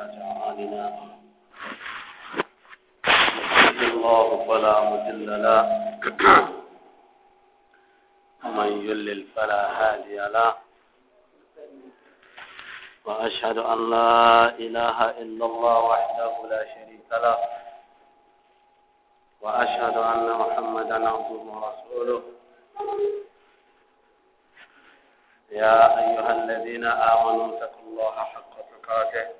وسيئات أعمالنا الله فلا مضل له ومن يضلل فلا هادي له وأشهد أن لا إله إلا الله وحده لا شريك له وأشهد أن محمدا عبده ورسوله يا أيها الذين آمنوا اتقوا الله حق تقاته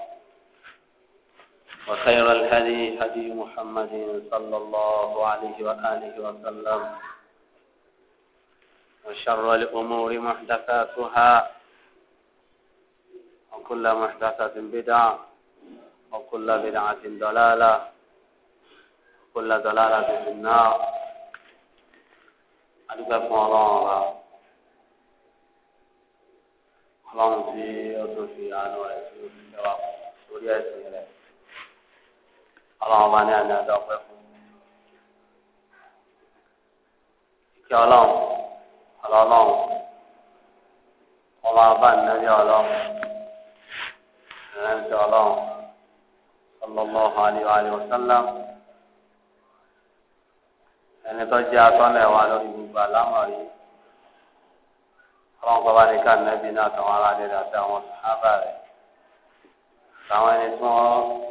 وخير الهدي هدي محمد صلى الله عليه وآله وسلم وشر الأمور محدثاتها وكل محدثة بدعة وكل بدعة دلالة وكل دلالة في النار أدب مولانا اللهم في أدب في عنوان سوريا سوريا ọlọ́run bá ní àná ọ̀dọ́ pẹ́ fún ìkẹ́ ọlọ́run ọlọ́run ọba bá nàbí ọlọ́run ìrẹsì ọlọ́run sallallahu alaihi wa sallam ẹni tó jẹ́ atọ́lẹ̀ wa lórí gbogbo àlámọ̀rí ọlọ́run bá bá ní ká nàbí náà tàwọn aráàlú rẹ̀ àti àwọn sábà rẹ̀ àtàwọn ẹni tí wọ́n.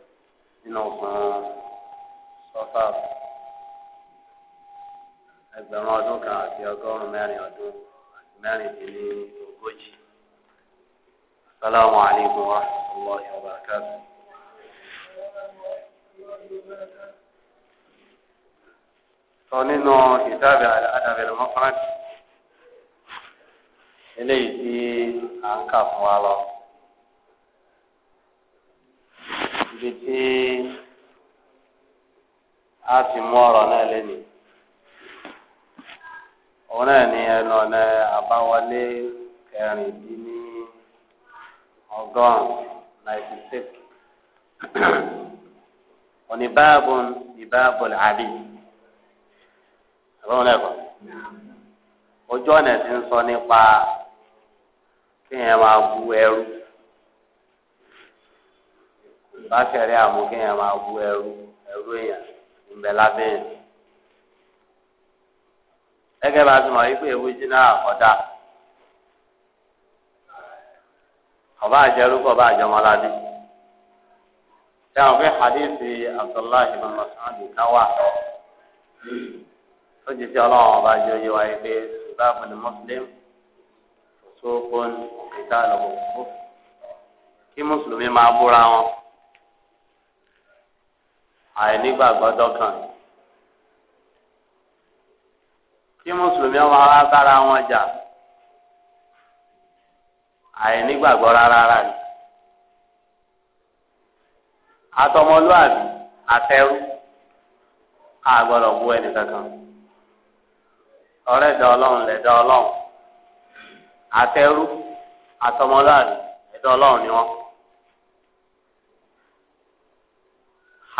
nínú ọgbọ̀n sọ́fà ẹgbẹ̀rún ọdún kan àti ọgọ́rùn-ún mẹ́rin ọdún àti mẹ́rin dín ní ogójì. wa wa Sọ nínú ìdábẹ̀ eléyìí tí ń kà fún wa lọ. ibi tí a ti mú ọ̀rọ̀ náà lẹ́nu òun náà ni ẹnu ọ̀nà àbáwọlé kẹrìndínlẹ́ ọgọ́rùn-ún ninety six òní báàbò ní báàbò àbí àbáwọn ẹ̀kọ́ ojú ọ̀nà ti ń sọ nípa kéèyàn máa bu ẹrú bákẹ́rẹ́ àbò kéèyàn máa wú ẹrú ẹrú èèyàn ìbẹ̀ lábẹ́ yẹn. gẹ́gẹ́ bá a ti mọ̀ wípé ewu jiná ọ̀dà ọba àjẹrú kọ ọba àjọmọládé táwọn fi hadithi abdullahi ibn mas'ud náwà ó ti fi ọlọ́run ọba jẹ́ oyé wáyé pé ìbáàbò ni muslim tó kún òkè tá a lọ kí mùsùlùmí máa búra wọn àìnígbàgbọ́ dọ́kàn. kí mùsùlùmí ọmọ ara bára wọn jà àìnígbàgbọ́ rárá rà ni. atọmọlúàbí àtẹrú àgbọ́dọ̀ bú ẹnì kankan ọ̀rẹ́ ẹ̀dá ọlọ́run lẹ̀dá ọlọ́run àtẹrú atọmọlúàbí ẹ̀dá ọlọ́run ni wọ́n.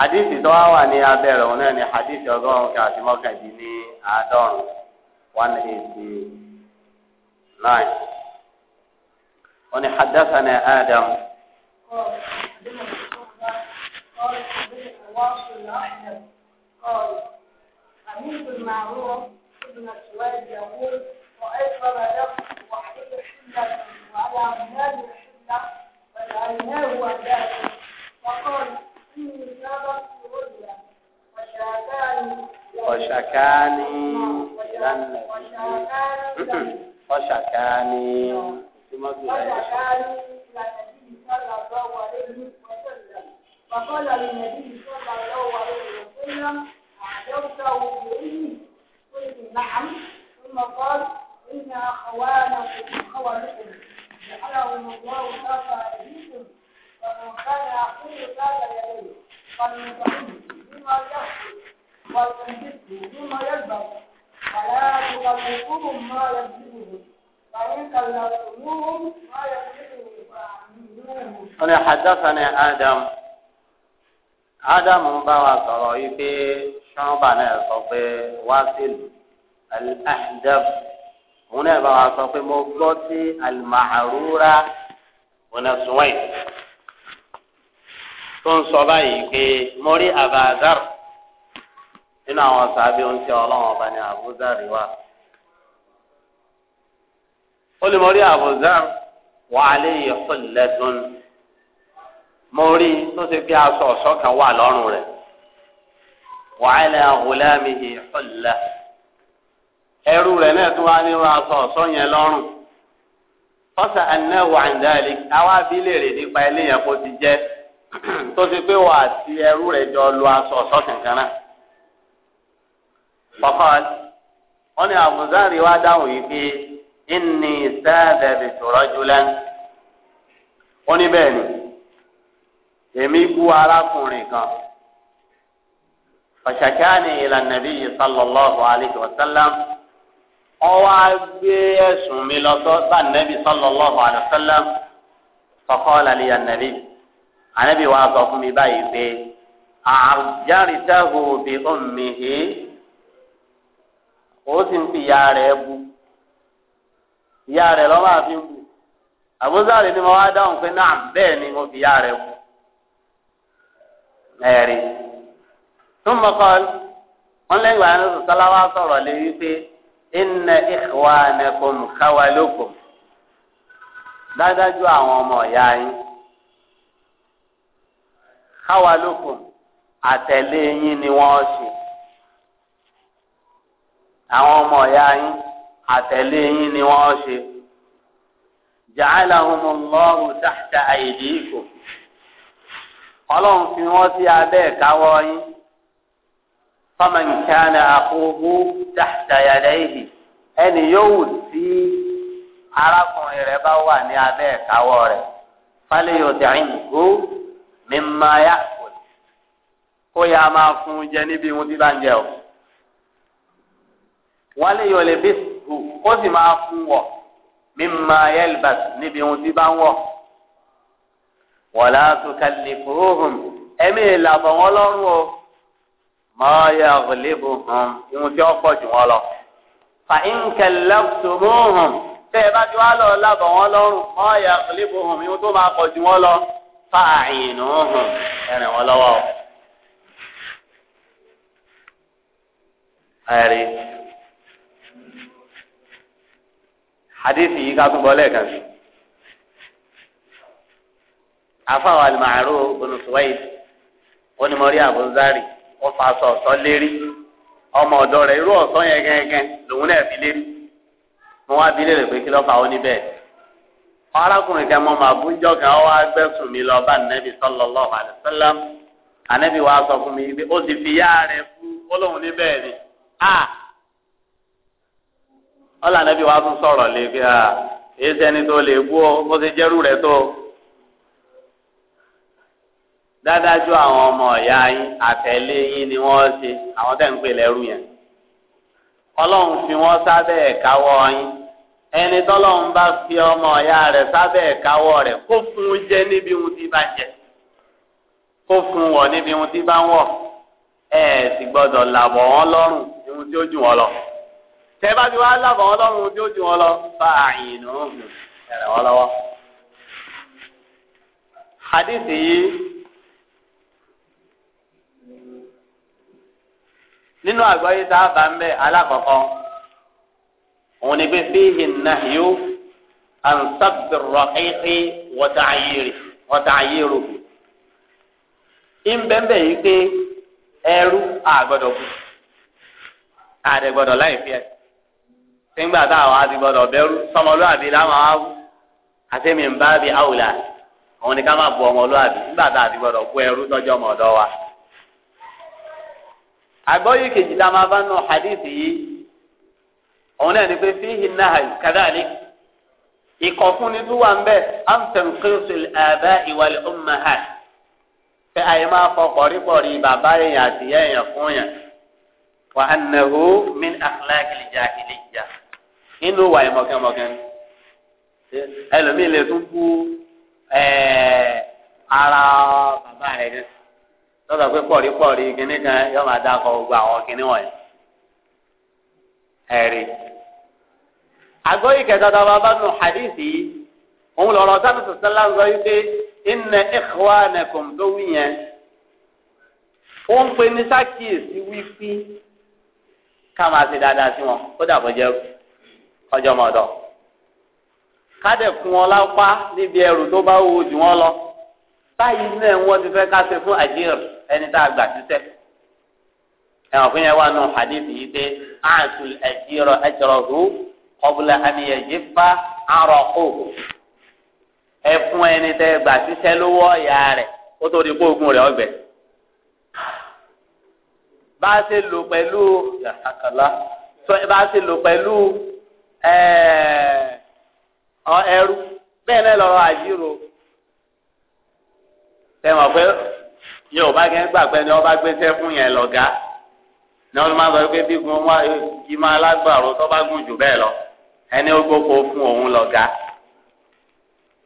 hadithi tó wá wà ní abẹ́rẹ́ òun náà ni hadithi ọgọ́rùn-ún kan àti mọ́kàndínní àádọ́rùn-ún one eighty nine. وني آدم قال قال أمير المعروف ابن السواد يقول رأيت رجلا وعليه حلة وعلى أمناه حلة فجعلناه وأداه وقال وشكاني إلى النبي وشكاني صلى الله عليه وسلم فقال للنبي صلى الله عليه وسلم أعجبته بعلمي قلت نعم ثم قال إن أخوانكم خوانكم جعلهم الله كفى فمن كان يقول هذا يديه فليطعمه مما يأكل وليمسكه مما يلبس فلا تكلفوهم ما يمسكهم فإن كلفتموهم ما يمسكهم ń bá wa sọ̀rọ̀ yìí pé náà sọ pé wáṣílù al-ahdab òun náà bá wa sọ pé mo gbọ́ sí al-ma'arura òun tó ń sọ báyìí pé abazar nínú àwọn sàbí oúnjẹ ọlọ́run ọba ní abuzari wa ó lè abuzar wà lè yẹ Mori lẹ́dún tó ṣe pé aṣọ ọ̀ṣọ́ wà lọ́rùn rẹ̀ wà á lè ahùlámi lẹ́ ẹrú rẹ̀ náà tún wá nínú aṣọ ọ̀ṣọ́ yẹn lọ́rùn fọ́sà anáwó tó ti pé wà àti ẹrú rẹ̀ jọ lu aṣọ ọ̀ṣọ́ kankan náà. Fọ́fọ́n wọ́n ní àbùzárì wá dáhùn yìí pé ìní sáàdẹ̀bì tòrọ́jú lẹ́nu. Wọ́n ní bẹ́ẹ̀ ni èmi bú arákùnrin kan. Fàṣàkáàní ìlànà bí sallallahu alayhi wa sallam. Wọ́n wá gbé ẹ̀sùn mi lọ sọ́dọ̀ nàbí sallallahu alayhi wa sallam. Fọ́fọ́n làlìyà nàbí anabi wa sọ fún mi báyìí pé àjárìtàhù bí ọmọmìhì ó sì ń fi ìyá rẹ̀ bu ìyá rẹ̀ lọ́ máa fi bu àbúzárì ni mo wá dáhùn pé náà bẹ́ẹ̀ ni mo fi ìyá rẹ̀ bu ẹ̀rí tún mọ́ kọ́ wọn lẹ́yìn wàá ní sọ́sọ́lá wa sọ̀rọ̀ lé wípé inna ikhwanakum khawalakum dájú àwọn ọmọ ìyá yín káwa lókun àtẹ̀lé yín ni wọ́n ṣe àwọn ọmọ ọ̀yá yín àtẹ̀lé yín ni wọ́n ṣe ja'alahumullahu tahta aydikum ọlọ́run fi wọ́n sí abẹ́ ìkáwọ́ yín faman kana akhuhu tahta yadayhi ẹni yóò tí arákùnrin rẹ̀ bá wà ní abẹ́ ìkáwọ́ rẹ̀ fálẹ́yọ̀dẹ̀ àyìnkú mímá yá kó yá máa fún un jẹ níbi ohun tí bá ń jẹ o wọn lè yọ lè bí sùkú kó sì máa fún wọ mímá yá ìbàs níbi ohun tí bá ń wọ wọn láti kàlí fúrúhùn ẹmí ìlàbọ wọn lọ́rùn o mọ yà ọlẹbù hàn ohun tí wọn pọ̀ jù wọn lọ fa ìnkẹlẹbùtùmùhùn tẹ ẹ bá ti wá lọ lábọ wọn lọ́rùn mọ yà ọlẹbù hàn ohun tó máa pọ̀ jù wọn lọ. fáàyìnù hàn ẹ̀rìn wọn lọ́wọ́ o. ẹ̀rí hadith yìí ká tún bọ́ lẹ́ẹ̀kan sí. afáwọn alimaru olùsùwẹ̀yì onímọ̀rí àbúzárì wọ́n lérí ọmọ ọ̀dọ́ rẹ̀ irú ọ̀sán yẹn lòun náà fi lérí wá arákùnrin kan mọ màá bújọ kan ọ wá lọ bá nẹbi sallallahu alaihi ànẹbi wa sọ fún mi pé ó fi yá rẹ fún ní ni ọlọ ànẹbi wa tún sọ̀rọ̀ lé fi a èyí tó lè bú ó ti rẹ tó dádájú àwọn ọmọ ọ̀yá yín àtẹ̀lé yín ni wọ́n àwọn tẹ̀ ń pè lẹ́rú yẹn Ọlọ́run fi wọ́n sábẹ́ ẹni tọ́lọ́run bá fi ọmọ ọ̀yá rẹ̀ sábẹ́ ìkáwọ́ rẹ̀ kó fún un jẹ níbi ohun tí bá jẹ kó fún un wọ̀ níbi ohun tí bá ń wọ̀ ẹ sì gbọ́dọ̀ làbọ̀ wọn lọ́rùn ohun tí ó jù wọn lọ tẹ bá ti wá làbọ̀ wọn lọ́rùn ohun tí ó jù wọn lọ fa àyìn náà ẹ̀rẹ̀ wọn lọ́wọ́. hadithi yìí nínú àgbáyé tá a bá ń bẹ alákọ̀ọ́kọ́. òun ni pé fíhì nàhíó ànsàbìrọ̀ ẹ̀ẹ́kì wọ́tà ayérò ìbẹ́ńbẹ́ yìí pé ẹrú àgbọ̀dọ̀ kù àdẹ̀gbọ̀dọ̀ láì fi ẹ̀ nígbà táwọn àti gbọ́dọ̀ bẹ̀rù sọmọlúàbí bu bu wa. yi kejì a máa òun náà pé fíhì náà kàdáàlì ìkọ̀fúnni tó wà ń bẹ̀ amtẹ̀nkẹ́sùl àbá ìwàlẹ̀ ọmọ ha pé àyè máa fọ pọ̀rípọ̀rí bàbá èèyàn àti fún wà á min àkàlàkìlì jà kìlì jà inú wà ìmọ̀kẹ́mọ̀kẹ́ ẹlòmíì lè tún kú ara bàbá rẹ̀ lọ́dọ̀ pé pọ̀rípọ̀rí kìnnìkan yóò máa dákọ̀ gbogbo àwọn ẹ̀rí. àgọ́yì kẹta tá a bá bá nù hadithi òun lọ̀rọ̀ sábà sọ̀tẹ́ láǹzọ́ yìí pé inna ikhwanakum tó wí yẹn. ó ń pe ní sákìyèsí wípé ká máa ṣe dáadáa sí wọn ó dàbọ̀ jẹ́ ọjọ́ mọ́dọ̀. ká fún wọn lápá níbi ẹrù tó bá wù jù wọn lọ. báyìí náà wọ́n ti fẹ́ ká ṣe fún àjíhìn ẹni tá a gbà síṣẹ́ ẹ̀wọ̀n fún yẹn wà nù hadithi yìí pé àtù ẹ̀jìrọ̀ ẹ̀jìrọ̀hu ọ̀bùlà àníyànjú fa àrọ̀kù ẹ fún ẹni tẹ gbà síṣẹ́ lówó ọ̀yà rẹ̀ ó tó di kóògùn rẹ̀ ọ̀gbẹ́. bá a ṣe lò pẹ̀lú yàtàkàlá bá a ṣe lò pẹ̀lú ẹrú bẹ́ẹ̀ náà lọ́rọ̀ àjírò tẹ̀wọ̀n pé yóò bá gẹ́ gbàgbẹ́ ni ọba gbéṣẹ́ fún yẹn lọ́gàá ní ọdún máa sọ pé bí gun wá ìmọ̀ alágbàro tó bá gùn jù bẹ́ẹ̀ lọ ẹni ó gbóko fún òun lọ́gà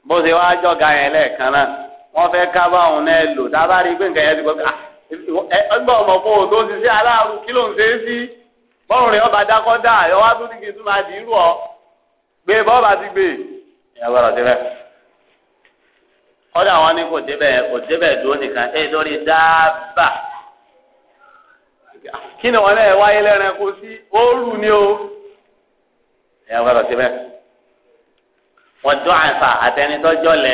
bó ṣe wá jọ̀gá yẹn lẹ́ẹ̀kan náà wọ́n fẹ́ ká bá òun náà lò dábàá rí pé nǹkan yẹn ti gbọ́ pé ọgbọ́n ọmọ fún òun tó ń ṣiṣẹ́ aláàrú kí ló ń ṣe é sí bọ́ọ̀rù rẹ̀ ọba dákọ́ dá àyọ̀ wá tó ní tún máa dì í rú ọ gbé bọ́ọ̀bà ti gbé ìyá ẹ̀ lórí kí ni wọn náà wáyé lẹ́rìn kó sí ooru ni o ẹ wọ́n lọ síbẹ̀ wọ́n dún àǹfà àtẹnitọ́jọ́ lẹ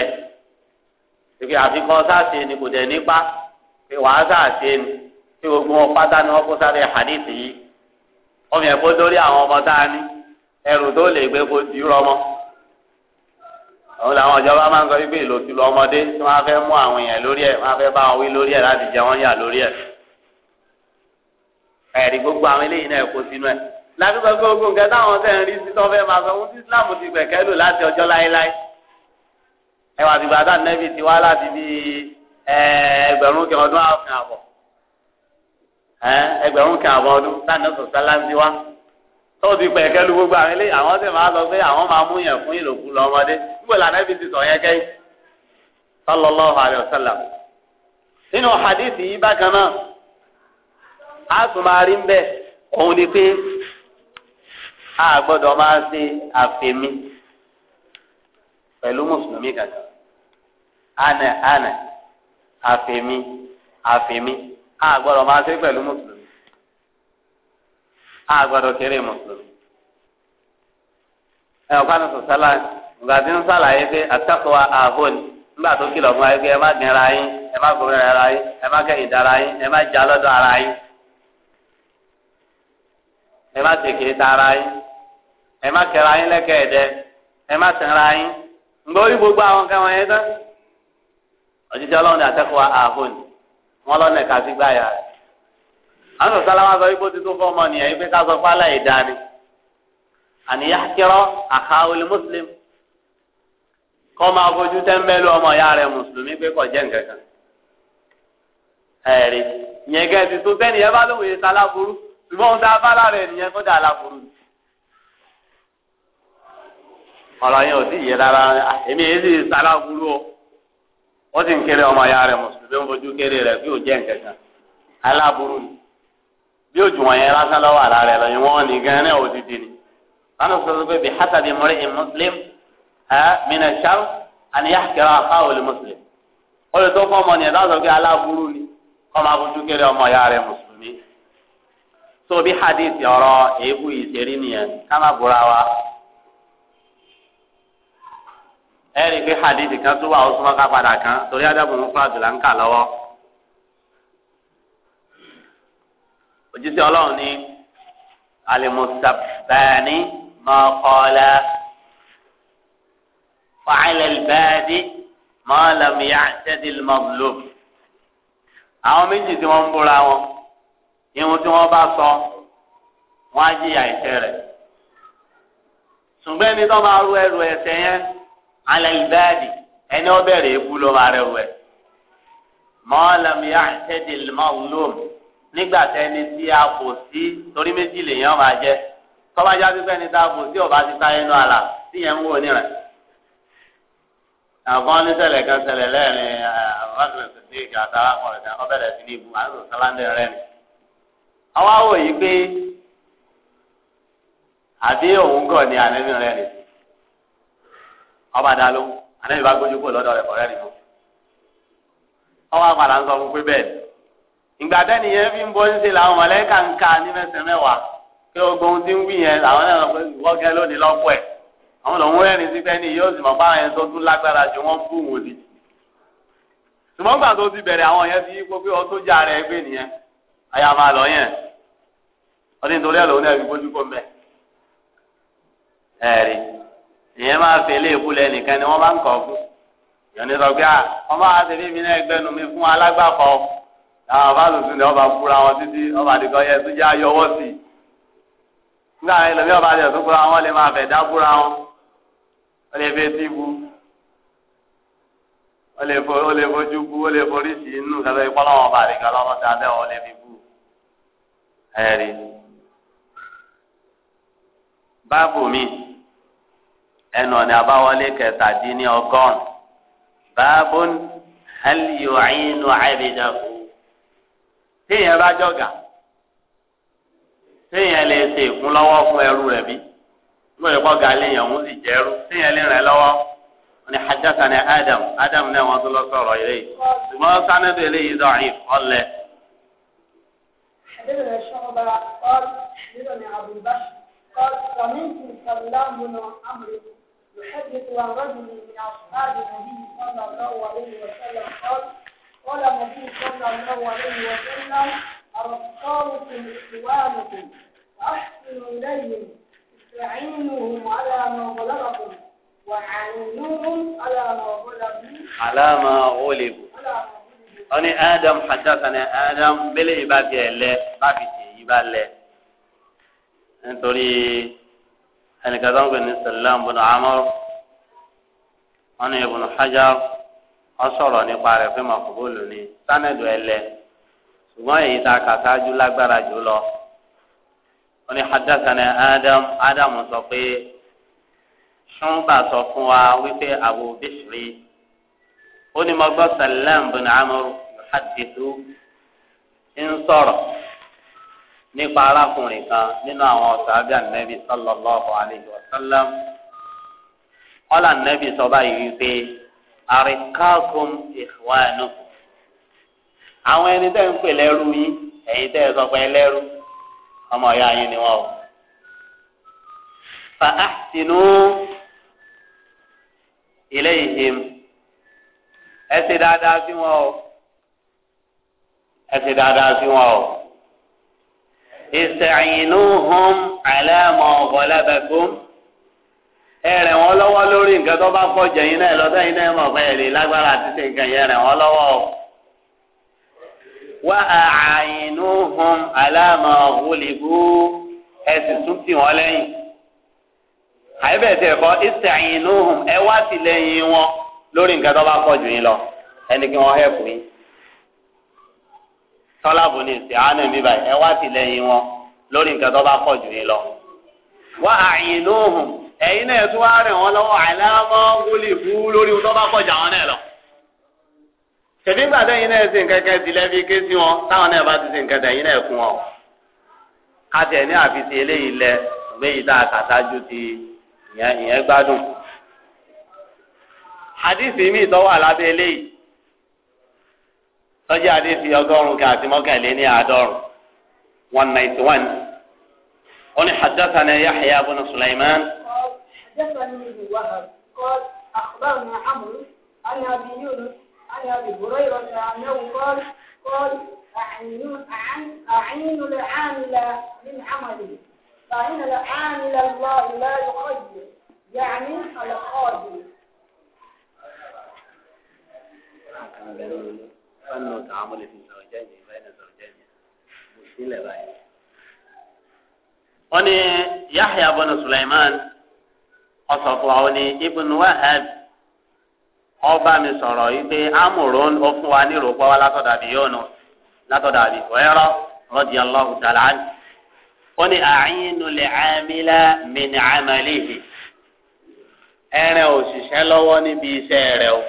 ibi àfikún sáàsì ni kò dẹ̀ nípa pé wàá sáàsì ni pé gbogbo wọn pátá ni wọn kó sábẹ́ hadith yìí ọmọ ẹ̀kọ́ lórí àwọn ọmọ tá a ní ẹrù tó lè gbé kó ti rọmọ àwọn làwọn ìjọba máa ń sọ wípé ìlòkulù ọmọdé tí wọ́n á fẹ́ mú àwọn èèyàn lórí ẹ̀ wọ́n á fẹ́ bá wọn wí lórí ẹ̀ láti jẹ wọ́n yà lórí ẹ̀ ẹ̀rí gbogbo àwọn eléyìí náà kó sínú ẹ̀ lábísọ pé gbogbo nǹkan táwọn tẹ̀ ń rí sí tọ́fẹ́ máa sọ fún tí Islam ti gbẹ̀kẹ́ lò láti ọjọ́ láéláé ẹwà àti gbàdá nẹ́bì ti wá láti bí ẹgbẹ̀rún kí ọdún àfin àbọ̀ ẹgbẹ̀rún kí àbọ̀ ọdún sáà nọ́ọ̀sọ̀ sáláńtì wá tó ti gbẹ̀kẹ́ lu gbogbo àwọn eléyìí àwọn sì máa sọ pé àwọn máa mú yẹn fún ìlòkù lọ́mọdé níbo là nẹ́bì ti sọ yẹn kẹ́yìn a tún máa rí mbẹ òun ni pé a gbọ́dọ̀ máa ṣe àfẹmí pẹ̀lú mùsùlùmí kankan ànà ànà àfẹmí àfẹmí a gbọ́dọ̀ máa ṣe pẹ̀lú mùsùlùmí a gbọ́dọ̀ kéré mùsùlùmí ẹ ọ̀pá ní sọ̀sálà ìgbà tí ń sàlàyé pé àtàkùwà àhóni nígbà tó kìlọ̀ fún ayé pé ẹ má dín ara yín ẹ má gbóná ara yín ẹ má kẹ́yìn dára yín ẹ má já lọ́dọ̀ ara yín. ẹ má ṣe kiri yín ẹ má kẹra yín lẹ́kẹ̀ ẹ̀dẹ ẹ má sẹ̀ra yín ǹgbọ́ orí gbogbo àwọn kan wọ̀nyẹn tán òjijì ọlọ́run ní àtẹ́kọ̀ọ́ àhóni wọn lọ́nà ẹ̀ka sí gbáyà rẹ̀ àwọn sọ̀rọ̀ sálámà sọ wípé títún fún ọmọ nìyẹn wípé ká sọ fún aláì dání àníyá kẹrọ mùsùlùm kọ́ máa fojú ọmọ ìyá jẹ́ ẹ̀rí yẹn sẹ́ni ẹ bá lóun ṣùgbọ́n ohun tá a bá lára ènìyàn kó dà láburú ni. ọ̀rọ̀ yẹn ò sì yẹ rárá èmi yìí sì o wọ́n sì ń kéré ọmọ ya rẹ̀ mùsùlùmí ń fojú kéré rẹ̀ bí nǹkan kan aláburú ni bí òjò wọn lásán lọ́wọ́ àlá rẹ̀ lọ́yìn ní gan ni sọ pé bí hasabi mọ́rẹ́ in muslim àni muslim olùtọ́ fún ọmọ nìyẹn láti sọ pé aláburú ni kọ́ máa fojú kéré ọmọ tó bí hadithi ọ̀rọ̀ èébú ìṣeré nìyẹn ká má bora wa ẹ̀rí pé hadithi kan tó wà ó súnmọ́ ká padà kan torí adágún ń fúra jùlọ ń kà lọ́wọ́ òjíṣẹ́ ọlọ́run ní alimusabani mọ́kọ́lá fàáìlẹ́lbẹ́ẹ́dì mọ́lẹ́mìyàtẹ́dìlmọ́lùm àwọn méjì tí wọ́n ń bora wọn irun tí wọ́n bá sọ wọ́n á jìyà ẹ̀ṣẹ̀ rẹ̀ ṣùgbọ́n ẹni tó máa ru ẹrù ẹ̀ṣẹ̀ yẹn alẹ́ ìbáàdì ẹni ó bẹ̀rẹ̀ ebú ló máa rẹ̀ wẹ̀ mọ́ọ́lẹ́mù yá ẹ̀ṣẹ̀dì mọ́ọ́lùm nígbà tẹ́ni tí a kò sí torí méjì lèèyàn máa jẹ́ tọ́bajá pípẹ́ ni tá a kò sí ọba ti ta ẹnu àlà tí yẹn ń wò níran àwọn oníṣẹ̀lẹ̀ kan ṣẹlẹ̀ lẹ́ẹ̀rin àwọn àgbẹ̀ sọ̀tì ìgbà àtàwọn akọ̀rẹ̀ kan ọbẹ̀ rẹ̀ sí ní ibu àwọn sọ̀tàlándẹ̀ rẹ̀ ni àwa wò yí pé àbí òun gàn ní ànẹ́bí rẹ nì ọba dá ló ànẹ́bí bá gbójú kó lọ́dọ̀ rẹ̀ kọ̀rẹ́ nìkan ọwọ́ àpàdà ń sọ fún pé bẹ́ẹ̀ ìgbà tẹ́ni yẹn fi ń bọ́ ń ṣe làwọn mọ̀lẹ́kà ń ka ní mẹ́sẹ̀ mẹ́wàá pé ogun ohun tí ń wí yẹn làwọn náà pé wọ́gẹ́ lónìí lọ́pọ̀ ẹ̀ àwọn lòún rẹ́rìn sí pé ní yóò sì mọ̀ báwọn yẹn tó tún lágbára ju wọ́n bù wò sí. ṣùgbọ́n gbà tó ti bẹ̀rẹ̀ àwọn yẹn fi yípo pé ọtún já rẹ̀ gbé nìyẹn àyà máa lọ yẹn ọdún nítorí ẹ̀ lòun náà fi bójú kó mbẹ ẹ̀rí ìyẹn máa fi ilé ìbúlẹ̀ nìkan ni wọ́n máa ń kọ̀ fún yọ̀ni sọ pé ah, wọ́n máa ṣe bí mi náà gbẹnu mi fún alágbàkọ̀ àwọn afáàlùsùn ni wọ́n fúra wọn títí ọba àdìgọ́ yẹn tó jẹ́ ayọwọ́ sí i nígbà yẹn lọ́bí ọba àdìgọ́ tó fúra wọn lè máa fẹ̀ dá fúra wọn ó lè fẹ́ tíbu ó lè fojú bu ó lè foríṣi inú kẹlẹ́ ìpọ́nlọ́wọ́n ọba àdìgọ́ lọ́wọ́ sí adẹ́wọ̀ ó lè fi ẹ̀rí báàbù mi ẹnu ọ̀nà àbáwọlé kẹtàdínní ọgọ́rùn báàbù hẹ́lìyò àyínú téèyàn bá jọ̀gà téèyàn lè ṣe ìkúnlọ́wọ́ fún ẹrú rẹ̀ bí wọ́n lè kọ́ gàlẹ́ yẹn òun sì jẹ́rú téèyàn lè ràn lọ́wọ́ ni hajjata ni adam adam lọ ṣùgbọ́n sanadu eléyìí حدثنا شعبة قال حدثنا أبو البشر قال سمعت سلام بن عمرو يحدث عن رجل من أصحاب النبي صلى الله عليه وسلم قال قال النبي صلى الله عليه وسلم أرقاكم إخوانكم وأحسنوا إليهم استعينوهم على ما غلبكم وعينوهم على ما غلبوا على ما غلبوا أنا آدم حدثنا آدم بالعباد الله báfìsì yìí bá lẹ nítorí ẹnìkan tó ń pè ní sàlám bùnà amọ́rọ́ wọn ní ibùnà hajá wọn sọ̀rọ̀ nípa rẹ̀ fún màkúbó lónìí sánẹ̀dù ẹlẹ ṣùgbọ́n èyí tá a kà sáájú lágbára jù lọ wọn ní hadassana adam adam sọ pé ṣùnbà sọ fún wa wípé àbò bíṣìrì ó ní mo gbọ́ sàlám bùnà amọ́rọ́ yóò hàdìtú ń sọ̀rọ̀ nípa arákùnrin kan nínú àwọn ọ̀sàbí ànẹ́bí sallallahu alayhi wa sallam ọ̀là ànẹ́bí sọ báyìí wípé àríkàkùn ìwánu àwọn ẹni tẹ́ ń pè lẹ́rú yín ẹ̀yin tẹ́ ẹ sọ pé lẹ́rú ọmọ ìyá yín ni wọ́n o. fa ahsinu ilayhim ẹ ṣe dáadáa sí wọn o ẹ ṣe dáadáa sí wọn o ìsẹ̀yìnúhùn àlẹ́mọ̀ ọ̀gọ́lábẹ̀kún ẹ̀rẹ̀ wọn lọ́wọ́ lórí nǹkan tó bá pọ̀ jẹ̀yìn náà lọ́dọ̀ yìí náà mọ̀ pé èrè lágbára àti ṣe nǹkan yẹn rẹ̀ wọn lọ́wọ́ o. wá àyìnúhùn àlẹ́mọ̀ ọ̀gọ́lẹ̀kú ẹ̀sìn tún tì wọ́n lẹ́yìn. àyẹ̀bẹ̀tẹ̀ kọ́ ìsẹ̀yìnúhùn ẹ wá wọn lórí nǹkan tó bá pọ̀ jù yín lọ ẹni kí wọ́n hẹ́pù yín tọ́lábù ní ìsìn àánú mi báyìí ẹ wá tìlẹ́yìn wọn lórí nǹkan tó bá pọ̀ jù yín lọ. wá àyìn lóhùn ẹ̀yin náà tún wá rìn wọn lọ́wọ́ àìlámọ́ wúlì fún lórí tó bá pọ̀ jù àwọn náà lọ. ṣèbí ńgbà tẹ́yìn náà sì nǹkan kan tilẹ̀ fi ké sí wọn táwọn náà bá ti sì nǹkan tẹ̀yìn náà fún wọn. ká tẹ̀ ní àfisí eléyìí lẹ méjì tá a kà ti ìyẹn gbádùn. àdìsí mi ìtọ́wà lábẹ́ eléyìí sọ́jà àdéhìí ọgọ́rùn-ún kan àti mọ́kànlé ní àádọ́rùn-ún one ninety one. ó ní حدثنا يحيى بن سليمان. حدثني ابن وهب قال أخبرنا عمرو عن أبي يونس عن أبي هريرة أنه قال قال أعين العامل من عمله فإن العامل الله لا يخير يعني القاضي. fẹ́nu tààmù lè fi sọ̀rọ̀ jẹ́ ìyẹn báyìí lè sọ̀rọ̀ jẹ́ ìyẹn mo sílẹ̀ báyìí. wọ́n ní Yahya bọ́nà Sulaiman ọ̀sọ̀ fún wa ó ní Ibn Wahab ọba mi sọ̀rọ̀ yìí pé amòrò ó fún wa ní ìròpọ̀ wa látọ̀dà bí yóò nù látọ̀dà bí wẹ́rọ radiyallahu ta'ala anhu. ó ní a'inu al-amila min 'amalihi ẹ̀rẹ̀ òṣìṣẹ́ lọ́wọ́ níbi iṣẹ́ rẹ̀ o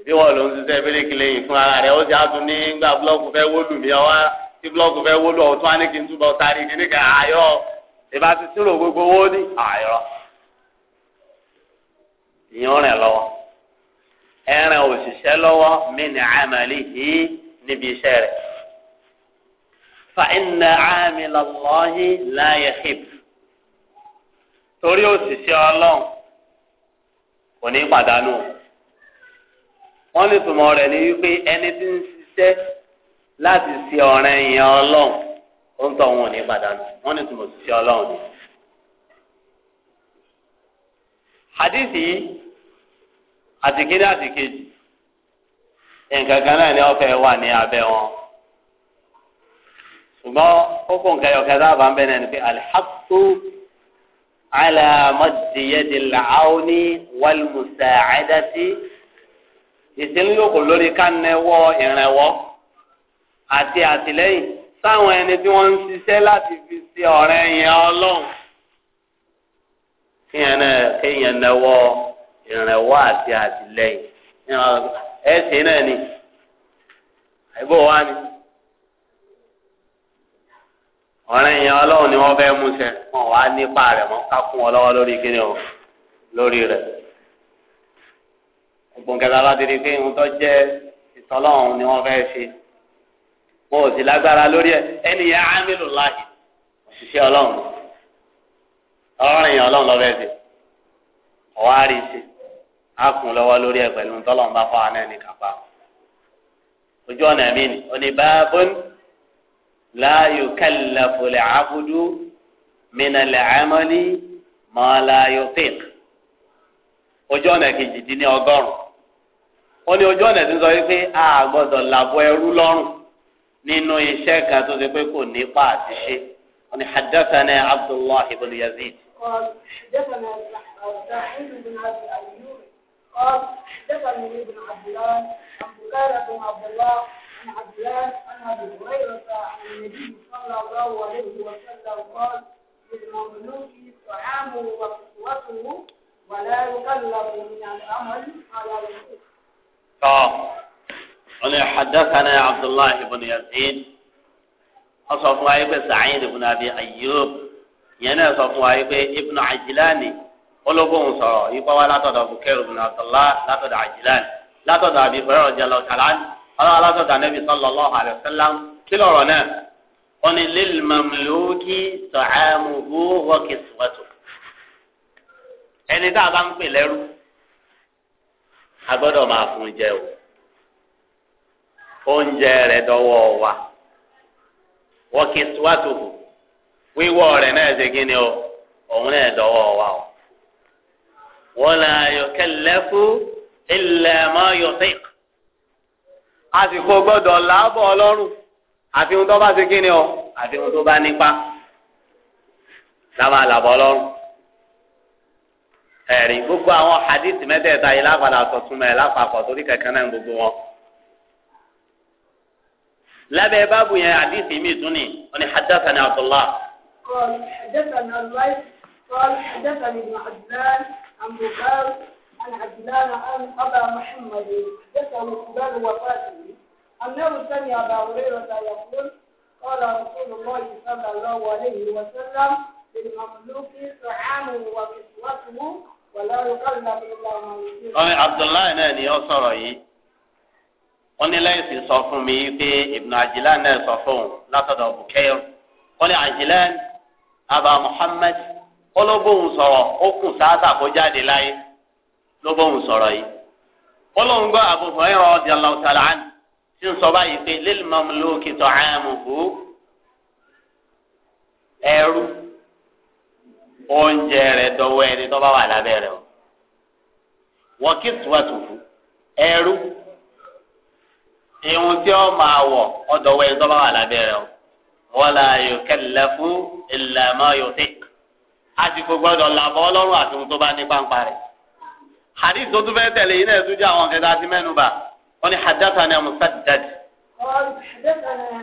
ìdí wọn ló ń ṣiṣẹ́ bíríkì lẹ́yìn fún ara rẹ̀ ó ti àtún ní gba búlọ́ọ̀kù fẹ́ wólù mí ọwá tí búlọ́ọ̀kù fẹ́ wólù ọ̀tún á ní kí n túbọ̀ sáré kí ní kà ayọ̀ ìbá ti sírò gbogbo owó ní ayọ̀ ìyẹn rẹ̀ lọ́wọ́ ẹ̀rìn òṣìṣẹ́ lọ́wọ́ mí ní àmàlí yìí níbi iṣẹ́ rẹ̀ fa iná àmì lọ́lọ́hí láyé hip torí òṣìṣẹ́ ọlọ́run kò ní pàdánù. wọ́n ní tùmọ̀ rẹ̀ ní wípé ẹni tí ń ṣiṣẹ́ láti ṣe ọ̀rẹ́ yẹn ọlọ́run ó ń tọ́ wọn ní pàdánù wọ́n ní tùmọ̀ ṣiṣẹ́ ọlọ́run ni. hadithi àtìkéde àtìkejì nǹkan kan náà ni wọ́n fẹ́ wà ní abẹ́ wọn ṣùgbọ́n kókó nǹkan yọ̀kẹ́ sábà ń bẹ̀ náà ni pé alḥaqu ala madiyadi al-auni ìsinmi yòókù lórí kánẹwọ ìrànwọ́ àti àtìlẹ́yìn sáwọn ẹni tí wọ́n ń ṣiṣẹ́ láti fi ṣe ọ̀rẹ́ yẹn Ọlọ́run kéèyàn náà kéèyàn náwó ìrànwọ́ àti àtìlẹ́yìn ẹsẹ náà ni àìbò wa ni ọ̀rẹ́ yẹn Ọlọ́run ni wọ́n fẹ́ẹ́ mú ṣẹ wọ́n wàá nípa rẹ̀ mọ́ ká fún ọ lọ́wọ́ lórí kíni o lórí rẹ̀ gbogbo nǹkan tá a bá ti di pé ohun tó jẹ́ ìtọ́lọ́hún ni wọ́n fẹ́ ṣe wọn ò sì lágbára lórí ẹ ẹnìyẹn ámìlù láàyè òṣìṣẹ́ ọlọ́run ọ̀rìn ọlọ́run lọ́fẹ́ ṣe ọ̀wá rí ṣe á kún lọ́wọ́ lórí ẹ pẹ̀lú tọ́lọ́run bá fọ́ àná ẹni kápá ojú ọ̀nà mi ni oníbàbọ́n láàyò kẹlẹ́fọlẹ̀ àbúdú mìnàlẹ̀ àmọ́lí mọ́ọ́lá yóò fèk ojú ọ̀nà kejì dín ní ọgọ́rùn-ún ó ní ojú ọ̀nà tí ń sọ wípé a gbọ́dọ̀ làbọ̀ ẹrú lọ́rùn nínú iṣẹ́ kan tó ṣe pé kò ní pa àti ṣe ó ní hadathana abdullah ibn yazid. قال حدثني ابن عبد الله عن بكير بن عبد الله عن عبد الله عن ابي هريره عن النبي صلى الله عليه وسلم قال للمملوك طعامه وكسوته ولا يكلف من الامر على الكفر قال حدثنا عبد الله بن يزيد أصف وايبه سعيد بن أبي أيوب ينا أصف وايبه ابن عجلاني قلوبهم صار يقوى ولا تدع بكير بن عبد الله لا تدع عجلان لا تدع أبي هريرة رضي الله تعالى عنه قال لا تدع النبي صلى الله عليه وسلم كل رنا قال للمملوك طعامه وكسوته ẹni tá a bá ń Agbọdọ ma máa fún jẹ o oúnjẹ rẹ̀ dọ́wọ́ wa wọ́n kì í tiwátò wíwọ́ náà ṣe kí ni o òun náà dọ́wọ́ wa o wọ́n là yukallafu illa ma yutiq àsìkò gbọ́dọ̀ làábọ̀ ọlọ́run àfi tó bá ṣe kí ni o tó bá ẹ̀rí gbogbo àwọn hadith mẹ́tẹ̀ẹ̀ta yìí lápadà sọ̀túnmọ̀ ẹ̀ lápapọ̀ torí kankan náà gbogbo wọn. lábẹ́ báàbù yẹn hadith mi tún ni ọ̀nì hadathani abdullah. قال حدثنا الليث قال حدثني ابن عدنان عن بكار عن عدنان عن ابا محمد ذكر قبل وفاته انه سمع ابا هريره يقول قال رسول الله صلى الله عليه وسلم للمملوك طعامه وكسوته ọmọ abdullahi náà ni ó sọ̀rọ̀ yìí wọ́n ní lẹ́yìn sọ fún mi pé ibùdó àjìlá náà sọ fún látọ̀dọ̀ bukẹ́yọ̀ wọ́n ní àjìlá abba muhammad olóbóhùn sọ̀rọ̀ ó kùn sáásà kó jáde láyé lóbóhùn sọ̀rọ̀ yìí olóhùn gbọ́ Abu Hurairah radiyallahu ta'ala anhu tí ń sọ báyìí pé lil mamluki ta'amuhu ẹrú oúnjẹ rẹ̀ dọ́wọ́ ẹni tó bá wà lábẹ́ rẹ̀ o wọ́n kí tùwàtùfù ẹrú irun tí ó máa wọ̀ ọ̀dọ̀wọ́ ẹni tó bá wà lábẹ́ rẹ̀ o wala yukallafu illa ma yutik àsìkò gbọ́dọ̀ làbọ̀ ọlọ́run àti ohun tó bá ní pàǹpà rẹ̀ hadith tó tún fẹ́ tẹ̀lé yìí náà tún jẹ́ àwọn kẹta àti mẹ́nuba wọ́n ní haddathana musaddad. قال حدثنا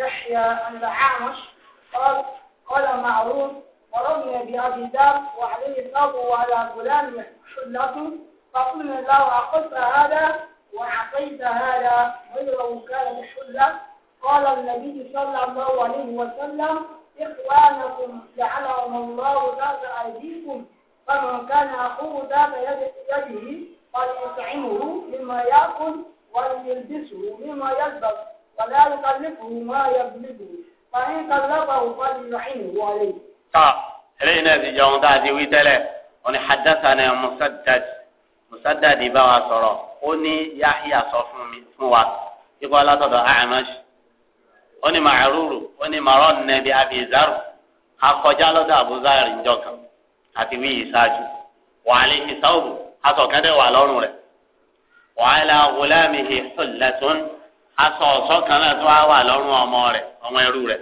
يحيى عن الأعمش قال قال معروف ورمي بأبي ذر وعليه الثوب وعلى غلام حلته فقلنا له أخذت هذا وأعطيت هذا غيره كان حلة قال النبي صلى الله عليه وسلم إخوانكم جعلهم الله ذات أيديكم فمن كان أخوه ذات يده فليطعمه مما يأكل وليلبسه مما يلبس ولا يكلفه ما يبلغه فإن كلفه فليعينه عليه tọ́ eléyìí náà ti jẹun tá a ti wí tẹ́lẹ̀ wọn ni hadathana musaddad musaddad bá wa sọ̀rọ̀ ó ní yahya sọ fún mi fún wa ikú alátọ̀dọ̀ a'amash ó ní màrúurù ó ní màrán nẹbi abizaru akọjá lọ́dọ̀ abuzari njọ àti wíyì ṣáájú wàhálì ìsáwùbù aṣọ kan wà lọ́rùn rẹ̀ wàhálà wùlámìhì ṣùlẹ̀tún aṣọ ọ̀ṣọ́ kan náà tó wà lọ́rùn ọmọ rẹ̀ ọmọ ẹrú rẹ̀.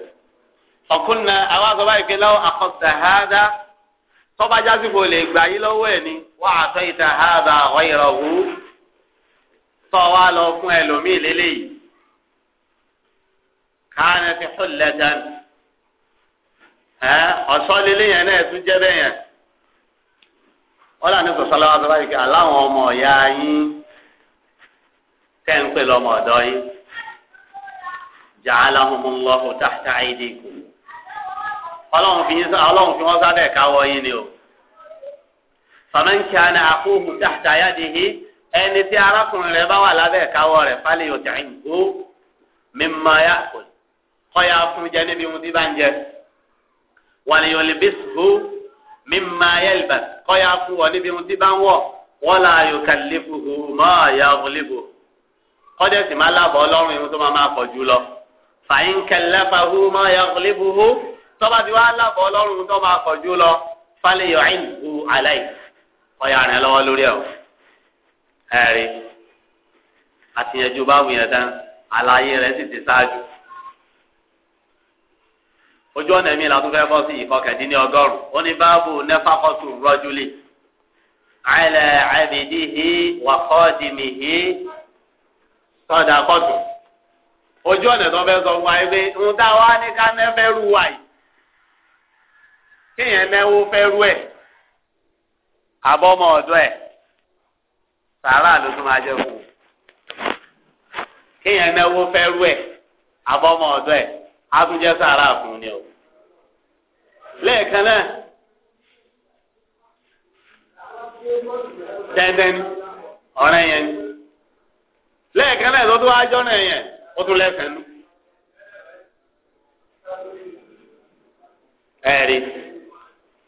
ọ̀kúnna àwọn àgbà ìpè lọ́wọ́ àkọ́tà hádà tọ́ba jásìkò lè gbà yí lọ́wọ́ ẹ̀ ni wà á tọ́ ìta hádà àwọn ìrọ̀wù tọ́ wa lọ fún ẹlòmíì lélẹ́yìí na ti xulẹ̀ dán ọ̀sọ́ lélẹ́yìn ẹ̀ náà tún jẹ́ bẹ́ẹ̀ yẹn wọ́n aláwọn ọmọ ọ̀yá yín tẹ́ lọ́mọ ọ̀dọ́ yín ọlọ́run fi ọlọ́run fi wọ́n sábẹ̀ káwọ́ yín ni o. fàmẹ́ǹkì àná àkóhù dáadáa yáde hí ẹni tí arákùnrin rẹ̀ bá wà lábẹ́ káwọ́ rẹ̀ fálẹ̀ yóò tẹ̀yìn ó mímọ ya kò kọ́ya fún jẹ níbi ohun tí bá ń jẹ. wàlẹ̀ yóò mímọ ya lè bà fún wọn níbi ohun tí bá ń wọ̀ wọ́n là yóò mọ́ ya wọlé kọ́jà sì má lábọ̀ ọlọ́run ihun tó máa máa pọ̀ jù lọ. fàyín kẹlẹ́ fàhó mọ́ ya wọlé bò tọ́ba ti wá lábọ̀ ọlọ́run tó máa kọjú lọ falẹ̀ yọ̀ ẹ̀ ń bu aláì ọ̀yà rẹ̀ lọ́wọ́ lórí ẹ̀ o ẹ̀rí àtìyànjú bá wùyàn tán àlàyé rẹ̀ sì ti ṣáájú. ojú ọ̀nà mi làtún fẹ́ bọ́ sí ìfọkàndín ní ọgọ́rùn ó ní báàbù nẹ́fàkọ́tù rọ́júlì àìlẹ̀ àìbìdíhì wàkọ́dìmìhì sọ̀dà kọ́tù ojú ọ̀nà tó fẹ́ sọ fún wa pé ń dá wa ní ká nẹ́fẹ́ rú wa kéèyàn náwó fẹ́ rú ẹ̀ abọ́mọ ọ̀dọ́ ẹ̀ sàárà ló tún máa jẹ́ fún un kéèyàn náwó fẹ́ rú ẹ̀ abọ́mọ ọ̀dọ́ ẹ̀ á tún jẹ́ sàárà fún un ni o. lẹ́ẹ̀kan náà dandan ọ̀rẹ́ yẹn lẹ́ẹ̀kan náà lọ́dún yẹn ó tún lẹ́sẹ̀ nù.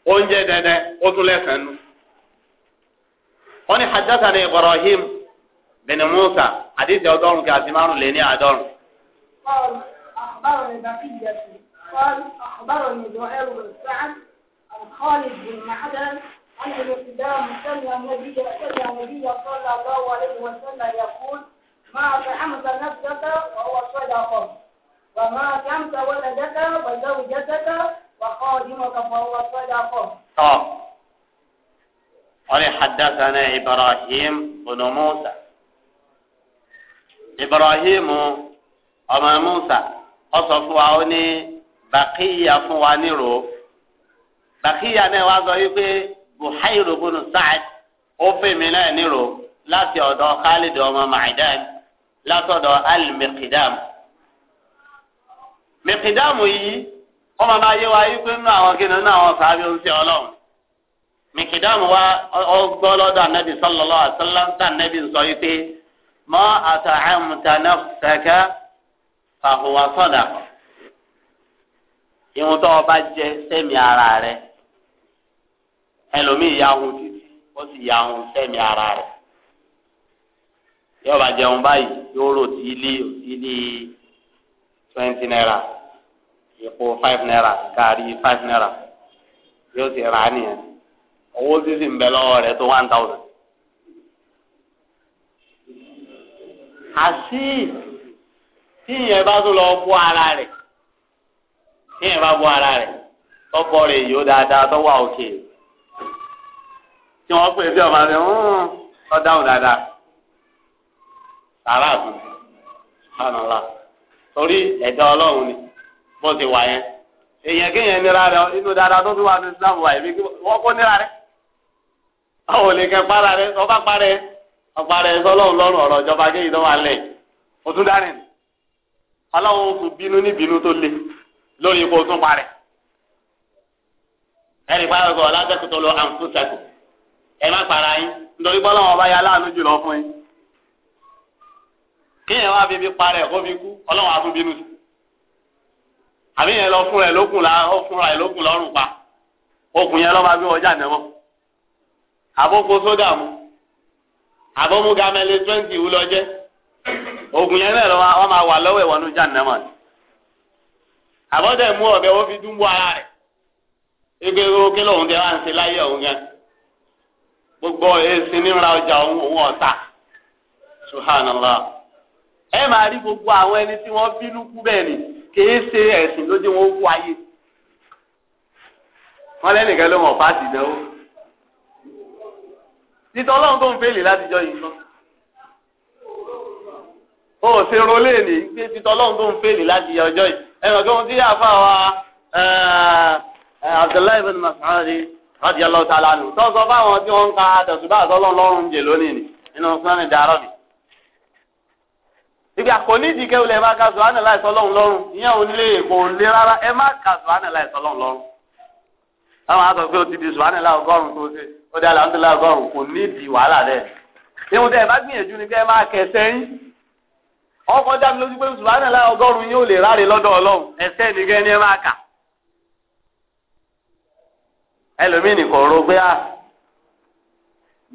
oúnjẹ dẹdẹ ó tún lẹ́sàn-án nù. wọ́n ní hadathana ibrahim bin musa àdìsí ọdọ́rùn kí àti márùn lé ní àádọ́rùn. أخبرني بقية قال أخبرني زهير بن سعد عن خالد بن معدن أن الإسلام سمع النبي سمع النبي صلى الله عليه وسلم يقول ما طعمت نفسك وهو صدقه وما طعمت ولدك وزوجتك tọ́ wọ́n ní hadathana ibrahim ibn musa ibrahim ọmọ musa ó sọ fún wa ó ní bàkíyà fún wa nírò bàkíyà náà wá sọ wípé buhairu ibn sa'd ó fèmí náà nírò láti ọ̀dọ̀ khalid ọmọ maidan látọ̀dọ̀ al-miqdam miqdam yìí wọ́n máa bá yé wa yí pé nínú àwọn kí nínú àwọn sàábì ń ṣe ọlọ́run mìkìdáàmù wa ọgbọ́ lọ́dọ̀ ànábì sallallahu alaihi wasallam tá ànábì ń sọ yí pé ma at'amta nafsaka fahuwa sadaqa ìhun tó ọba jẹ sẹ́mi ara rẹ ẹlòmíì yahun títí ó sì yahun sẹ́mi ara rẹ yọba jẹun báyìí yóò rò tí ilé twenty naira epo five naira gàrí five naira yóò sì rà á nìyẹn owó sísè ń bẹ lọ́wọ́ rẹ̀ tó one thousand. àṣì tí ìyẹn bá tún lọ bọ́ ara rẹ̀ tí ìyẹn bá bọ́ ara rẹ̀ tọ́pọ̀ rẹ̀ yóò dáadáa tọ́wọ́ òkè tí wọ́n pè sí ọmọ rẹ̀ tọ́ dáhùn dáadáa sàrà àtúntò sànà la torí ẹ̀dá ọlọ́run ni. bó ti wà yẹn kéèyàn nira rẹ inú tó wà ní islam rẹ àwọn para rẹ ọba para ọba rẹ ọ̀rọ̀ ìjọba kéèyàn tó wà lẹ̀ o tún dárẹ̀ ni bínú ní bínú tó le lórí tún ẹnì pa ọgọ lọ ẹ má para yín nítorí pé ọlọ́run ọba jùlọ fún yín kéèyàn wá fi fi kó àbí yẹn lọ fún rẹ lókun la ó fún ra lókun lọ́rùn pa okùn yẹn lọ máa ọjà nẹmọ àbókò sódà mu àbómú gamẹlẹ twenty wúlọ jẹ okùn yẹn náà lọ máa wà lọ́wọ́ ìwọnú jà nẹmọ ni àbọ̀dẹ̀ mú ọ̀bẹ ó fi dúnbọ̀ ara rẹ̀ ege oke lòun tẹ wá ń ṣe láyé òun gan gbogbo èsì nira ọjà òun òun ọ̀tá subhanallah ẹ máa rí gbogbo àwọn ẹni tí wọ́n bínú kú bẹ́ẹ̀ ni kìí ṣe ẹ̀sìn lójú wọn ó kú ayé wọn lẹ́nìkan ló mọ̀ fáàtì ìdánwò títọ́ ọlọ́run tó ń fèlè látijọ́ yìí sọ o ṣe rolé ní títọ́ ọlọ́run tó ń fèlè láti ọjọ́ yìí ẹ̀rọ tó tí àfa wa eh, Abdullahi bin Mas'udi radiyallahu ta'ala anhu tọ́sọ fáwọn tí wọ́n ń ka àtẹ̀sùbá àtọ́lọ́run lọ́rùn jẹ lónìí nínú sọ́ni dàrọ́ mi ibi àkọlé ìdíkẹ́ olè máa ka sùhánà láìsọ lọ́run lọ́run ìyẹn ò lè kò lè rárá ẹ má ka sùhánà láìsọ lọ́run lọ́run. táwọn aṣọ pé o ti di sùhánà láì ọgọ́rùn tó ṣe ó dé aláǹdó láì ọgọ́rùn kò ní ìdí wàhálà rẹ̀. ìwọ̀n tẹ́ ẹ bá gbìyànjú ni kẹ́ ẹ máa kẹ́ sẹ́yìn. ọkọ̀ dá mi lójú pé sùhánà láì ọgọ́rùn yóò lè ráre lọ́dọ̀ ọlọ́run ẹ̀sẹ̀ ni ẹ máa kà. ẹlòmíì nìkan ro pé à ah,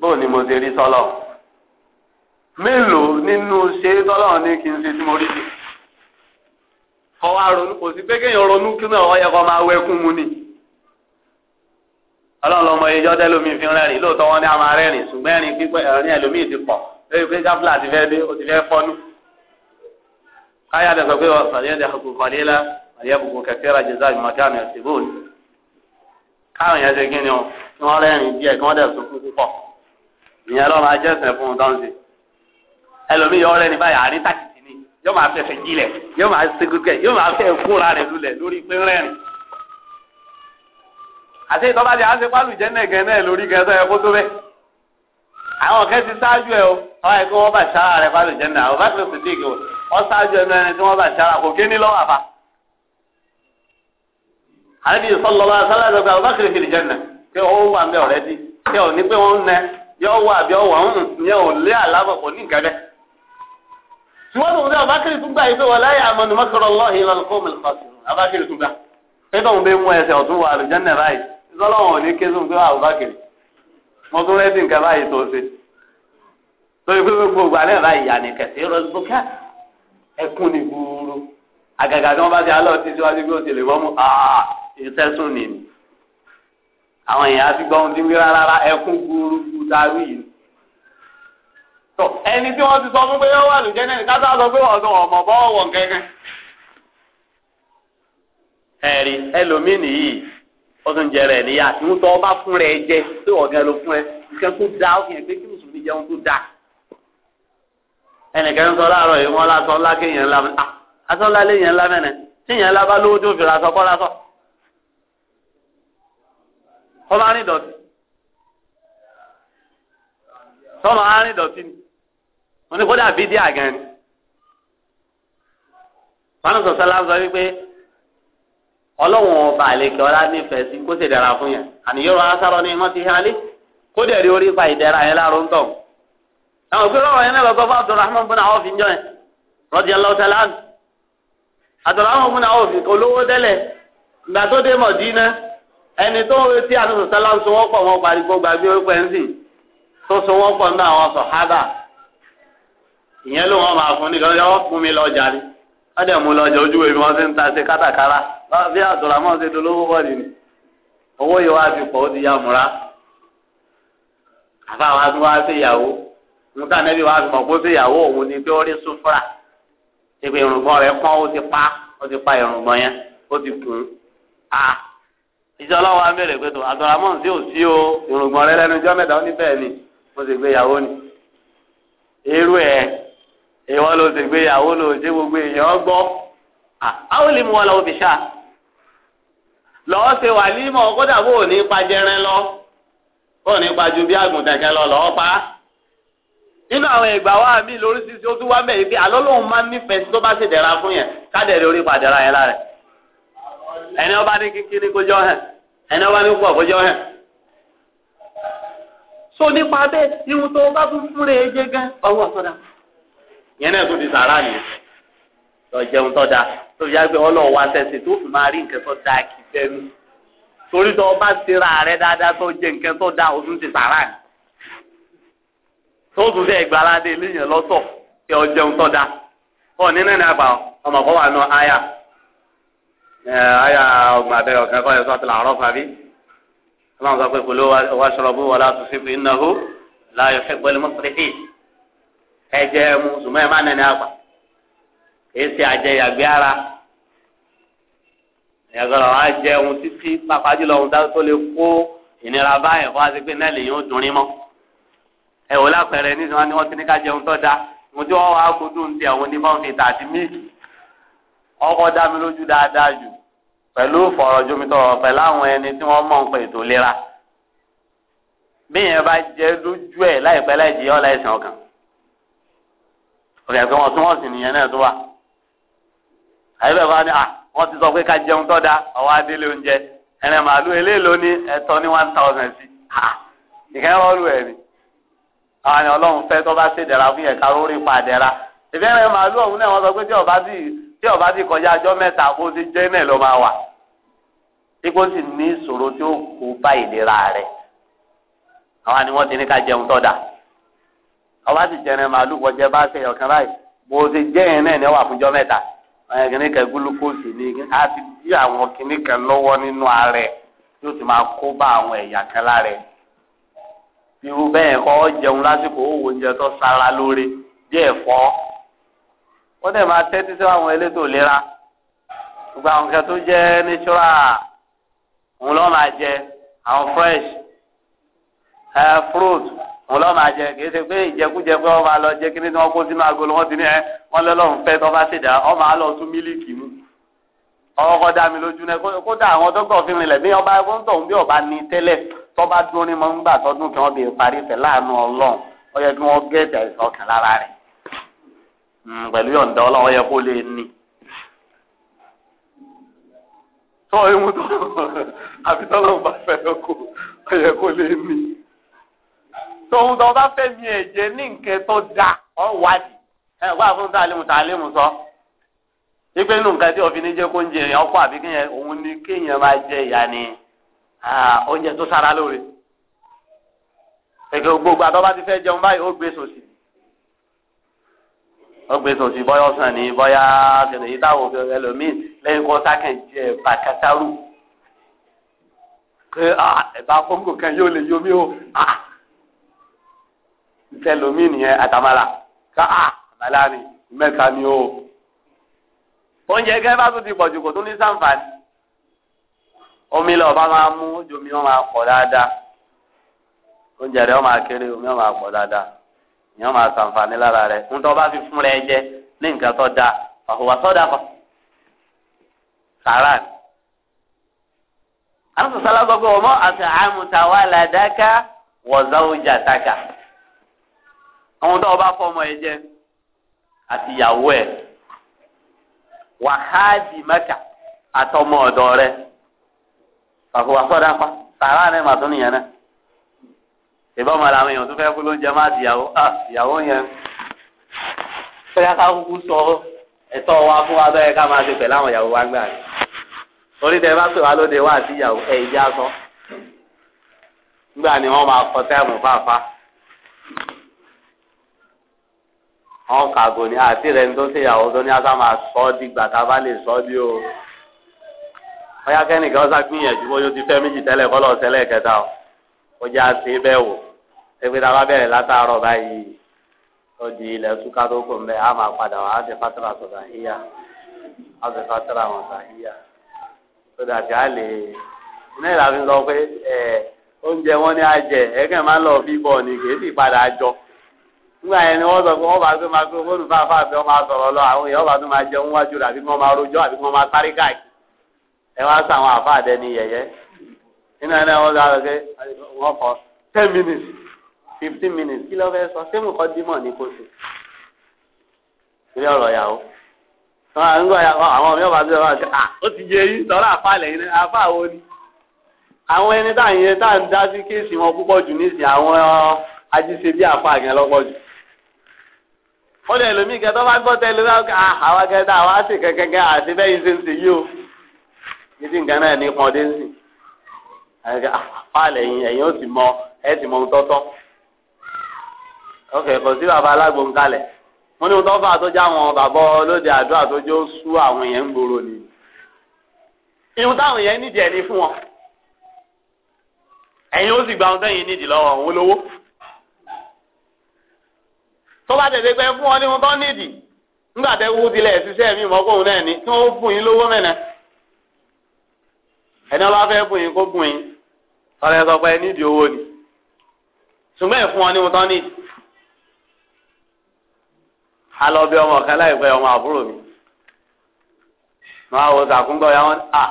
bóò ni mélòó nínú ṣe tọ́lọ́run ní kí n ṣe tí mo rí jù kọ́ wa ronú kò sí pé kéèyàn ronú kí náà wọ́n yẹ máa wẹkún mu ni ọlọ́run ọmọ ìjọ tẹ́lómi fi rẹ́rìn lóòótọ́ wọn ní a rẹ́rìn ṣùgbọ́n ẹ̀rìn pípẹ́ ẹ̀rìn ẹlòmíì ti pọ̀ lórí pé gáfúlà ti fẹ́ dé ó ti fẹ́ fọ́nú. káyà dẹ̀sọ̀ pé wọ́n sàlẹ̀ ẹ̀dẹ̀ kò kọ́lé la àyẹ̀ bùkún kẹ̀kẹ́ ra jẹ́sà ìmọ̀kánì ẹ̀sìn bóòlù. káwọn yẹn ṣe ni o kí wọ́n rẹ́rìn díẹ̀ kí wọ́n dẹ̀ sunkún púpọ̀ ìyẹn lọ́ máa ẹlòmíì yọ ọ̀rẹ́ ní báyìí àárín tàkìtì ni yóò máa fẹsẹ̀ jílẹ̀ yóò máa ṣe yọ máa fẹ́ kóra rẹ̀ lórí pínrẹ́rìn. àti ìtọ́ba ti àṣẹ pálù jẹ́ lórí ẹ̀ bẹ́ẹ̀. àwọn ti ẹ̀ o ọ̀rọ̀ ẹ̀ kí wọ́n bá ṣára pálù jẹ́ náà ọ̀bá sì wọ́n ẹ̀ tí wọ́n bá ṣára kò gé àbí wà ṣùgbọ́n tó ń sẹ́ abákiri tún gbà yìí pé wàlá yà àmọ́ nùmọ́ sọ̀rọ̀ lọ́ọ̀ ìlọ kó mi lọ́ọ̀ abákiri tún gbà pé tóun bẹ mú ẹsẹ̀ ọ̀tún wà lù jẹ́nẹ̀ ráì ìsọlọ́wọ̀n ò ní ké sóun pé ah, abákiri mo tún rẹ́sì nǹkan báyìí tó ṣe lórí pé gbogbo ìgbà náà báyìí yà ní kẹsì rọ ẹkún ní gbúrú àgàgà tí wọ́n bá ti alọ́ ti síwájú bí ó ti lè mọ́ mú ah, ìtẹ́sùn nìyí àwọn tó ẹni tí ti sọ fún pé ó wà lù jẹ́nẹ́rì ká sáà sọ pé ọ̀sán ọmọ bọ́ wọ̀ kẹ́kẹ́. ẹ̀rí ẹlòmíì nìyí ó tún jẹrẹ níyà tí ọba fún jẹ pé ló fún ẹ tó pé kí mùsùlùmí jẹun tó sọ yìí lásán ah, asán bá wọn ní kódà bídíà gan ni wọn sọ sọlá sọ wípé ọlọ́wọ́n ọba àlekè ọlá nífẹ̀ẹ́ sí kó sì dára fún yẹn àníyọ́rọ̀ asárọ̀ ni wọ́n ti hálí kó dẹ̀ rí orí pa ìdẹ́ra yẹn tọ̀ àwọn yẹn fún Abdulrahman rọ́jà Abdulrahman olówó tẹ́lẹ̀ tó dé Mọ̀dínà ẹni tó àtúntò sọlá sọ wọ́pọ̀ wọn parí gbogbo àgbẹ̀ ìyẹn ló wọn máa fún ní kọjá wọn fún mi lọjà ni wọn dẹ̀ mú lọjà ojú ìbí wọn fi ń ta ṣe kátàkárà bí àtọ̀làmọ́ ṣe dolówó bọ́ọ̀lì ni owó yìí wá fi pọ̀ ó ti ya múra àbá wa tún wá sí ìyàwó nǹkan nẹ́bí wa fi mọ̀ sí ìyàwó òun ni pé ó rí súfúrà ìpè ìrùngbọ̀n rẹ̀ pọ́n ó ti pa ó ti pa ìrùngbọ̀n yẹn ó ti kùn á ìṣe ọlọ́wọ́ á bèrè pé tó àtọ̀làmọ́ sí ò sí o ìrùngbọ̀n rẹ̀ lẹ́nu jọ́ mẹ́ta ó ní bẹ́ẹ̀ ni mo sì gbé ìyàwó ni irú ẹ̀ ìwọ ló ṣe gbéyàwó ló ṣe gbogbo èèyàn gbọ́ àwọn lè mú wọn lọ́wọ́ fi ṣá lọ́wọ́ ṣe wà límọ̀ kódà bó ò ní pa jẹrin lọ bó ò ní pa ju bí àgùntàn kan lọ lọ́wọ́ pa nínú àwọn ìgbà wa mi lóríṣiríṣi ó tún wá mẹ́rin pé àlọ́ lòun máa ń nífẹ̀ẹ́ sí tó bá ṣe dẹ̀ra fún yẹn kádẹ̀rẹ̀ orí padà yẹn lára ẹni ọba ní kíkiri kójọ hàn ẹni ọba ní púpọ̀ kójọ hàn so nípa bẹ́ẹ̀ ihun bá tún fúnra ẹ jẹ gan ọwọ́ sọ́dà yẹn náà tó di sàrà yẹn lọ jẹun tó da tó fi jágbe ọlọ́wọ́ wa tẹ̀sí tó fi máa rí nǹkan tó da kì í fẹ́nu torí tó o bá sera rẹ dáadáa tó jẹ nǹkan tó da o tún ti sàrà yẹn tó tún fẹ́ gbalade léèyàn lọ́tọ̀ kí ọ jẹun tó da ọ nínú àgbà ọmọ wà nù àyà àyà ọmọ abẹ́ ọ̀kan kọ́ yẹn sọ́tò làárọ̀ fàbí ọlọ́run sọ pé kò ló wá ṣọlọ́ bó wọlé àtúnṣe pé ìnáwó láyọ̀ fẹ́ gbọ́lé mọ́tò ẹ̀jẹ̀ mu ṣùgbọ́n ẹ má nẹni àgbà èsì àjẹyàgbé ara ẹ̀gbọ́n wa jẹ ohun títí pàápàá jùlọ ohun tó lè kó ìnira báyìí fún àti pé náà lè yóò dùn rí mọ́ ẹ wò lápẹẹrẹ ní sọ́wọ́n ni wọ́n ti ní ká jẹun tó da mo tí wọ́n wá kojú ń tẹ àwọn onífọ́nfìtà àti míìkì ọkọ̀ dá mi lójú dáadáa jù pẹ̀lú fọ̀rọ̀jomitọ̀rọ̀ pẹ̀lú àwọn ẹni tí wọ́n mọ̀ ń pè tó lera bí yẹn bá jẹ lójú ẹ̀ láìpẹ́ láì jẹ́ ọ̀la ọkàn ọ̀rẹ́ àti wọn tún wọ́n sì nìyẹn náà tó wà. àyẹ̀bẹ̀ bá ní à wọ́n ti sọ pé ká jẹun tó da ọwọ́ adélé oúnjẹ ẹ̀rẹ̀ màálù eléèló ní ẹ̀tọ́ ní one thousand sí ìkẹ́ wọ́n lù ẹ̀ ni. àwọn ènìyàn ọlọ́run fẹ́ tó bá ṣe dẹ̀ra fún yẹn ká lórí pa dẹ̀ra. ìfẹ́rẹ̀ màálù ọ̀hún náà wọ́n sọ pé tí ọba ti kọjá ọjọ́ mẹ́ta bó ti jẹ́ náà ló máa wà. ipò sì ní ìṣòro tí ó kó bá ìlera rẹ̀. àwọn ni wọ́n ti ní ká jẹun tó da ọba ti jẹrẹ màálù wọjẹ bá ṣe ọkàn báyìí mo ti jẹ yẹn náà ní wà fúnjọ mẹ́ta ẹ kìnní kan gúlúkóòsì ni a ti dí àwọn kìnní kan lọ́wọ́ nínú ààrẹ yóò ti máa kó bá àwọn ẹ̀yà kan lára irú bẹ́ẹ̀ kọ́ jẹun lásìkò owó oúnjẹ tó sara lóore jẹ́ ẹ̀fọ́ wọ́n dẹ̀ máa tẹ́tí sí àwọn elétò ìlera gbogbo àwọn nǹkan tó jẹ́ natural òun lọ́ọ́ máa jẹ àwọn fresh eh, fruit òun lọ́ọ́ máa jẹ kì í ṣe pé ìjẹkújẹ pé wọ́n máa lọ jẹ kí ni wọ́n kó sínú agolo wọ́n ti ní ẹ wọ́n lọ́ lọ́hùn fẹ́ tó bá ṣèdá wọ́n máa lọ tún mílíkì mú ọkọ̀ dá mi lójú náà kódà àwọn dókítà òfin rìnlẹ̀ bí ọba gbọ́ntọ̀ ń bí ọba ní tẹ́lẹ̀ tó bá dún ní mọ́ ń gbà tọdún kí wọ́n bè parí fẹ̀ láàánú ọlọ́run ó yẹ kí wọ́n gẹ̀ẹ́tì àìsàn kan lára rẹ̀ hmm, pẹ̀lú yọ̀ǹda ọlọ́run yẹ kó lè ní. tó ìmú tó àbítọ́lọ́ bá fẹ́ lọ́kọ̀ ó tóun tó bá fẹ́ mi ẹ̀jẹ̀ ní nǹkan tó da ọ̀ wádìí ẹ̀ wá fún tàlímù tàlímù sọ. ipe nínú nǹkan tí òfin jẹ́ kó ń jẹ èèyàn àbí kéèyàn òun ni kéèyàn máa jẹ ìyá ni oúnjẹ tó sára lóore. èkó gbogbo àtọ́ bá ti fẹ́ jẹun báyìí ó gbé sòsì. ó gbé sòsì bọ́yá ọ̀sán ni bọ́yá ṣẹlẹ̀ yìí táwọn ẹlòmíì lẹ́yìn kan sákẹ̀ jẹ bàkátárù. pé ẹ̀bà fóńgò kan yóò lè yomi o tẹlomi nìyẹn àtàmàlà ká ah, àmàlà ni mẹ́ka ni o oúnjẹ gẹ́gẹ́ bá tún ti pọ̀jù kò tún ní sàǹfààní omi lọ bá máa mú ojú omi wọn máa pọ̀ dáadáa oúnjẹ rẹ wọn máa kéré omi wọn máa pọ̀ dáadáa ìyẹn wọn máa sàǹfààní lára rẹ ń tọ́ bá fi fún rẹ jẹ ní nǹkan tó dáa fàhùwà sọ́dà kan sàrà ni àwọn sọ̀sọ́ lágbàgbọ́ ọmọ àti àmùtàwálàdáka wọ̀záwójàtàkà. àwọn tó bá fọ ọmọ yẹn jẹ àti ìyàwó ẹ wàhádì mẹka àtọmọ rẹ pa sàrà rẹ màtún nìyẹn náà ìbá ọmọ làwọn èèyàn tó má di ìyàwó à ah, ìyàwó yẹn ká kúkú sọ wa fún wa ká máa ṣe ìyàwó wa gbà orí tẹ bá wọn kàgò ní àti rẹ̀ ń tó ṣèyàwó tó ní asá máa sọ ọ́ dìgbà tá a bá lè sọ ọ́ bí o. ọyá kẹ́nìkan ọ̀sá gbìyànjú bóyá ó ti fẹ́ méjì tẹ́lẹ̀ kọ́ lọ́ọ́ sẹ́lẹ̀ kẹta o ó jẹ́ àti bẹ́ẹ̀ wò pépé tá a bá bẹ̀rẹ̀ látàárọ̀ báyìí ó di ilẹ̀ túká tó kù mbẹ́ a máa padà wá á ti sọ̀tà híyà á ti wọn sà híyà tó dàbí á lè iná ìlànà sọ pé oúnjẹ wọn ní àjẹ ẹ̀kẹ́ nígbà yẹn ni wọ́n sọ pé wọ́n bá tó máa tó fóònù fáfá àti wọ́n máa sọ̀rọ̀ lọ àwọn èèyàn bá tó máa jẹun wájú rẹ̀ àbí wọ́n máa rojọ́ àbí wọ́n máa sáré káàkiri ẹ wá sọ àwọn àfa àdẹni yẹyẹ nínú ẹni wọ́n sọ pé wọ́n kọ ten minutes fifteen minutes kí ló fẹ́ sọ ṣé mo kọ́ dímọ̀ ní kó ilé ọ̀rọ̀ yàwó àwọn ọmọ ọba tó wà sí ó ti yẹ yín sọ̀rọ̀ àfa lẹ́yìn àfa wo ni àwọn ẹni tá ń yẹ tá ń dá sí kéèsì wọn púpọ̀ jù nísìnyí àwọn ajíṣe àfa àgẹ́ lọ́pọ̀ jù ó lè lómi kẹtọ́ bá gbọ́ tẹ́lẹ̀ bá gbà ah, àwa kẹta àwa sì kẹkẹkẹ àti bẹ́ẹ̀ ṣe ń ṣe yìí o títí nǹkan náà ní pọn dé sí àpáàlẹ̀ ah, yìí ẹ̀yìn ó sì mọ ẹ̀ sì mọ ohun tọ́tọ́ ọkẹ́ kò sí bàbá alágbóhùn kalẹ̀ wọ́n ní ohun tó fà tó já àwọn bàbá olóde àdúrà tó sú àwọn yẹn ń gbòòrò ni ihun táwọn yẹn nídìí ẹ̀ fún wọn ẹ̀yìn ó sì gba ohun tẹ́yìn nídìí lọ́wọ́ òun lówó tó bá tẹ̀sẹ̀ pé fún wọn ní wọn tó nídìí nígbà tẹ wú tilẹ̀ ṣiṣẹ́ mi mọ́kòrò náà ni tí wọ́n fún yín lówó mẹ́nà ẹni wọn bá fẹ́ fún yín kó fún yín ọ̀rẹ́ sọ pé nídìí owó ni ṣùgbọ́n ẹ̀ fún ní wọn tó nídìí. a lọ bí ọmọ kan láìpẹ́ ọmọ àbúrò mi máa wo sàkúngbọ̀ ya wọn à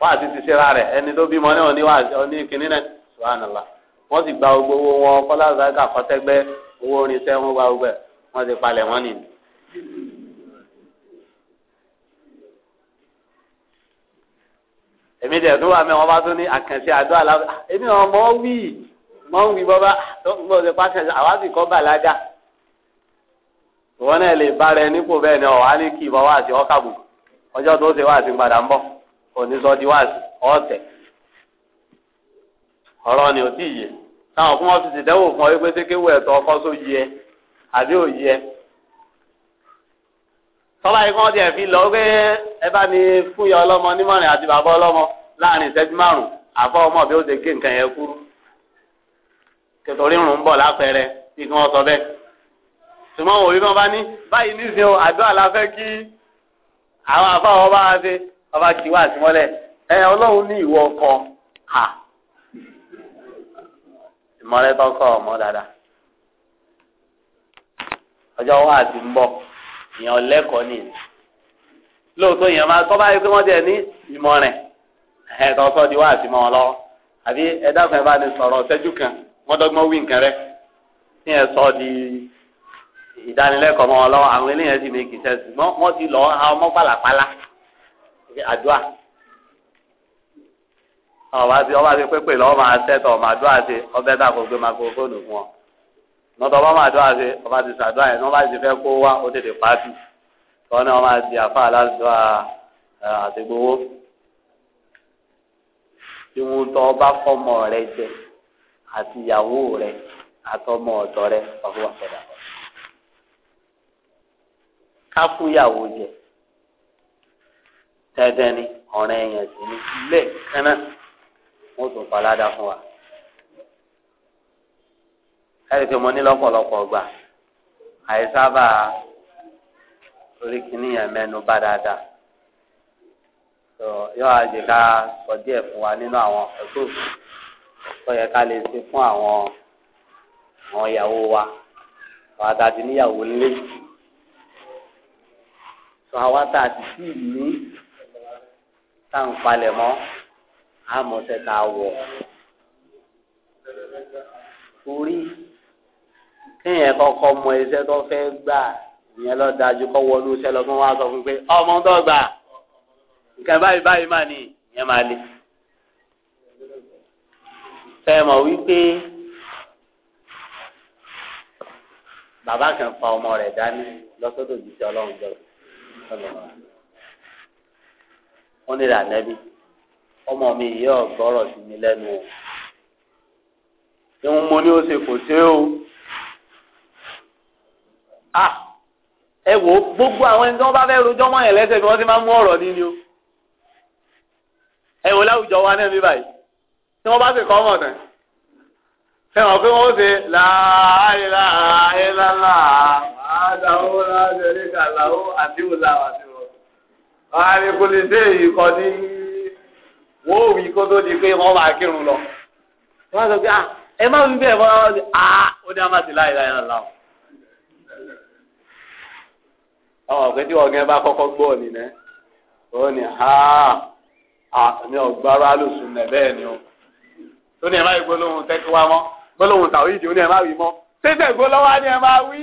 wáá ti ti ṣera rẹ̀ ẹni tó bímọ náà ní wáá ní kinní náà subhanallah sì gba gbogbo wọn kọ́lá owó oníṣẹ́ wọn wá gbẹ wọ́n ti palẹ̀ wọ́n nìyí. èmi dẹ̀ tó wà wọn bá tó ní àkànṣe àdó àlàbà ah, èmi wọn mọ̀ wí wí tó ń pàṣẹ àwa sì kọ́ bàlájà náà lè bẹ́ẹ̀ ni ọ̀ ní kí ìbọn wá sí ọkà bù ọjọ́ tó ṣe wá sí padà ń bọ̀ sọ di wá sí ọ̀tẹ̀ ọ̀rọ̀ ni ò táwọn fún wọn fi ṣèdánwò fún ọ wípé ṣé kéwù ẹ̀tọ́ ọkọ tó yẹ àbí ò yẹ tọ́lá yìí kọ́ tiẹ̀ fi lọ pé ẹ bá ní fún ọlọ́mọ nímọ̀ràn àti bàbá ọlọ́mọ láàrin ìṣẹ́jú márùn-ún àfọ́ ọmọ bí ó ṣe gé nǹkan yẹn kúrú kẹtọ̀rí rùn ń bọ̀ lápẹẹrẹ bí kí wọ́n sọ bẹ́ẹ̀ ṣùgbọ́n òbí wọn bá ní báyìí nísìnyí o àdúrà la fẹ́ kí àwọn àfáwọn bá ìmọ̀lẹ́ tó kọ́ ọmọ dáadáa ọjọ́ wa ti ń bọ̀ èèyàn lẹ́kọ̀ọ́ ni lóòótọ́ máa tọ́ báyìí wọ́n tiẹ̀ ní di wá àti mọ́ ọ àbí bá ní sọ̀rọ̀ di ìdánilẹ́kọ̀ọ́ àwọn eléyàn ọba ti ọba ti pépè lọ́wọ́ máa tẹ́tọ̀ ọba àdúrà ṣe ọbẹ̀ tà kó gbé makurofóònù fún ọ nọtọ ọba máa dúrà ṣe ọba ti ṣàdúrà yẹn ọba ti fẹ́ kó wá ó tètè pàtì tọ́ ní ọba ti àfa aládùúrà àtẹgbowó ìwọ̀n ọba fọmọ rẹ jẹ àti ìyàwó rẹ àtọmọ ọ̀dọ́ rẹ ọba wà pẹ̀lú ìyàwó jẹ dandan ni yẹn sì ní lẹ́ẹ̀kan náà wọ́n tún palada fún wa ẹ̀rí pé mo ní lọ́pọ̀lọpọ̀ gbà àìsábà orí kìíní yẹn mẹ́nu bá dáadáa tó yóò àjè ká sọ díẹ̀ fún wa nínú àwọn ẹ̀kọ́ tó yẹ ká lè ṣe fún àwọn àwọn ìyàwó wa àwọn tá a ti níyàwó nílé tó àwa tá a ti sí ìní tá à ń palẹ̀ mọ́ àmọ̀tẹ́ tá a wọ̀ orí kéèyàn kọ́kọ́ mọ iṣẹ́ tó fẹ́ gbà ìyẹn lọ dájú kọ́ wọnú iṣẹ́ lọ fún wa sọ fún pé ọmọ tó gbà nǹkan báyìí báyìí mà ní ìyẹn máa le. fẹ́ mọ̀ wípé bàbá kan fa ọmọ rẹ̀ dání lọ́sọ́dọ̀ jù sí ọlọ́run jọ. wọ́n nílò ànẹ́bí ọmọ mi yọ gbọ́rọ̀ sí mi lẹ́nu o ìhun mo ní ó ṣe kò ṣe o a ẹ wò ó gbogbo àwọn ẹni tí wọ́n bá fẹ́ rojọ́ mọ́ yẹn lẹ́sẹ̀ bí wọ́n ti máa ń mú ọ̀rọ̀ nínú o ẹ wò láwùjọ wa náà mi báyìí tí wọ́n bá sì kọ́ ọmọ tán fẹ́ràn pé wọ́n ṣe láàáìlà àìlàlà àdáwó láti ẹ̀ríkà làwó àdìwò làwà wọn. á ní kó lè dé ìkọ́ni wọ́n ò wí kó tó di pé wọ́n máa kírun lọ. wọ́n á sọ pé à ah, ẹ má wí bẹ́ẹ̀ wọ́n á ah, ó dá máa ti láì láì lọ́la o. ọ̀ pé tí ọ̀gá bá kọ́kọ́ gbọ́ ọ̀ nìyẹn ó ní ha ah, àmì ọ̀gbára lòsùn nẹ̀ bẹ́ẹ̀ ni o. tó ní ẹ má wí gbólóhùn tẹ́kíwá mọ́ gbólóhùn tàwí ìdí ó ní ẹ má wí mọ́ tẹ́tẹ̀ gbólọ́wá ni ẹ má wí.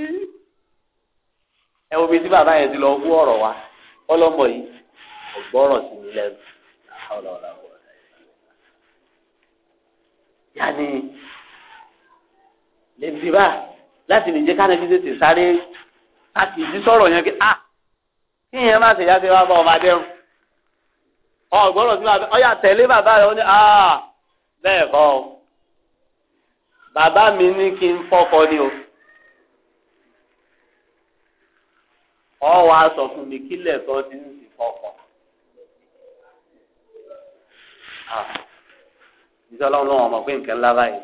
ẹ wo bí tí bàbá yẹn ti lọ wú ọ̀rọ̀ wa ọlọ́mọ yìí ọ̀gbọ́rọ̀ sí mi lẹ́nu. yanni lè fi bá láti lè jẹ́ kánábí tètè sáré láti ìdí sọ̀rọ̀ yẹn kí a ah, kí yẹn má ma tẹ wá bá ọmọ adẹ́rùn ọgbọ́dọ̀ tí bàbá ọyà ya bàbá rẹ̀ ó ọ aa ah, bẹ́ẹ̀ kọ́ ọ bàbá mi ní kí n fọkọ ni o ọ wa sọ fún mi kílẹ̀ kan ti ń sì fọ́kọ. Ah. ìṣọ́ ọlọ́run lọ́wọ́ ọmọ pé nǹkan ńlá báyìí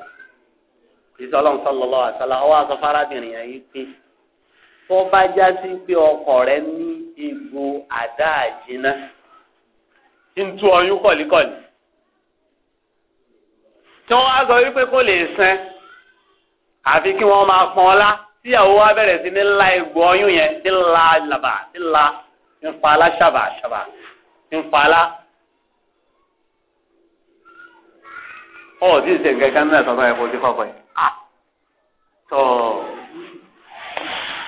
ìṣọ́ ọlọ́run sallallahu alaihi wasallam ọwọ́ aṣọ fárábìnrin yẹn yí pé tó bá já sí pé ọkọ rẹ ní egbò àdá àjìnà tí ń tú ọyún kọ̀líkọ̀lí tí wọ́n á sọ wípé kó lè sẹ́n àfi kí wọ́n máa pọn ọlá tíyàwó wa bẹ̀rẹ̀ sí ní la egbò ọyún yẹn ní la làbà ní la ń fa aláṣàbà àṣàbà ń fa aláṣàbà. ọ ti ṣe nǹkan kan náà tọ́tọ́ ẹ̀kọ́ sí fọ́fọ́ yìí. tọ́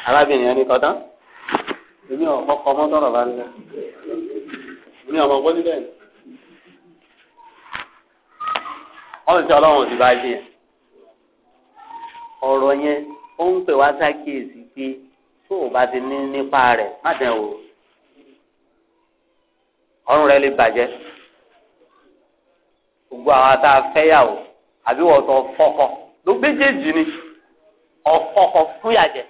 arábìnrin ẹni kọ́tán èmi ọ̀pọ̀ kọ́ mọ́ bá ni. wọ́n ti ṣe ọlọ́run òsì bá ṣe yẹn. ọ̀rọ̀ yẹn ó ń pè wá sákìyèsí pé tó o bá ti ní nípa rẹ̀ má dẹ̀ o ọrùn rẹ̀ lè bàjẹ́ gbogbo àwọn ata fẹ́yàwó àbí wọ́n tọ́ fọ́kọ ló méjèèjì ni ọ̀fọ́kọ fúyàjẹ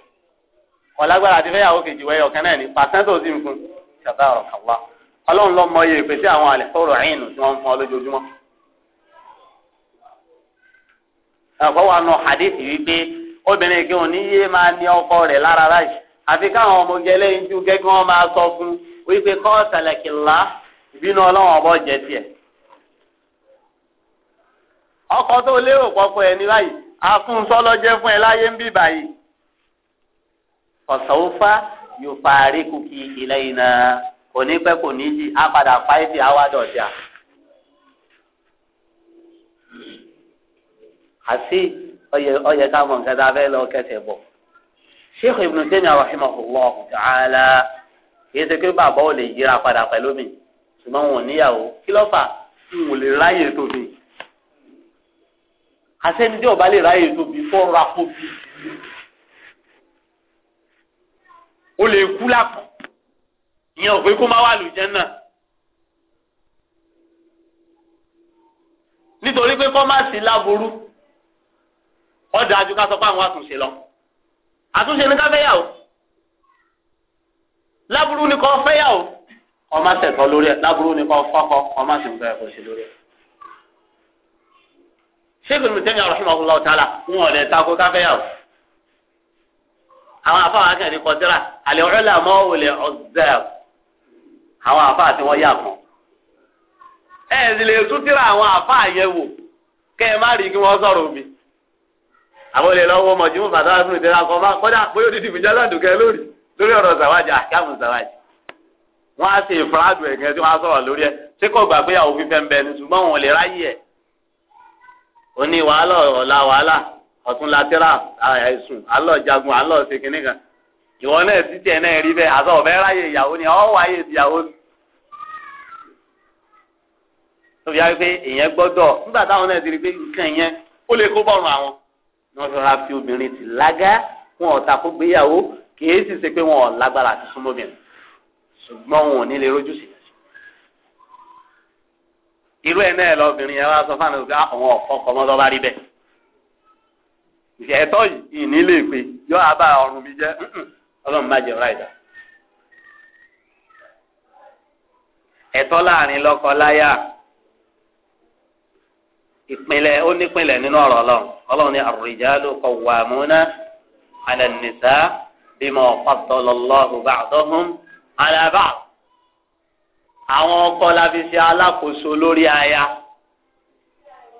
ọ̀lágbára àti fẹ́yàwó kejì wẹ́yọ̀ kan náà ni pàṣẹ́ntì ò sì ń fún ṣàtà ọ̀rọ̀ kàwá ọlọ́run lọ́ mọ iye ìpèsè àwọn àlẹ́ sọ̀rọ̀ ẹ̀yìn tí wọ́n ń fún ọ lójoojúmọ́. ẹ̀kọ́ wa nù hadith wípé obìnrin kí òun níyé máa ní ọkọ rẹ̀ lára láyìí àfi káwọn ọmọge lẹ́yìn tí gẹ́gẹ́ wọn máa sọ fún wípé kọ́ sàlẹ̀kìlá ìbínú ọlọ́run ọbọ̀ jẹ tiẹ̀ ọkọ tó lérò pọpọ ẹni báyìí afúnṣọlọjẹ fún ẹ láyé ń bì báyìí ọ̀sánwófá yóò fa àríkùkì ilẹ̀ iná onípẹ́ kò ní yí á padà fáìtì àwádọ́jà. àti ọyẹ ọyẹ káwọn nǹkan tá a fẹ́ lọ kẹsẹ̀ bọ̀ Sheikh Ibn Taymiyyah rahimahullah ta'ala kì í ṣe pé bàbá ò lè yíra padà pẹ̀lú mi ṣùgbọ́n wọn níyàwó kí ló fà ń wò lè ráyè tóbi àsẹ́ni tí ọba lè ráyè tóbi fọ́ ra kó bi o lè kú lápò ìyẹn ò pé kó má wà lùjẹ́ náà nítorí pé kọ́ má sí láború ọjà àjù ká sọ pé àwọn àtúnṣe lọ àtúnṣe ní ká fẹ́yàwó láburú ni kò fẹ́yàwó ọmọ sẹ̀tọ́ lórí ẹ̀ láburú ni kò fọ́kọ́ ọmọ sì ń bẹ̀rẹ̀ kò sí lórí ẹ̀. sẹ́gun mi tẹ́mi àrùn ọ̀hún lọ́wọ́ tààlà wọn ò lè takò àwọn afáwọn akẹ́kẹ̀ẹ́ kọ síra àlẹ́ ọ̀rẹ́lẹ̀ àmọ́ ò àwọn afáà tí wọ́n yà fún. ẹ ẹ lè tún àwọn afáà wò ẹ má rí omi. àwọn olè lọ́wọ́ mọ̀jú mú fún ìdílé akọ bá bóyá lórí lórí ọ̀rọ̀ àkàmù wọ́n á ẹ̀gẹ́ tí wọ́n á sọ̀rọ̀ lórí ẹ̀ ṣé kò ń bẹ oní wàhálà ọ̀la wàhálà ọ̀tún latẹ́rà ẹ̀sùn alọ́jagun alọ́ọ̀sẹ̀kìnì kan ìwọ náà títí ẹ̀ náà rí bẹ́ẹ̀ àtọ́ ọ̀bẹ ráyè ìyàwó ni ọ̀ wáyé ìyàwó ni. tó fi yá pé èèyàn gbọ́dọ̀ nígbà táwọn náà ti rí pé nǹkan yẹn ó lè kó bọ̀rùn àwọn. ni wọ́n fẹ́ra fi obìnrin ti lágá wọn ọ̀tà kó gbéyàwó kì í sì ṣe pé wọn lágbára àti súnmọ́bìnrin ṣùgbọ́n wọn ò ní lè rójú sí i. irú ẹ̀ náà lọ́bìnrin yẹn wá sọ fáwọn ọ̀gá àwọn ọ̀kọ́kọ́ mọ́tọ́ bá rí bẹ́ẹ̀. ìṣẹ̀tọ́ yìí pé yọ abá ọrùn mi jẹ́ ọlọ́run má jẹ́ ọ̀rá ìdá. ẹ̀tọ́ láàrin lọ́kọ láyà ìpínlẹ̀ ó nípínlẹ̀ nínú ọ̀rọ̀ ọlọ́run ọlọ́run ní ar-rijalu 'ala an-nisaa bima faddala àwọn ọkọ la fi ṣe alákòóso lórí aya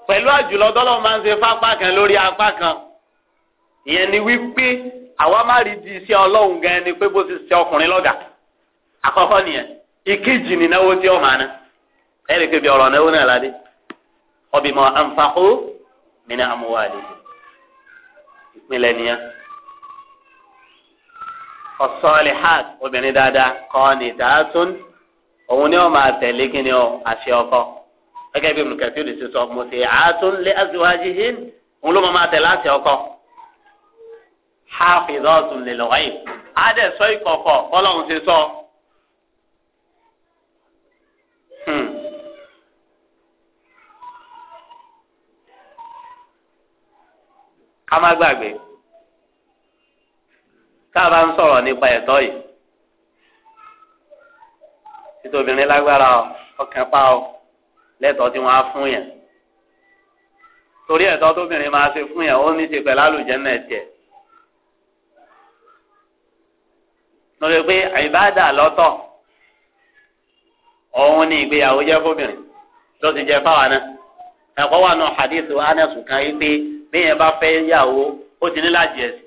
pẹ̀lú àjùlọ tọ́lọ́ máa ń ṣe fápá kan lórí apá kan ìyẹn ni wípé àwa má rí di iṣẹ́ ọlọ́run gan ni pé bó ti ṣe ọkùnrin lọ́gà àkọ́kọ́ nìyẹn ìkejì nìnáwó tí ó máa ná ẹ̀rí pé bí ọ̀rọ̀ náwó náà ládé ọbí ànfàkó mi ní amúwálé ìpínlẹ̀ nìyẹn ọ̀sọ́ọ̀lì hàt obìnrin dáadáa kọ́ni tààtún òun ni wọn máa tẹ̀lé kí ni ọ àṣẹ ọkọ gẹ́gẹ́ bí olùkẹfì olùsí sọ mo ṣe àátún lé azwajihin òun ló máa tẹ̀lé àṣẹ ọkọ hafizatun lil ghaib adẹ sọ ìkọ̀kọ̀ bọ́lọ́run ṣe sọ. Hmm. ká má gbàgbé tá a bá ń sọ̀rọ̀ nípa ẹ̀tọ́ yìí títí obìnrin lágbára ọkàn pa ọ lẹ́tọ̀ọ́ tí wọ́n á fún yẹn torí ẹ̀tọ́ tóbìnrin máa ṣe fún yẹn ó ní ṣe pẹ̀lú àlùjẹ́nà ẹ̀jẹ̀ lórí pé àyíbáàdà lọ́tọ̀ òun ni ìgbéyàwó jẹ́ fóbìnrin tó ti jẹ́ fáwa náà ẹ̀kọ́ wà nù hadith anẹ́sùn kan yìí pé bẹ́ẹ̀ bá fẹ́ yàwó ó ti ní láti ẹ̀sìn.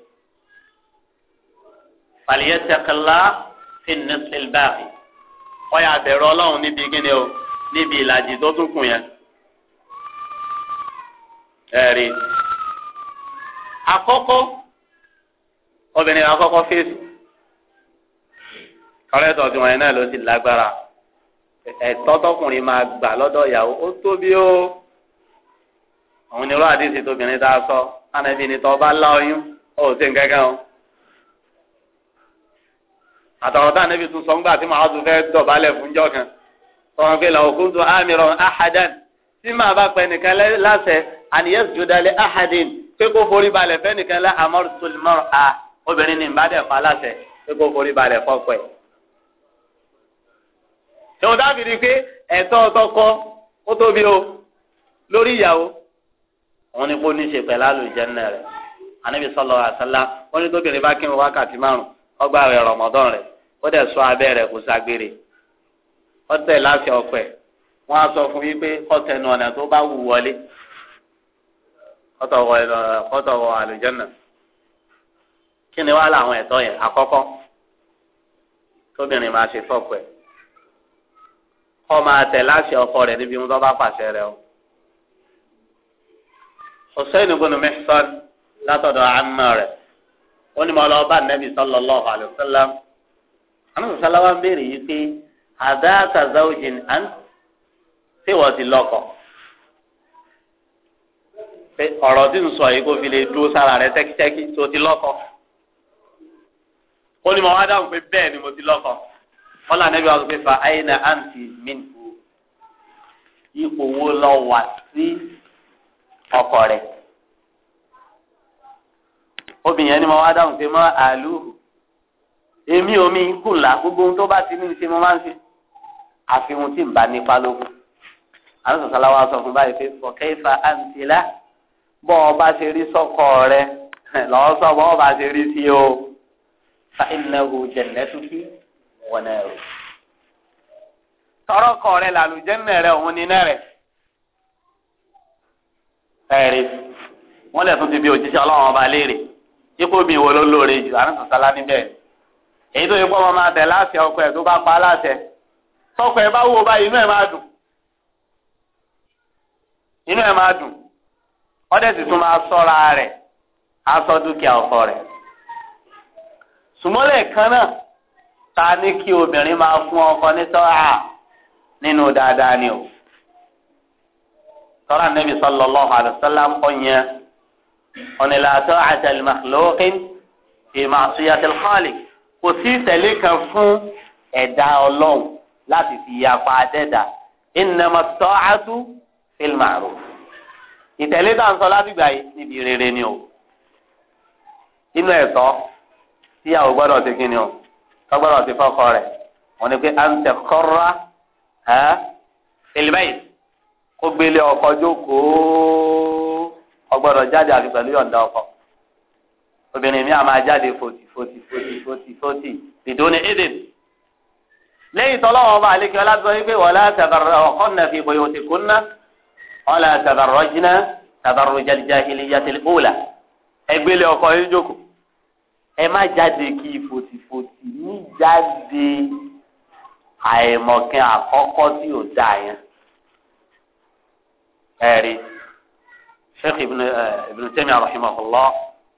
fàlìyẹ́ tẹ̀kẹ́lá fi nìṣẹ́ báyìí wọ́n yà bẹ̀rù ọlọ́run níbi kíni o níbi ìlàjì tó tún kù yẹn. ẹ̀rí àkọ́kọ́ obìnrin àkọ́kọ́ fèsì kọ́rẹ́tọ̀ tí wọ́n yẹn náà ló ti lágbára ẹ̀tọ́ tọkùnrin máa gbà lọ́dọ̀ ìyàwó ó tóbi ó òun ni irú àdìsí tóbìnrin tá a sọ ánàbí ni tọ́ bá lá ó sì ń gẹ́gẹ́ o àtàwọn táwọn níbi tún sọ ńgbà tí màá tún fẹ́ dọ̀bálẹ̀ fún jọ́ kan tọ́wọ́n fi làwọn kó tún àmìràn ahadan tí màá bá pẹ́ nìkan láṣẹ àníyẹ́s jùdálẹ̀ ahadin pé kó forí balẹ̀ fẹ́ nìkan lá amọ́r sulimọ́r a obìnrin ní ìbádẹ́ fa láṣẹ pé kó forí balẹ̀ fọ́pẹ́. ṣòwò dábì ni pé ẹ̀tọ́ ọtọ́kọ ó tóbi o lórí ìyàwó òun ni kó ní ṣe pẹ̀lú àlùjẹ́ náà àníbi sọ́lọ́ ọgbà rẹ̀ rọmọdán rẹ̀ ó dẹ̀ sọ abẹ́ rẹ̀ kó ṣàgbèrè ọtẹ láti ọpẹ wọn á sọ fún yín pé ọtẹ nu ọ̀nà tó bá wù wọlé kọ́tọ̀wọ̀ kọ́tọ̀wọ̀ àlùjànnà kí ni wàá làwọn ẹ̀tọ́ yẹn àkọ́kọ́ tóbìnrin máa ṣe fọ́pẹ́ kọ́ máa tẹ̀ láṣẹ ọkọ rẹ̀ níbi tó bá pàṣẹ rẹ̀ o. Husayn ibn Mihsan látọ̀dọ̀ àmọ́ rẹ̀ ó ní mo lọ bá nẹ́bí sallallahu alaihi wasallam àwọn sọ̀sọ́lá wa ń béèrè yìí pé àdáàtà zawjin à ń tèwọ́ ti lọ́kọ̀ pé ọ̀rọ̀ tí ń sọ yìí kó fi lè dúró sára rẹ tẹ́kítẹ́kí tó ti lọ́kọ̀ ó ní mo wá dáhùn pé bẹ́ẹ̀ ni mo ti lọ́kọ̀ wọ́n nẹ́bí wa sọ pé fa àyínà àǹtí minhu ipò wo lọ wà sí ọkọ rẹ̀ obìnrin yẹn ni mo wá dáhùn pé mọ́ àlùhù èmi omi kùlà gbogbo ohun tó bá ti ní ṣe mo máa ń ṣe àfihàn tí ń bá nípa lókun àwọn sọ̀sọ́lá wa sọ fún báyìí pé ọ̀kẹ́ ìfà àǹtílá bọ́ ọba ṣe rí sọ́kọ rẹ lọ́wọ́ sọ bọ́ ọba ṣe rí sí o fa ìnáwó jẹ̀nẹ́tùkí wọnà ẹ̀rọ. tọrọ kọ rẹ làlùjẹ́nà rẹ òun ni náà ẹ̀rí wọ́n lẹ̀ tún ti bí òjíṣẹ́ ọlọ́run ọba léèrè. ipò mi wò ló lóore jù àrùn sọ̀tàlá níbẹ̀ èyí tó yẹ kó ọmọ máa tẹ̀ ọkọ ẹ̀ tó bá pa láṣẹ tọkọ ẹ̀ bá bá inú ẹ̀ máa dùn inú ẹ̀ máa dùn ọdẹ sì tún máa sọ́ra rẹ̀ aṣọ dúkìá ọkọ rẹ̀ sùmọ́lẹ̀ kan náà ta kí obìnrin máa fún ọkọ ní sọ́ra nínú dáadáa ni o ọ̀nà ìlàtọ̀ àti al-makhluqin fi ma'siyati al-khaliq kò sí ìtẹ̀lé kan fún ẹ̀dá ọlọ́run láti fi yapa àdẹ́dà innama at-ta'atu fil ma'ruf ìtẹ̀lé tá à ń sọ lábìgbà yìí níbi rere ni o inú ẹ̀tọ́ tíyàwó gbọ́dọ̀ ti kí o tó gbọ́dọ̀ ti fọ́kọ rẹ̀ wọ́n ní pé à ń tẹ kọ́ra ẹ́ fil bayt kó gbélé ọkọ̀ jókòó ọgbọ́dọ̀ jáde àfi pẹ̀lú yọ̀ǹda ọkọ obìnrin mi a máa jáde fòtì fòtì fòtì fòtì fòtì dìdó ní eden lẹ́yìn tọ́lọ́wọ́n bá alẹ́ kí ọlá sọ wípé wala tabarrajna fi buyutikunna wala tabarrajna tabarrujal jahiliyatil ula ẹgbẹ́lẹ̀ ọkọ yín jókòó ẹ má jáde kí fòtì fòtì ní jáde àìmọ̀kẹ́ àkọ́kọ́ tí ò dáa yẹn ẹ̀rí sheikh ibn eh, ibn temi arahimahullah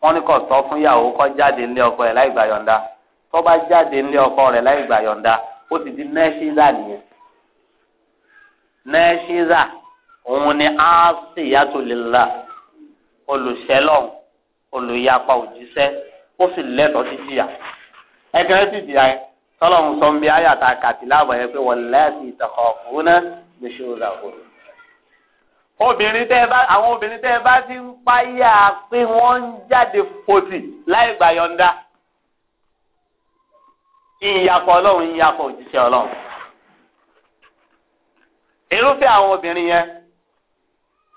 wọn ní kò tọ́ fún ìyàwó kó jáde nílé ọkọ rẹ̀ láì gbà yọ̀ǹda tó bá jáde nílé ọkọ rẹ̀ láì gbà yọ̀ǹda ó ti di nẹṣíza nìyẹn nẹṣíza òun ni aasiyatu lillah olùṣẹlọ olùyapa òjíṣẹ́ ó sì lẹ́tọ̀ọ́ sí jìyà ẹgbẹrẹ sì jìyà yẹn tọlọ́run ń bí ayàtà kàtìláàbọ yẹn pé wọn lẹẹsì ìtàkọ òun náà gbèsè òun làwọn obìnrin tẹ́ ẹ bá àwọn obìnrin tẹ́ ẹ bá ti ń páyà pé wọ́n ń jáde fòtì láì gbà yọ̀ǹda ìyàpọ̀ ọlọ́run ìyàpọ̀ òjíṣẹ́ ọlọ́run irúfẹ́ àwọn obìnrin yẹn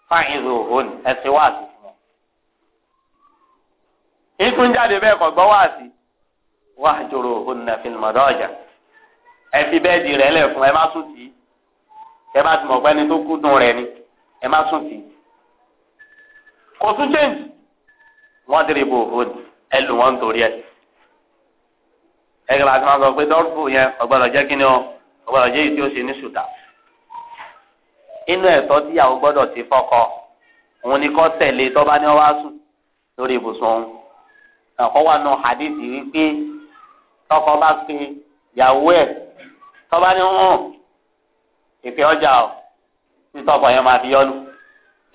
fáìlì òhún ẹsẹ̀ wá sí fún wọn. ìtún jáde bẹ́ẹ̀ kọ̀ gbọ́ wá sí wá jòrò òhún náà fi mọ̀dọ́ ọjà ẹ fi bẹ́ẹ̀ di rẹ̀ lẹ̀ fún ẹ má sùn tì í ẹ bá ti mọ̀ pé ẹni tó kú dùn rẹ̀ ni ẹ má sùn sí kò tún change wọ́n dìrì bò ó ẹ lù wọ́n torí ẹ ẹgbẹ́ àti máa sọ pé dọ́rùbù yẹn ọgbọ́dọ̀ jẹ́ kíni o ọgbọ́dọ̀ jẹ́ èyí tí ní ṣùtà inú ẹ̀tọ́ tíyàwó gbọ́dọ̀ ti fọ́kọ òun ni kọ́ tẹ̀lé tọ́ba ní ọwá sùn lórí ibùsùn òun àkọ́ wà nù hadith wípé tọkọ bá pe ìyàwó ẹ̀ tọ́ba ní hàn ìpè ọjà o títọ́ ọkọ̀ yẹn máa fi yọ́nu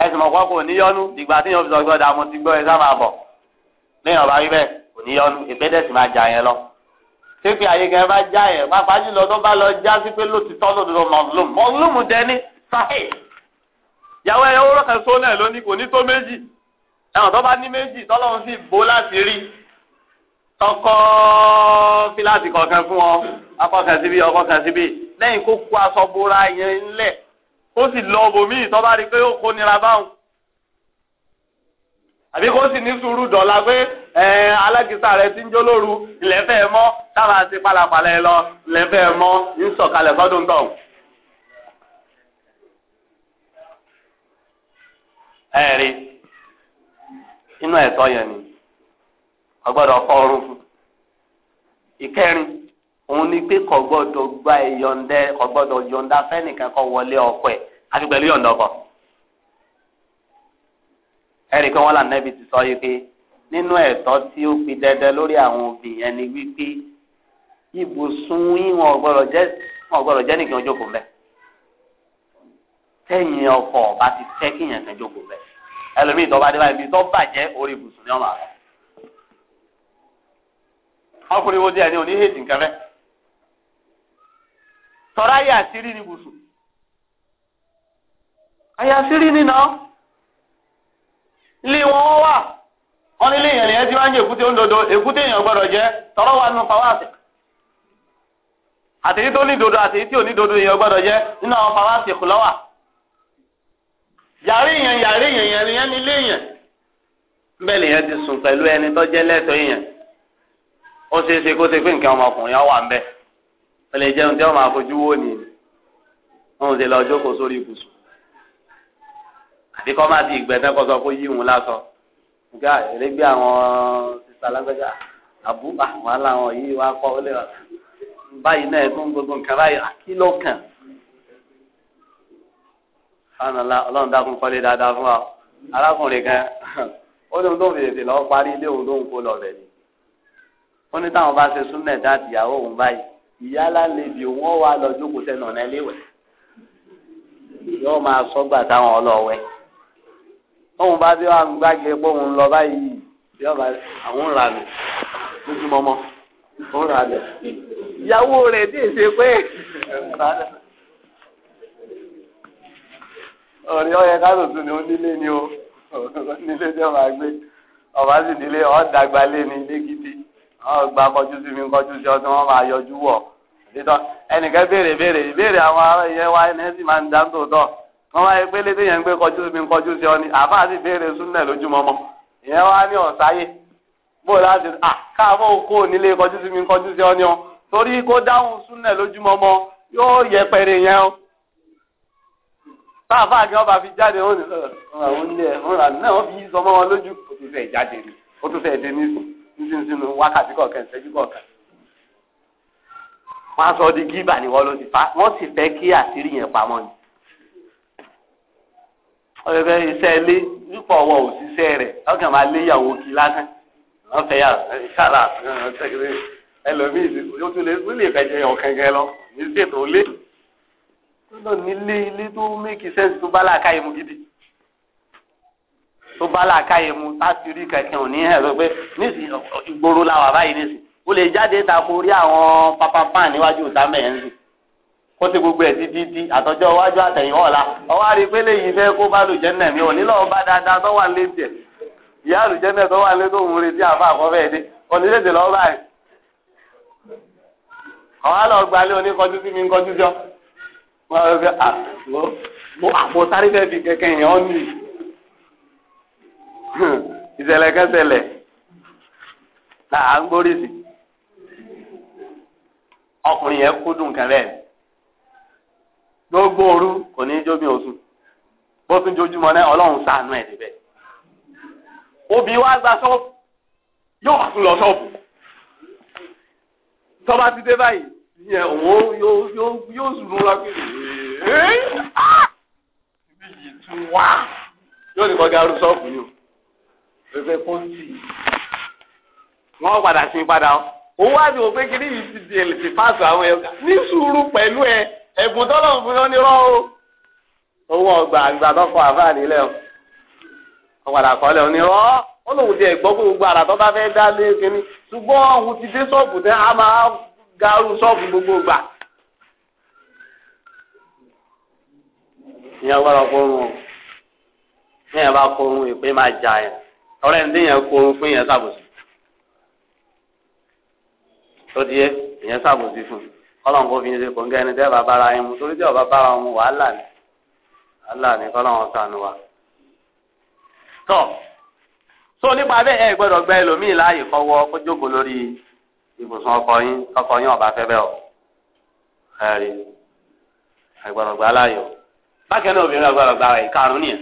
ẹsùn mọ̀kọ́ kò ní yọ́nu ìgbà tí yẹn fi sọ gbọ́dọ̀ mo ti gbọ́ ẹ sá máa bọ̀ lẹ́yìn ọba wíbẹ̀ kò ní yọ́nu ìgbẹ́dẹ̀sì máa jà yẹn lọ. pépè ayé kan bá já yẹn pàápàá jùlọ tó bá lọ já sí pé lótìtọ́ lòdòdò mọ̀lúm mọ̀lúm dẹni sáhì. ìyàwó ẹ̀yọ́ wúrọ̀ kan só náà lónìí kò ní tó méjì ẹ̀wọ̀n tó bá ní méjì tọ́lọ́run sì bó láti rí tọkọ fíláàsì kọ̀ọ̀kan fún ọ akọ̀kan síbí ọkọ̀kan síbí lẹ́yìn kó kó aṣọ bóra yẹn ńlẹ̀ kó sì lọ bòmíì tó bá rí pé ó kó nira báwọn àbí kó sì ní sùúrù dọ̀la pé ẹ alágísà rẹ ti ń jó lóru ìlẹ́fẹ̀ mọ́ táwa ti palapalẹ̀ lọ ìlẹ́fẹ̀ mọ́ ń sọ̀kalẹ̀ fọ́dún tọ̀. ẹ̀rí inú ẹ̀tọ́ yẹn ni ọgbọ́dọ̀ fọ́ ọrùn fún ìkẹrin òun ni pé kò gbọ́dọ̀ gba ìyọ̀ǹda kò gbọ́dọ̀ yọ̀ǹda fẹ́nìkan kó wọlé ọkọ ẹ̀ àti pẹ̀lú yọ̀ǹda ọkọ. ẹ̀rí pé wọ́n là nẹ́bi ti sọ yìí pé nínú ẹ̀tọ́ tí ó fi dẹ́dẹ́ lórí àwọn obìnrin ni wípé ibùsùn yín wọn gbọ́dọ̀ jẹ́ wọn gbọ́dọ̀ jẹ́ nìkan jókòó mbẹ́. tẹ́yìn ọkọ ọba ti fẹ́ kíyàn kan jókòó mbẹ́ ẹlòmíì tó bá dé báyìí tó bàjẹ́ orí ibùsùn ni wọ́n máa rẹ̀. ọkùnrin wo díẹ̀ ni òní hèjì nǹkan mẹ́. ahịa ayé asịrị ni bùsùn ayé àṣírí ni náà ilé wọn wà wọn ní ilé yẹn lè yẹn ti máa ń jẹ je jẹ tọrọ wà nù fàwáàsì àtẹ̀yí tó ní dodo àtẹ̀yí tí ò ní dodo èèyàn nínú àwọn fàwáàsì kù lọ́wà yàrá èèyàn yàrá èèyàn yẹn yẹn ti sùn pẹ̀lú ẹni tó jẹ́ ó ṣeé ọ wà ń ó lè jẹun tí wọ́n máa fojú wò ní wọn ò sì lọ jókòó sórí ibùsùn àbí kọ́ máa di ìgbẹ́sẹ̀ kọ́ sọ pé yí òun lásọ gá erégbé àwọn sísá lágbẹ́gá àbúbà wàhálà àwọn yìí wá kọ́ ó lè rà báyìí náà ẹ̀kún gbogbo nǹkan báyìí àkìlọ̀ kàn fánàlá ọlọ́run dákun kọ́lé dáadáa fún wa arákùnrin kan ó ní tó ń fèrèsè lọ́wọ́ parí ilé òun tó ń kó lọ rẹ̀ ni ó ní táwọn bá ṣe súnmẹ̀ dáàtì ìyàwó òun báyìí ìyálà lèbi wọn wà lọ́jọ́ kò sẹ́nu ọ̀nà ẹlẹ́wẹ̀ yóò máa sọ́gbà táwọn ọlọ́wẹ́ tóun bá bí wọn gbàgbé pé òun lọ báyìí yóò máa àwọn ń ra lò lójúmọmọ ń ra lò ìyàwó rẹ̀ dì í ṣe pé ọ̀rẹ́ ọ̀yẹ káàtó tún ni ó nílé ni ó nílé tí wọ́n máa gbé ọ̀bá sì nílé ọ̀dàgbà lé ní lẹ́kìtì ọ̀gbà kọjú sí mi kọjú sí ọ tí wọ́n máa yọjú wọ̀ dídọ́ ẹnìkan béèrè béèrè ìbéèrè àwọn ará ìyẹn wa ẹni ẹsì máa ń dá tòótọ́ wọ́n wáyé pé lédè yẹn ń gbé kọjú mi kọjú sí ọ ni àfáà sì béèrè súnlẹ̀ lójúmọmọ ìyẹn wá ní ọ̀sáyé bó láti à káàbọ̀ kó nílé kọjú sí mi kọjú sí ọ ni ọ torí kó dáhùn súnlẹ̀ lójúmọmọ yóò yẹpẹrẹ yẹn o táàfáà kí wọ́n bá fi jáde ó ní ọ̀hún ní ẹ̀ ọ̀hún àná wọ́n fi yí sọmọ wọn lójú ó tún fẹ́ jáde ni ó tún fẹ́ dé ní sísìn sínú wákàtí kọ̀ọ̀kan ìṣẹ́jú kọ̀ọ̀kan wọ́n á sọ di gíbà ni wọ́n ló ti fa wọ́n sì fẹ́ kí àṣírí yẹn pamọ́ ni. ọ̀rẹ́ fẹ́ iṣẹ́ ilé nípa ọwọ́ òṣìṣẹ́ rẹ̀ ọkàn máa lé ìyàwó kí lásán wọ́n fẹ́ yà ṣáàlà ẹlòmíì ó tún lè ó lè fẹ̀jẹ̀ yàn kankan lọ ní ṣètò ilé lọ nílé ilé tó mékì sẹ́ǹsì tó bá làákàyè mu gidi tó bá làákàyè mu láti rí kankan ò ní lọ pé nísìnyí ìgboro la báyìí nísìnyí o lè jáde ta kó rí àwọn pápápá níwájú ìta mẹ́rin kó ti gbogbo ẹ̀ títí tí àtọ́jọ́ iwájú àtẹ̀yìn ọ̀la ọwọ́ àrípé lèyí fẹ́ kó bá lùjẹ́ náà mi ò nílò bá dáadáa tó wà lé tiẹ̀ ìyá àlùjẹ́ náà tó wà lé tó ń retí àfa àkọ́fẹ́ ẹ̀dẹ́ oníṣèṣe lọ́wọ́ báyìí àwọn àlọ́ gbalẹ̀ oníkọjú sí mi ń kọjú jọ wọ́n á fẹ́ àpò àpò sáré fẹ́ fi kẹ̀kẹ́ yẹn ọ́ nì ìṣẹ̀lẹ̀ ń gbórí sí i. ọkùnrin yẹn kú dùn kẹrẹ gbogbo òru kò ní jóbi oṣù bó tún jójúmọ́ náà Ọlọ́run ṣàánú ẹ níbẹ̀ obì wa gba ṣọ́ọ̀bù yóò tún lọ tọba ti dé báyìí yẹn òun yóò yóò yóò sùn lọ kiri ah! tún wá yóò ní o. ụwa wá ní òpin kí ní yìí ti di èlè ti fáàsì àwọn ẹ̀ka ní sùúrù pẹ̀lú ẹ ẹ̀bùn o. owó ọgbà àgbà tọkọ àfáàní lẹ o ọ̀padà kọ́lẹ̀ òní rọ́ ó lòun ti ẹ̀gbọ́ pé gbogbo bá dá lé òun ti dé a máa garu ṣọ́ọ̀bù gbogbo gbà. ìyẹn gbọ́dọ̀ kó o ìyẹn bá kó oorun máa tó di yé ìyẹn sàbòsí fún kọ́lọ́n kó fi ń ṣe kò ń gẹ́ ẹni tẹ́ bára yín mu torí tí ọba bára wọn mu wàhálà ni wàhálà ni kọ́lọ́n sànù wa. tọ́ tó nípa bẹ́ẹ̀ ẹ gbọ́dọ̀ gbẹ́ ẹlòmíì láàyè kọ́wọ́ kó jókòó lórí ibùsùn ọkọ yín kọ́kọ́ yín ọba fẹ́ bẹ́ẹ̀ o ẹ̀rí ẹ gbà láàyè o náà obìnrin ọgbọ́dọ̀ gbà rẹ̀ ìkarùn nìyẹn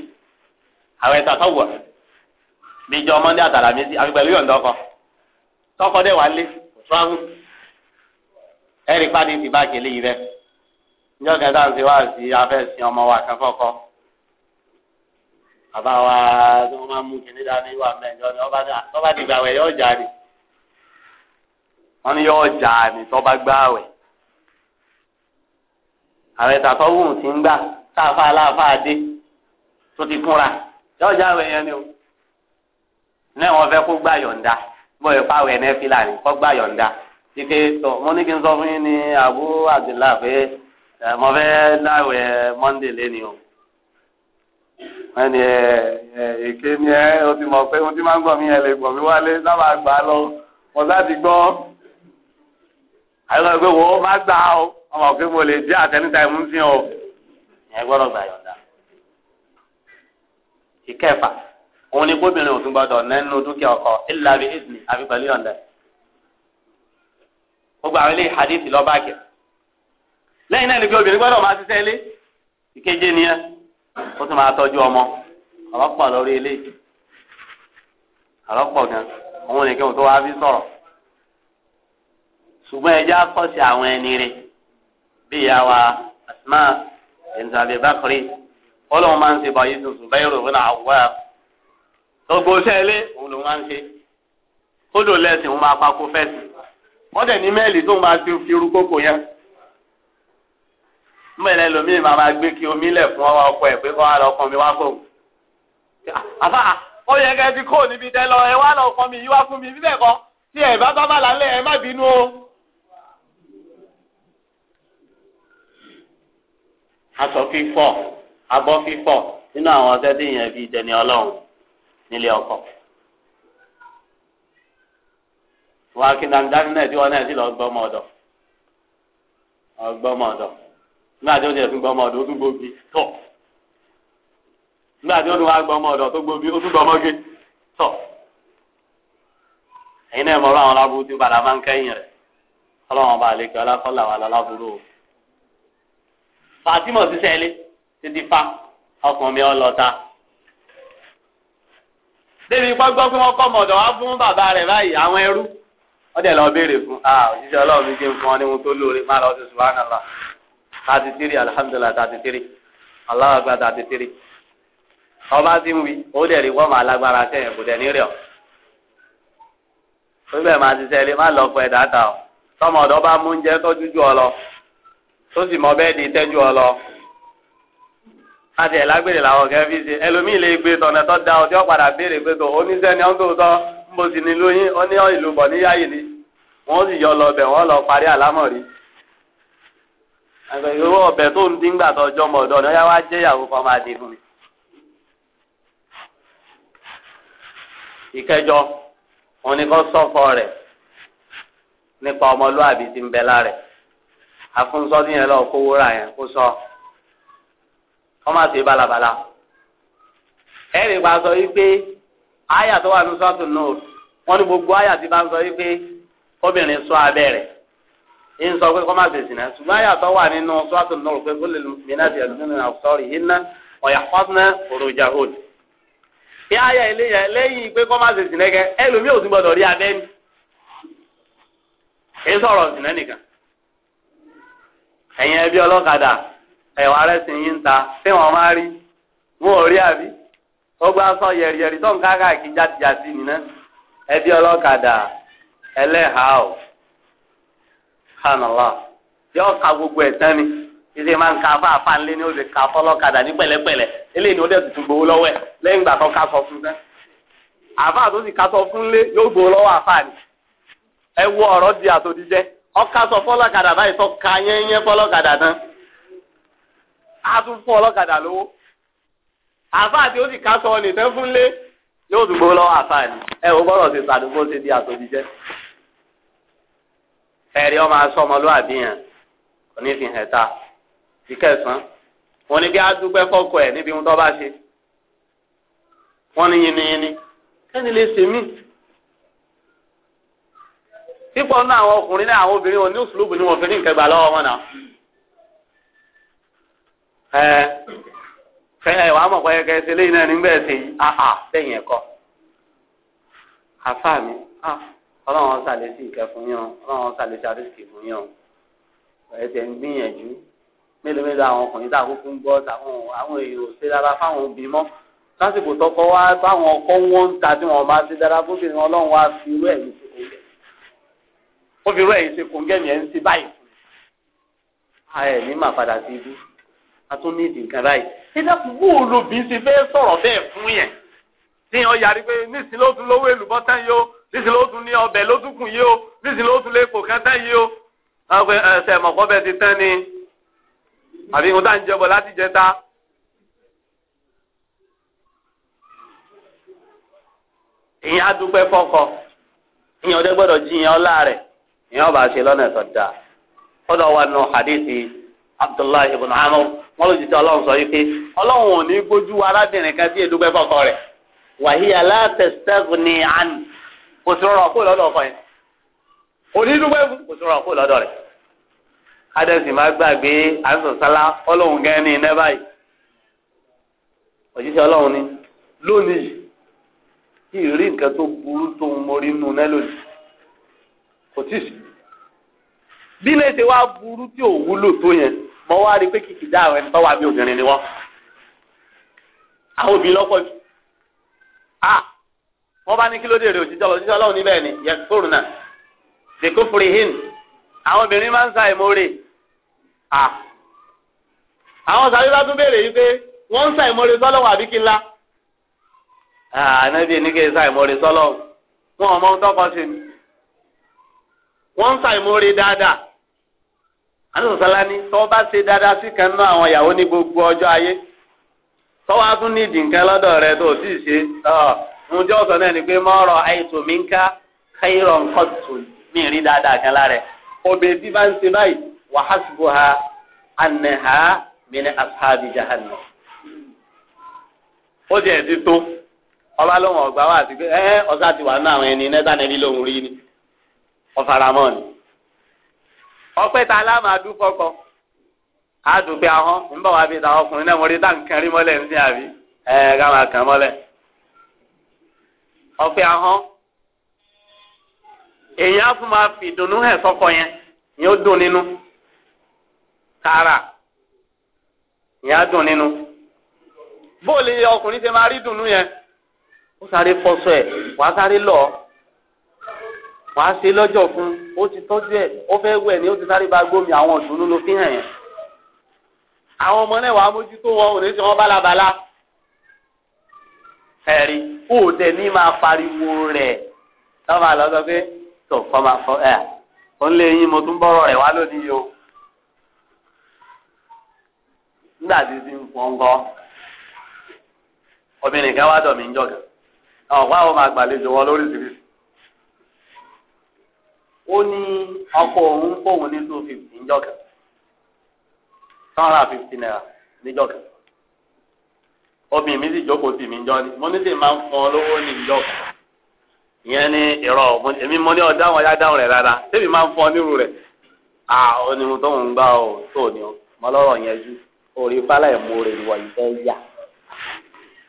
àwẹ̀ tàtọ́wọ̀ bíjọ mọ́ndé àtàlàmísì àfi yọ̀ǹdọ́kọ tọkọ dẹ̀ wá lé travel ẹ̀rí pàdé ti bá kele yìí rẹ̀ níjọ́ kẹta ń ṣe wá sí afẹ́sìn ọmọ wa kan fọ́kọ́ bàbá wa tí wọ́n máa mú kíní dání wà mẹ́jọ ni wọ́n ti gbà wẹ̀ yóò jà ni wọ́n ní yóò jà ni tó gbà wẹ̀ àwọn ẹ̀ta tó wù ti ń gbà táàfà aláàfà dé tó ti kúnra yóò jà wẹ̀ yẹn ni o náà wọ́n fẹ́ kó gbà yọ̀ǹda bọ́ ìfá awẹ̀ ní fílà ni kọ́ gbà yọ̀ǹda ike tó mo ní kí n sọ fún yín ní Abu Abdullah pé mo fẹ́ láwẹ̀ Monday lẹ́ni o wọ́n ní ẹ ẹ èké ni ẹ o ti mọ̀ pé mo ti máa ń gbọ̀ mí ẹ lè gbọ̀ mí wálé sábà gbà lọ mo láti gbọ́ àyọ̀kọ̀ pé wo má gbà o ọmọ pé mo lè jẹ́ àtẹnudà ìmúsìn o ẹ gbọ́dọ̀ gbà yọ̀ǹda ìkẹfà òun ni kóbìnrin òfin gbọ́dọ̀ nẹnu dúkìá ọkọ ìlàbí ìsìn àfi pẹ̀lú yọ̀ǹda gbogbo àwọn ilé hadithi lọ báàkì lẹ́yìn náà ni pé obìnrin gbọ́dọ̀ máa ṣiṣẹ́ ilé ìkeje nìyẹn ó tún máa tọ́jú ọmọ ọlọ́pàá lórí ilé ọlọ́pàá gan òun nìkan ò tó wá fi sọ̀rọ̀ ṣùgbọ́n ẹjẹ akọsí àwọn ẹni rẹ̀ bí ìyá wa Asma ẹnzàbẹ Bakri Ọlọ́run máa ń ṣe bàyí tuntun bẹ́ẹ̀ rò wọn àwọn gbogbo sẹ́lẹ̀ òun lòun máa ń ṣe kódò lẹ́sìn òun máa pako fẹ́sìn wọ́n dẹ̀ ní mẹ́ẹ̀lì tó máa fi fi rúkókò yẹn mẹ́ẹ̀lì lomiin máa máa gbé kí omi lẹ̀ fún ọkọ ẹ̀ pé kọ́ wa lọ mi wá fóun àfà ó yẹ kẹ́ ti kó níbi tẹ́ lọ ẹ wá lọ mi yí fún mi bíbẹ̀ kọ́ tí ẹ̀ bá bá bá lálẹ́ ẹ má bínú o. aṣọ fífọ̀ abọ́ fífọ̀ nínú àwọn ọ̀sẹ̀ tí ìyẹn fi dẹni ọlọ́run nílé ọkọ wọn akíndandáni náà tí wọn náà sì lọ gbọmọ ọdọ ọgbọmọ ọdọ nígbà tí ó ti ẹ̀sùn gbọmọ ọdọ ó tún gbógi tọ nígbà tí ó tún wá gbọmọ ọdọ tó gbógi ó tún gbọmọge tọ ẹ̀yin náà mọ̀ọ́rọ̀ àwọn aláburú tí padà máa ń kẹ́yìn rẹ̀ ọlọ́run ọba àlekè ọlásọ́là wà láláburú o Fatima sísẹ́lé ti di fa ọkùnrin mi ọ lọ ta débi ipá gbọ́ pé wọ́n kọ́ mọ̀dọ̀ wá fún bàbá rẹ̀ báyìí àwọn ẹrú wọ́n dẹ̀ lọ béèrè fún a òṣìṣẹ́ ọlọ́run mi kí n fún ọ ní mo tó lóore má lọ sí subhanallah thirty three alhamdulilah thirty three Allahu akbar thirty three ọba ti ń wi ó dẹ̀ rí wọ́n máa lágbára sẹ́yìn kò dẹ̀ ní rẹ̀ ọ́ síbẹ̀ máa ti sẹ́lẹ̀ má lọ fún ẹ̀dá ta ọ́ tọmọ bá mú oúnjẹ tọ́jú ju ọ lọ tó sì mọ bẹ́ẹ̀ di tẹ́jú ọ lọ láti ẹ̀ lágbèrè làwọn kẹ́ fi ṣe ẹlòmíì lè gbé tọ̀nà tó da ọtí ọ̀padà béèrè pé tó oníṣẹ́ ni ó ń tó tọ́ ń bó sì ní lóyún ó ní ìlú bọ̀ níyàyè ni wọ́n sì yọ lọ ọbẹ̀ wọ́n lọ parí àlámọ̀ rí. ìwọ ọbẹ̀ tó ń dín gbà tó ọjọ́ mọ̀ ọ̀dọ́ ni ọyá wá jẹ́ ìyàwó kan máa dín fún mi. ìkẹjọ òun ni kò sọ̀fọ̀ rẹ̀ nípa ọmọlúwàbí ti ń bẹ lára kọmasị balabala. ẹ̀rì pa sọ wípé àyà tó wà ní sọ́ọ̀tù gbogbo àyà ti bá ń sọ wípé obìnrin sọ abẹ́ rẹ̀ ń sọ pé kọ́ fèsì náà ṣùgbọ́n àyà tó wà nínú sọ́ọ̀tù pé kó lè ti ẹ̀dùn nínú àwùsọ̀rì yìí ná ọ̀yà òròjà àyà lẹ́yìn pé fèsì náà kẹ́ ò rí abẹ́ ni. sọ̀rọ̀ náà nìkan. ẹwà rẹ sì yín ta ṣé wọ́n máa rí wọn ò rí àbí gbogbo aṣọ yẹ̀rìyẹ̀rì tó ń káàkiri jáde-jáde ẹbí ọlọ́kadà ẹlẹ́hàá ò hànàlá yóò ka gbogbo ẹ̀tàn ni ìdè máa ń ka fún àfáànlé ní ó ka ọlọ́kadà ní pẹ̀lẹ́pẹ̀lẹ́ eléyìí ni ó dẹ̀ tuntun gbowó lọ́wọ́ ẹ̀ lẹ́yìn ìgbà tó ká sọ fún àfáà tó sì ká sọ fún lé yóò gbowó ni ẹ wo ọ̀rọ̀ di àtòjíjẹ́ sọ báyìí tó ka tán a tún fún ọlọ́kadà lówó àfáà tí ó sì ká sọ nìtẹ́ fúnlé yóò tún gbowó lọ́wọ́ àfáà ni ẹ ò gbọ́dọ̀ ṣe sàdúgbò ṣe di àtòjíjẹ́ ẹ̀rí ọmọ aṣọ ọmọlúwàbí yẹn kò ní fi hẹ̀ ta ti kẹsàn-án wọn ní kí á dúpẹ́ fọ́kọ ẹ̀ níbi ohun tó bá ṣe wọn ní yiniyini kẹ́ni lè ṣe mí pípọ̀ náà àwọn ọkùnrin náà àwọn obìnrin wọn ní òṣùlùbù ni wọn fi ní ìkẹgbà lọ́wọ́ wọn náà ẹ ẹ wàá mọ̀ pé kẹsẹ̀ lẹ́yìn náà nígbà ẹ̀sẹ̀ yìí àhà sẹ́yìn ẹ̀kọ́ àfa mi ọlọ́run ọ̀sà lè sí ìkẹ́ fún yín o ọlọ́run ọ̀sà lè sí àrísìkì fún yín o ẹ̀sẹ̀ ń gbìyànjú mélòó mélòó àwọn ọkùnrin tá àkókò ń gbọ́ àwọn èèyàn ò ṣe dára fáwọn obìnrin mọ́ lásìkò tọkọ wa báwọn ọkọ wọn ń ta tí wọn bá ṣe dára fóbìnrin ọlọ́run wa fi irú ẹ̀yìn ṣe kóńgẹ́ ó fi irú ẹ̀yìn ṣe kóńgẹ́ mi ẹ̀ ń ṣe báyìí fún ní màá padà sí ibú a ní ìdí nǹkan báyìí ẹ̀dá kúkú olóbìn ti fẹ́ sọ̀rọ̀ bẹ́ẹ̀ fún ọ yàrí pé nísìn ló tún lówó o nísìn ló tún ní ọbẹ̀ o nísìn ló tún o àwọn ẹsẹ̀ mọ̀kọ́ ti tán ni àbí tá à ń jẹbọ láti jẹ ta. ìyẹn fọ́kọ ìyẹn ọdẹ jí ìyẹn ọlá ìyẹn ọba ṣe lọ́nà abdullahi ibn amr wọn ló jìjọ sọ yìí ọlọrun ò ní gbójú arábìnrin kan bí edugbe fọkọ rẹ. kò sí rọrùn kó ọkọ yẹn onídùúgbò fún kò sí rọrùn kó gbàgbé gẹ́gẹ́ ní iná báyìí ni lónìí tí ìrí nǹkan tó burú tó ń nù náà lónìí kò tí ì sí bí ṣe wá mo wá rí pé kìkì dá àwọn ẹni tó wà obìnrin ni wọ́n àwọn obìnrin lọ́pọ̀ jù a wọ́n bá ní kí ló dé rè òjijì ọlọ́run ọlọ́run níbẹ̀ ni yẹn kúrò náà dèkó fúrihin àwọn obìnrin máa ń sa ìmoore a àwọn sàbí bá tún béèrè yìí pé wọ́n ń sa ìmoore sọ́lọ́wọ́ àbí kí ńlá ànábì ní kí n sa ìmoore sọ́lọ́wọ́ wọn ò mọ ohun tọ́kọ sí ni wọ́n ń sa ìmoore dáadáa. àtúntòsọ́lá ní tọ́ bá ṣe dáadáa sí kan náà àwọn ìyàwó ní gbogbo ọjọ́ ayé tọ́wọ́ wá tún ní ìdìǹkan lọ́dọ̀ rẹ tó sì ṣe náà ni pé mọ́rọ̀ àìsàn mi ń ká káyìrọ̀ nǹkan mí rí dáadáa kan lára tí bá ń ṣe báyìí ha àfáàbí ó jẹ́ tó ọba lóhùn ọ̀gbá pé ẹ́ àwọn ẹni ọpẹ́ ta aláàmà dúpọkọ àdùpẹ ahọ́n ńbọ wàá fi ta ọkùnrin náà mo tá nǹkan rí mọ́lẹ̀ àbí ká máa kàn mọ́lẹ̀ ọpẹ́ ahọ́n ma fi ìdùnnú hàn sọ́kọ yẹn yẹn ó dùn nínú tààrà yẹn á dùn nínú ọkùnrin ṣe máa rí yẹn ó sáré wàá ṣe lọ́jọ́ fún ó ti tọ́jú ẹ̀ ó fẹ́ wẹ̀ ni ó ti sáré bá gbómi àwọn ọ̀dùnú ló fi hàn yẹn. àwọn ọmọ náà wàá mójútó wọn ò ní sọ wọn bálabàla. ẹ̀rí ó dẹ̀ ní máa pariwo rẹ̀ lọ́ba lọ́sọ pé tó fọmà fọ ẹ̀ ó ń lé yín mo tún bọ́rọ̀ rẹ̀ wá lónìí o. nígbà tí ti ń fọ́n gọ́ obìnrin kan wá dọ̀ mí ń jọ̀gàn àwọn ọ̀pá àwọn máa gbàlejò wọn lóríṣiríṣi. ó ní ọkọ òun fóun ní two fifty níjọ́ kan two hundred and fifty naira níjọ́ kan obìnrin mi sì jókòó sí mi ni mo ní sì kan ìyẹn ní èmi mo ní ọ̀dá wọn yá dáhùn rárá máa ń fún ọ nírú à mo tó ń ọ tó ní ọ mọ lọrọ yẹn jù orí fálà ìmoore ìwọ̀ yìí fẹ́ yà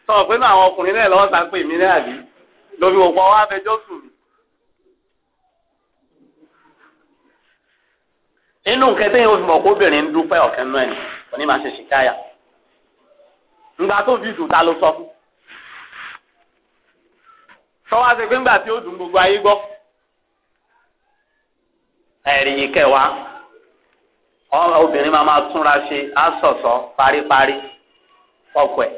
sọ pé náà àwọn ọkùnrin náà lọ́wọ́ sáà pé èmi náà rí lórí nínú nǹkan tẹ́yìn oṣù mọ̀ kó obìnrin ń dúpẹ́ ọ̀kẹ́ náà ni òní máa ṣe ṣìkáyà ńgbà tó fi dùn ta ló sọ fún tọ́wọ́ ṣe pé ńgbà tí ó dùn gbogbo ayé gbọ́ ẹ̀rí yìí kẹwàá obìnrin máa máa túnra ṣe aṣọ̀ṣọ́ paríparí ọkọ̀ ẹ̀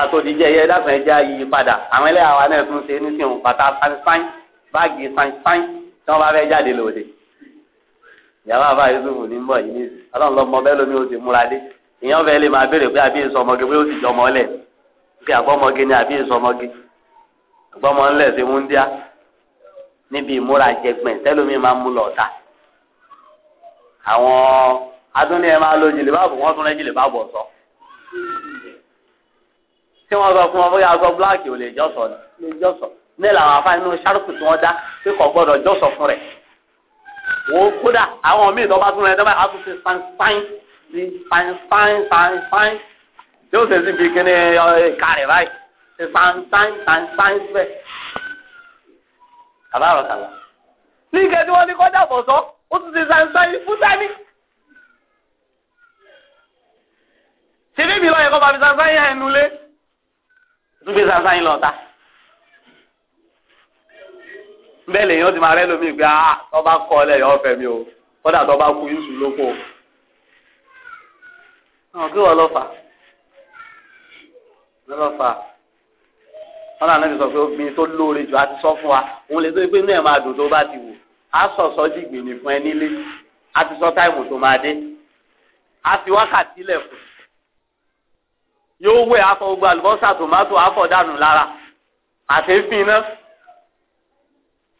àtòdìjẹ́ yẹ dákun ẹ̀ já yí padà àwọn ẹlẹ́yàwó náà tún ṣe ní sí òun pátá fáńfáń báàgì fáńfáń tí wọ́n bá fẹ́ jáde lòdì ìyàwó àbá yusuf ní mbọ yìí ní Ọlọ́run lọmọ bẹ́ẹ̀ lómi ó ti múra dé ìyàn fẹẹ lè máa béèrè pé àbí èso ọmọge pé ó sì jọmọ lẹ pé àgbọmọge ni àbí èso ọmọge àgbọmọ ńlẹ ṣe ń díá níbi ìmúra jẹgbẹn tẹlómi máa ń mú lọ ta àwọn adúlé ẹ máa lo jìlìbáàbù wọn tún rẹ jìlìbáàbù ọsọ tí wọn sọ fún wọn bóyá aṣọ búláàkì ò lè jọsọ lè jọsọ nílẹ̀ àwọn afáàní sárùkù tí wọn dá pé kò gbọ́dọ̀ jọsọ fún rẹ wò ó kódà àwọn míì tó bá tún rẹ dábàá á tún ṣe sáńsáń sí sáńsáń sáńsáń yóò ṣe síbi kíní ìka rẹ̀ báyìí ṣe sáńsáń sáńsáń síbẹ̀. kàbá àrọ̀ kàbá. ní ìkẹ́ wọ́n ní kọjá bọ̀ ó tún ṣe sáńsáń fún sẹ́ni. ṣe bíbí lọ́yẹ̀ kọ́ bá fi sáńsáń yẹn nulẹ̀ tún fi sáńsáń lọ́ta bẹ́ẹ̀ lèyìn ó ti máa rẹ́ lómi gbé ah tó bá kọ́ lẹ́yìn ọ̀fẹ́ mi o kódà tó bá kú yíṣu lóko ọ̀ kí wọ́n lọ fà lọ fà wọn náà lọ́ọ́ sọ pé obìnrin tó lóore jù á ti sọ fún wa òun lè tó pé inú ẹ̀ máa dùn tó bá ti wù á sọ̀sọ́ dìgbì ní fún ẹ nílé á ti sọ táìmù tó máa dé á fi wákàtí lẹ̀ fún yóò wẹ̀ afọ gbogbo àlùbọ́sà tòmátò afọ dànù lára àti fínná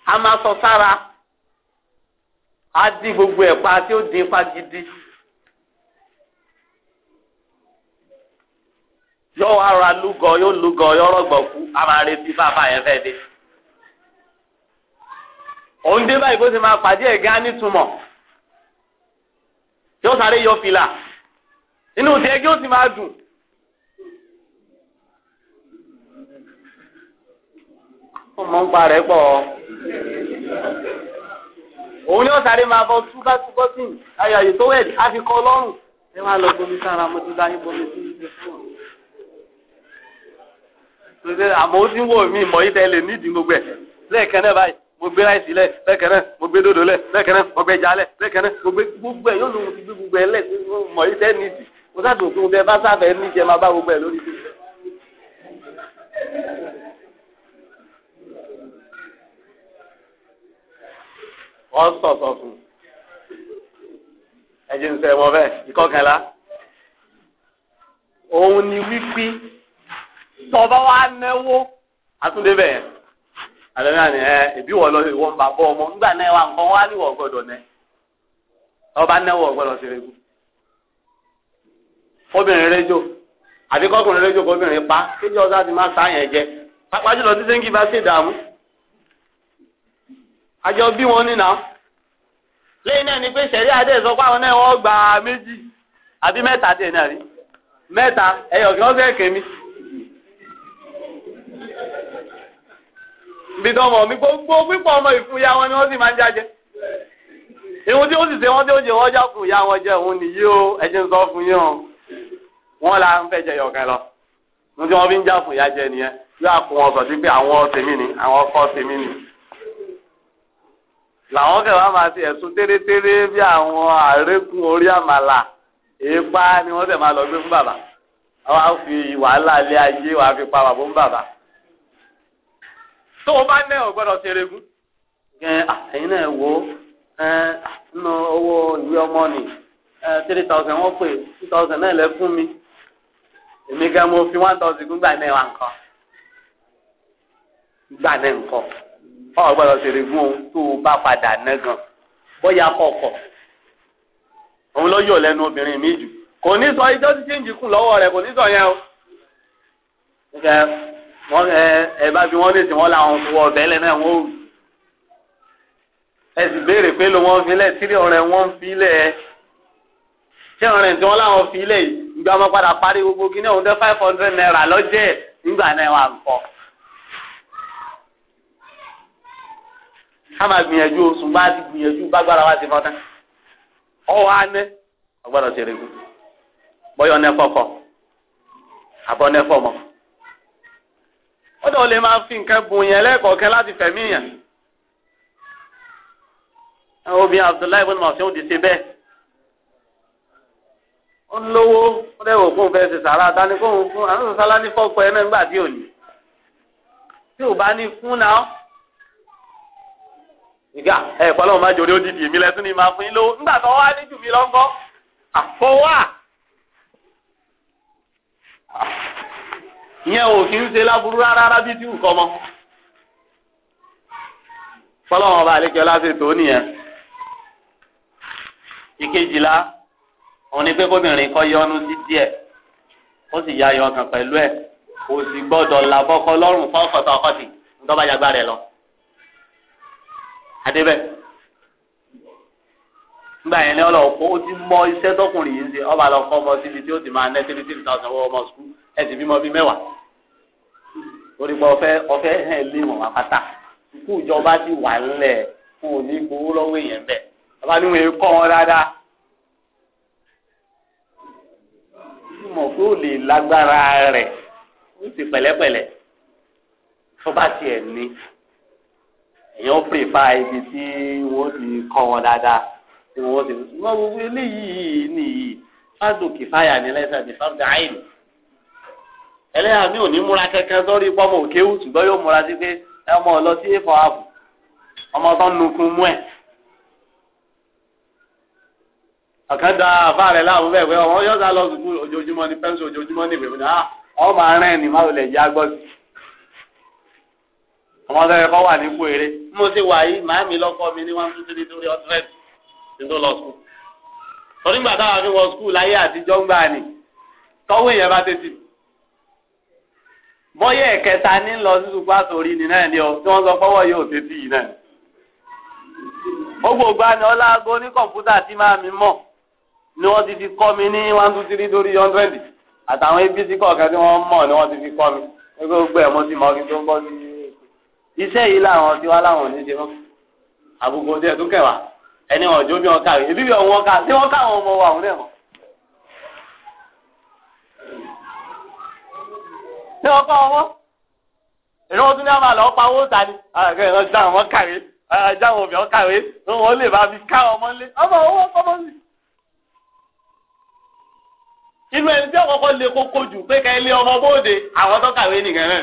a máa sọ sára á di gbogbo ẹ̀ pa tí ó di ipa gidi. yóò wá ra lúgọ yóò lúgọ yóò rọgbọ kú a máa retí bàbá yẹn fẹ́ dé. òun dé báyìí bó ti máa pàdé ẹ̀ gan yóò sáré yọ fìlà inú tiẹ̀ kí ó sì máa dùn. ó mọ̀ ń pa pọ̀ òun ni ó sáré máa bọ tú bá tú bọ́sìn ayọ̀ àyè tó wẹ̀ á fi kọ́ lọ́rùn ẹ máa lọ bomi sára mo ti bá yín bomi sí ibi fún ọ. àmọ́ ó ti ń wò mí ìmọ̀ yìí tẹ́lẹ̀ nídìí gbogbo ẹ̀ lẹ́ẹ̀kan náà báyìí mo gbé ráìsì lẹ̀ lẹ́ẹ̀kan náà mo gbé dòdò lẹ̀ lẹ́ẹ̀kan náà mo gbé ẹja lẹ̀ náà mo gbé gbogbo ẹ̀ yóò lóun ti gbé gbogbo ẹ̀ lẹ̀ wọ́n sọ̀sọ̀ fún ẹ̀jẹ̀ ń sẹ́wọ́n bẹ́ẹ̀ ìkọkànlá òun ni wípé tọba wa náwó àtúndé bẹ́ẹ̀ ẹ ìbí wọ́n lọ ìwọ́n ń bọ́ ọmọ nígbà náà wà nǹkan wá níwọ̀ gbọ́dọ̀ náà ọba náwó ọgbọ́dọ̀ obìnrin àbíkọ́kùnrin kọ́bìnrin pa ọ̀sán àjọ bí wọn nínà lẹ́yìn náà ni pé sẹ̀rí adé sọ pé àwọn gba méjì àbí mẹ́ta tiẹ̀ náà rí mẹ́ta ẹ̀yọ̀ kí wọ́n fẹ́ kẹ́ mi. bíi mi ọmọ ìfúnya wọn ni wọ́n sì máa ń ìhun tí ó sì ṣe wọ́n tí ó jẹ wọ́n wọn o ẹ̀jẹ̀ o wọ́n la ń fẹ́ yọ̀kẹ́ lọ. ohun tí wọ́n fi ń já fún wọn sọ sí pé ọkọ tèmi làwọn kẹwàá máa ti ẹ̀sùn tẹ́lẹ̀tẹ́lẹ̀ bí àwọn àrékún orí àmàlà èèpá ni wọ́n tẹ̀ máa lọ gbé fún bàbá wàá fi wàhálà ilé ayé wàá fi pa bàbá fún bàbá. tó o bá ní ò gbọ́dọ̀ ṣe erégún. ẹ̀yin náà wo nínú owó ìwé ọmọ ni three thousand wọ́n pè two thousand náà lẹ fún mi èmi gan mo fi one thousand gún gbà náà wà nǹkan gbà náà nǹkan ọ gbọ́dọ̀ ṣèrè fún ohun tó o bá padà ná gan bóyá kọ̀ọ̀kọ̀ òun ló yọ lẹ́nu obìnrin mi jù kò ní sọ ijó tí ṣéǹjì kù lọ́wọ́ rẹ̀ kò ní sọ yẹn o. wọ́n ẹ bá fi wọ́n lè sìn wọ́n làwọn fún ọ̀bẹ lẹ́nu ẹ̀ wọ́n ẹ sì béèrè pé ló wọ́n filẹ̀ tírí ọ̀rẹ́ wọ́n filẹ̀ ẹ. ṣé ọ̀rẹ́ tí wọ́n láwọn filẹ̀ yìí ìgbà wọn padà parí gbogbo kí ní òun dé five hundred naira lọ́jẹ́ nígbà náà wà ń kọ́. ká máa gbìyànjú oṣù bá ti gbìyànjú bágbára wa ti fọ́tán ọwọ́ aná ọgbọ́dọ̀ ti rí kú bọ́yọ̀ nẹ́fọ̀ kọ àbọ̀ nẹ́fọ̀ mọ́ ó dọ̀ lè máa fi nǹkan bùn yẹn lẹ́ẹ̀kọ̀ọ̀kan láti fẹ̀mí yẹn obìnrin Abdullahi bọ́lá ọ̀sẹ̀ òdì ṣe bẹ́ẹ̀ ó ń lówó ó lẹ́wọ̀ fún bẹ́ẹ̀ ṣe sàrà dání fóun fún àwọn sọ́sálá ní fọ́pọ̀ ẹ̀ náà nígbà tí ò ní tí ò bá ní fún náà ìgbà ẹ kọlọ́wọ́ má jòrè odidi èmi lẹ́tún ni màá fún yín lówó nígbà tó wá ní jù mí àfọwà ìyẹn ò kí ń ṣe láburú rárá bí tí nǹkan mọ kọlọ́wọ́ ọba àlejò láti tó nìyẹn ìkejìlá òun ni pé kóbìnrin kọ́ yọnu sí díẹ̀ ó sì yá yọ ọkàn pẹ̀lú ẹ̀ kò sì gbọ́dọ̀ làbọ́kọ lọ́rùn fọ́kọ̀tọ̀ ọkọ̀tì ń tọ́ bá yagbá rẹ̀ lọ adébẹ̀ nígbà yẹn ni ọlọ́wọ́ kó o ti mọ iṣẹ́ tọkùnrin yìí ṣe ọba lọ kọ́ ọmọ síbi tí ó ti máa nẹ́ síbi tí ìfìtà ọmọ sùkúl ẹ̀ bímọ bíi mẹ́wàá torí pé ọ̀fẹ́ ọ̀fẹ́ hẹ̀ lé wọn wá pátá kú ti wà ńlẹ̀ fún òní gbowó lọ́wọ́ èèyàn bẹ́ẹ̀ bàbá ni wọ́n kọ́ wọn dáadáa mọ̀ pé ó lè lágbára rẹ̀ ó sì pẹ̀lẹ́pẹ̀lẹ́ tó bá tiẹ̀ ní èèyàn pèfà ibi tí wọ́n ti kọ́ wọn dáadáa tí wọ́n ti wọ́n gbogbo eléyìí nìyí fáàdù kìfáyà ní lẹ́sẹ̀ ní fáàdù àìní. ẹlẹ́yà mi ò ní múra kankan sọ́rí pọ́mọ òkéwù ṣùgbọ́n yóò múra sí pé ọmọ ọ̀lọ́ sí èèfọ̀ ààbò ọmọ tó ń nukun mú ẹ̀. ọ̀kan da àbá rẹ̀ láàbù bẹ́ẹ̀ pé ọmọ yọ̀ọ́sà lọ sùkúl ojoojúmọ́ ní pẹ́ńsì ojoojúmọ́ ní ìbẹ̀rù náà ọmọ arẹ́ni má àwọn ọ̀dọ́ ẹ̀kọ́ wà ní kú eré mo ti wà yìí màá mi lọ́kọ́ mi ní one two three three hundred ní tó lọ sùn. torí gbà táwọn fi wọ skul láyé àtijọ́ ń gbà ní tọ́wọ́ èèyàn bá tètè. bọ́yẹ̀ ẹ̀kẹta ní lọ sí ṣùgbọ́n àtòrí ni náà ni ọ tí wọ́n sọ pọ́wọ́ yóò tètè yìí náà. ó gbogbo àná ọlágo ní kọ̀ǹpútà tí màá mi mọ̀ ni wọ́n ti fi kọ́ mi ní one two three three hundred àtàwọn abc kọ̀ọ̀kan tí wọ́n mọ̀ ni wọ́n ti fi kọ́ mi gbogbo ẹ̀ mo ti mọ̀ kí tó ń kọ́ sí iṣẹ́ yìí làwọn ti wá láwọn òní mọ́ àbùkù ọdún ẹ̀tún kẹwàá ẹni ọ̀jọ́ bí wọn káàrí ibi bí wọn ká sí wọn káwọn ọmọ wa òun náà mọ̀. ṣé wọn kọ́ ọwọ́ ìlú wọn tún ní àmà lọ́ọ́ owó ta ni àgbẹ̀ ìran já wọn kàwé já wọn òbí wọn kàwé wọn lè bá fi ká ọmọ ńlé ọmọ owó ọmọ sí. inú ẹni tí ọkọ̀ lè kókó jù pé ká ilé ọmọ bóde àwọn tó kàwé nìkan náà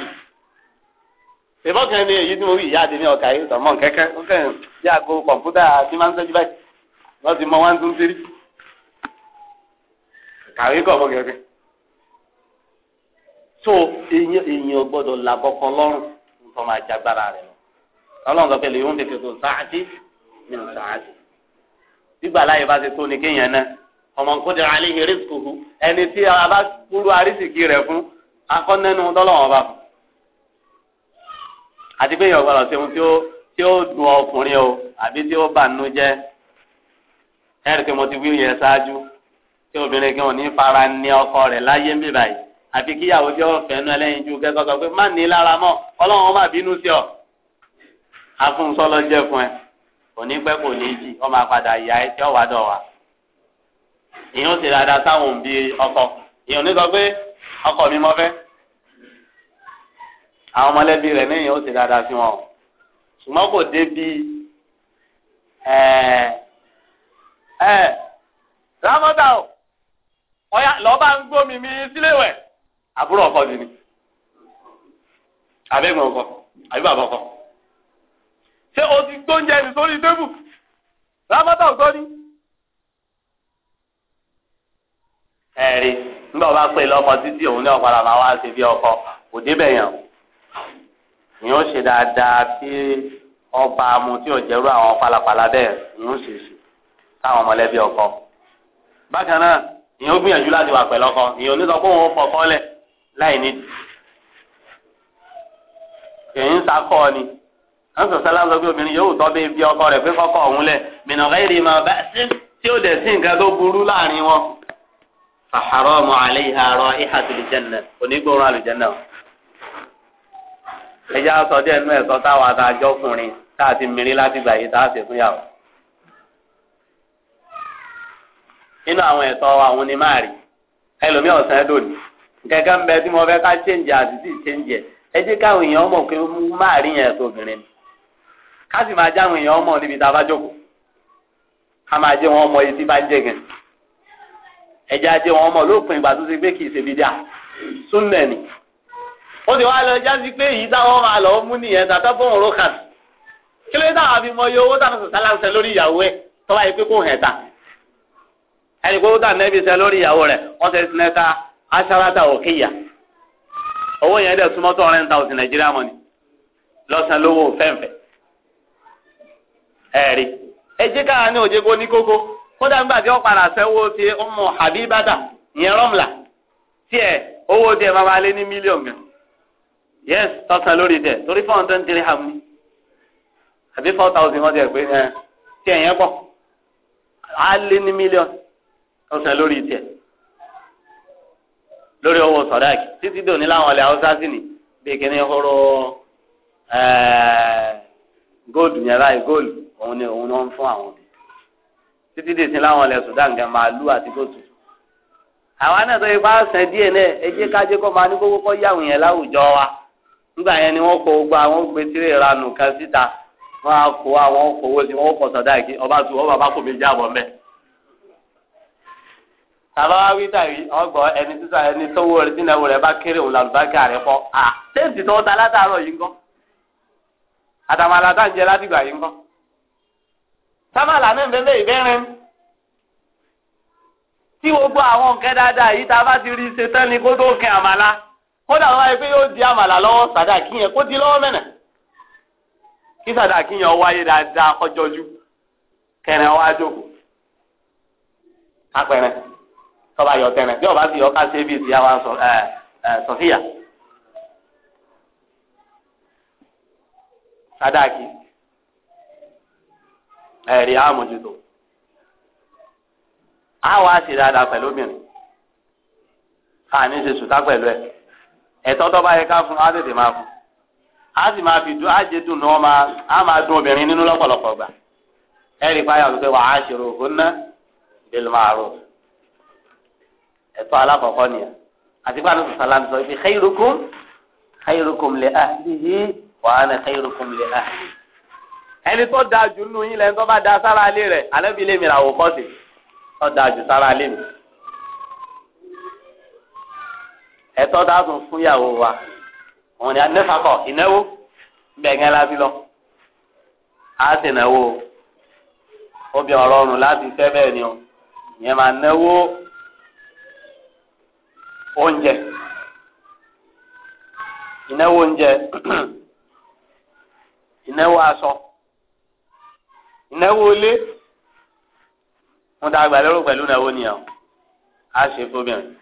ìbọn kan ní èyí tí mo rí ìyá àdé ní ọkà yìí tọmọ kẹkẹ ó fẹ́ yá ko kọ̀ǹpútà tí máa ń sẹ́jú báyìí wọ́n ti mọ one two three kàwé kọ̀ mọ́ kẹkẹ. so èèyàn gbọ́dọ̀ là kọ̀ọ̀kan lọ́rùn tó máa jágbára rẹ̀ lọ. ọlọ́run sọ pé lè yóò ń tètè tó sáàtì mi ò sáàtì. gbígbà láyé bá ti tó ni kéèyàn náà ọmọ nǹkó dẹ̀ alẹ́ yẹn rí sùkúrú ẹni tí a bá kúrú arísìkí rẹ̀ fún akọ́nẹ́nu lọ́lọ́wọ́n bá fún àti pé èèyàn gbọ́dọ̀ ṣeun tí ó tí ó dùn ọkùnrin o àbí tí ó bà nínú jẹ́ ẹ̀rí pé mo ti wí yẹn ṣáájú tí obìnrin kan ò ní fara ní ọkọ rẹ̀ láyé ń bì báyìí àfi kíyàwó tí ó fẹ́ nú ẹlẹ́yin ju kẹ́kọ̀ọ́ sọ pé má ní lára mọ́ ọlọ́run má bínú sí ọ afúnṣọ́ lọ jẹ́ fún ẹ kò ní pẹ́ kò ní jì ọ máa padà yá ẹ tí ọ wá dọ̀ ìyẹn ó ti dáadáa sáwọn òbí ọkọ ìyẹn ò ní sọ pé ọkọ mi mọ fẹ́ àwọn mọ̀lẹ́bí rẹ̀ níyàn ó sì dáadáa sí wọn o ṣùgbọ́n kò débi ẹ̀ ẹ̀ rámọ́tà o ọ̀yà lọ́ba ń gbómi mi síléèwẹ̀ àbúrò ọkọ mi ni àbẹ̀gbọ̀n ọkọ àbí bàbá ọkọ ṣé o ti gbóúnjẹ mi sórí tébù rámọ́tà ò tọ́ ni. ẹ̀rí nígbà wọn bá pè lọ́kọ títí òun ní ọ̀padà máa wá ṣe bí ọkọ kò débẹ̀ yẹn ìyẹn ó ṣe dáadáa tí ọba amú tí òjẹrú àwọn falapala bẹ́ẹ̀ ìyẹn ó ṣe sí ọkọ bákan náà ìyẹn ó gbìyànjú láti wà ọkọ ìyẹn onítọ̀ kó òun fọkọ́ lẹ̀ láì nídìí ni sọ pé obìnrin yóò tọ́ bí bí ọkọ rẹ̀ pé kọ́kọ́ òun lẹ̀ bá sí tí ó dẹ̀ sí nǹkan tó burú láàrin wọn. àlẹ́ ìhàrọ̀ ìhàtìlì e sọ díẹ̀ nínú ẹ̀sọ́ táwa tá a jọ́kùnrin tá a ti láti gbà yìí tá a ṣe nínú àwọn ẹ̀sọ́ àwọn ni máa rí ẹlòmíì ọ̀sán ẹ̀ lónìí kẹ̀kẹ́ ń bẹ tí mo fẹ́ ká ṣéǹjì àti tí ẹ jẹ́ káwọn èèyàn mọ̀ pé máa rí yẹn ẹ̀sọ́ obìnrin ni ká sì máa jáwọn èèyàn mọ̀ níbi tá a bá jókòó ká ó si wá lọ jásí pé èyí táwọn máa lọ mú nìyẹn tàtà ta ọ̀rọ̀ kàn kí ló dé táwọn àfi mọ iye owó táwọn sọ̀tà láǹṣẹ lórí ìyàwó ẹ̀ tó bá yẹ pé ta ẹni pé ó tà nẹ́bí sẹ lórí ìyàwó rẹ̀ wọ́n ṣe sinẹ́ta owó yẹn tó òsì nàìjíríà ni lówó káà ní kó ní kókó kódà nígbà tí padà ti ọmọ ìyẹn owó máa ma lé ní yes tọ́sán lórí tẹ̀ torí four hundred dirham ni àbí four thousand wọ́n ti ẹ̀ pé ẹ̀ tí ẹ̀yẹ́ pọ̀ á lé ní mílíọ̀nù tọ́sán lórí tẹ̀ lórí owó sọ̀dáàkì títí dòní láwọn ọ̀lẹ́ haúsá sí ni bí kíní horo góòlù yẹn báyìí góòlù òun ni òun náà ń fún àwọn òbí títí dèsí láwọn ọ̀lẹ́ Sudan gan màálù àti góòtù àwa náà tó yẹ kó àṣẹ díẹ̀ náà ẹ jẹ́ ká jẹ́ kó máa ní kókó kọ́ yáwùn yẹn láwùjọ wa nígbà yẹn ni wọ́n kó gbogbo àwọn gbé tíré ìranù kan síta wọ́n á kó àwọn owó sí wọ́n kọ̀ sọ̀dá ìkí ọba tó ọba bá kò mí jábọ̀ mẹ́. tàbá wá wí tàbí ọgbọ ẹni títà ẹni tówó rẹ tínáwó rẹ bá kéré òun làlùbákà rẹ fọ à téèntì tó ta látàárọ̀ yìí ńkọ́ àtàmàlà tá ń jẹ látìgbà yìí ńkọ́ sábàlà náà ń bẹ́ẹ̀ tí gbogbo àwọn nǹkan dáadáa yìí tá a bá ti rí ṣe ni kó tó kẹ àmàlà. kódà wọn wáyé pé yóò di àmàlà lọ́wọ́ sàdáàkì yẹn kó di lọ́wọ́ mẹ́nà kí sàdáàkì yẹn wáyé dáadáa kọjọ́jú kẹrin wá jókòó apẹ̀rẹ̀ tọ́ba yọ tẹ̀rẹ̀ bí ọba sì yọ ká ṣe bí ìdíyà wa sọ ẹ ẹ sọfíà sàdáàkì àmójútó àwọn pẹ̀lú obìnrin sùtá pẹ̀lú ẹ̀tọ́ tó bá yẹ ká fún wa á tètè máa fún a sì máa fi dùn á jẹ dùn náà máa á máa dùn obìnrin nínú lọ́pọ̀lọpọ̀ gbà ẹ̀rì fáyà wípé wà á ṣe rògbòn ná bil ma'ruf ẹ̀tọ́ alákọ̀ọ́kọ́ nìyẹn àti bá lóṣù sàlámù sọ ibi khayrukum khayrukum li ahlihi wa ana khayrukum li ahli ẹni tó dáa jù nínú yín lẹ́ni tó bá dáa sára alé rẹ̀ alẹ́ bí lèmi làwò kọ́ tó dáa jù sára alé mi. ẹ̀tọ́ dáàbò fún ìyàwó wa òun ni anẹfakọ ìnáwó bẹgẹ láti lọ á sì náwó obì ọrọrùn láti fẹ́ bẹ́ẹ̀ ni o ìyẹn máa náwó oúnjẹ ìnáwó oúnjẹ ìnáwó aṣọ ìnáwó ilé wọn dàgbà lérò pẹ̀lú ìnáwó nìyẹn o á ṣe fóbìnrin.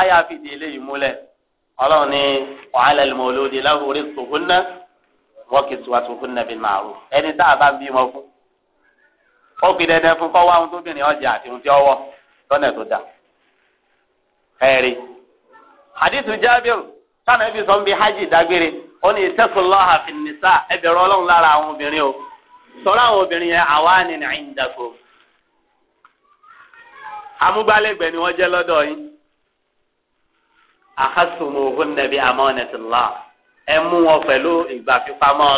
àyà fìdí múlẹ̀ ọlọ́run ní wàhálà wọ́n kì í ẹni tá a bá ń fún ó fi dandan fún kọ́ ohun tóbìnrin ọjà àti ohun tí ó wọ̀ lọ́nà tó dáa ẹ̀rí hadithu jabir bi hajj dágbére ó ní ìtẹ́kùnlọ́hà fìnnìsá ẹbẹ̀rẹ̀ ọlọ́run lára àwọn obìnrin o sọ̀rọ̀ àwọn obìnrin yẹn àwa ni ní àyíǹdàkọ. amúgbálẹ́gbẹ̀ẹ́ ni wọ́n jẹ́ lọ́dọ̀ akhasumuhunna bi amanatillah ẹ mú wọn pẹ̀lú ìgbà fipamọ́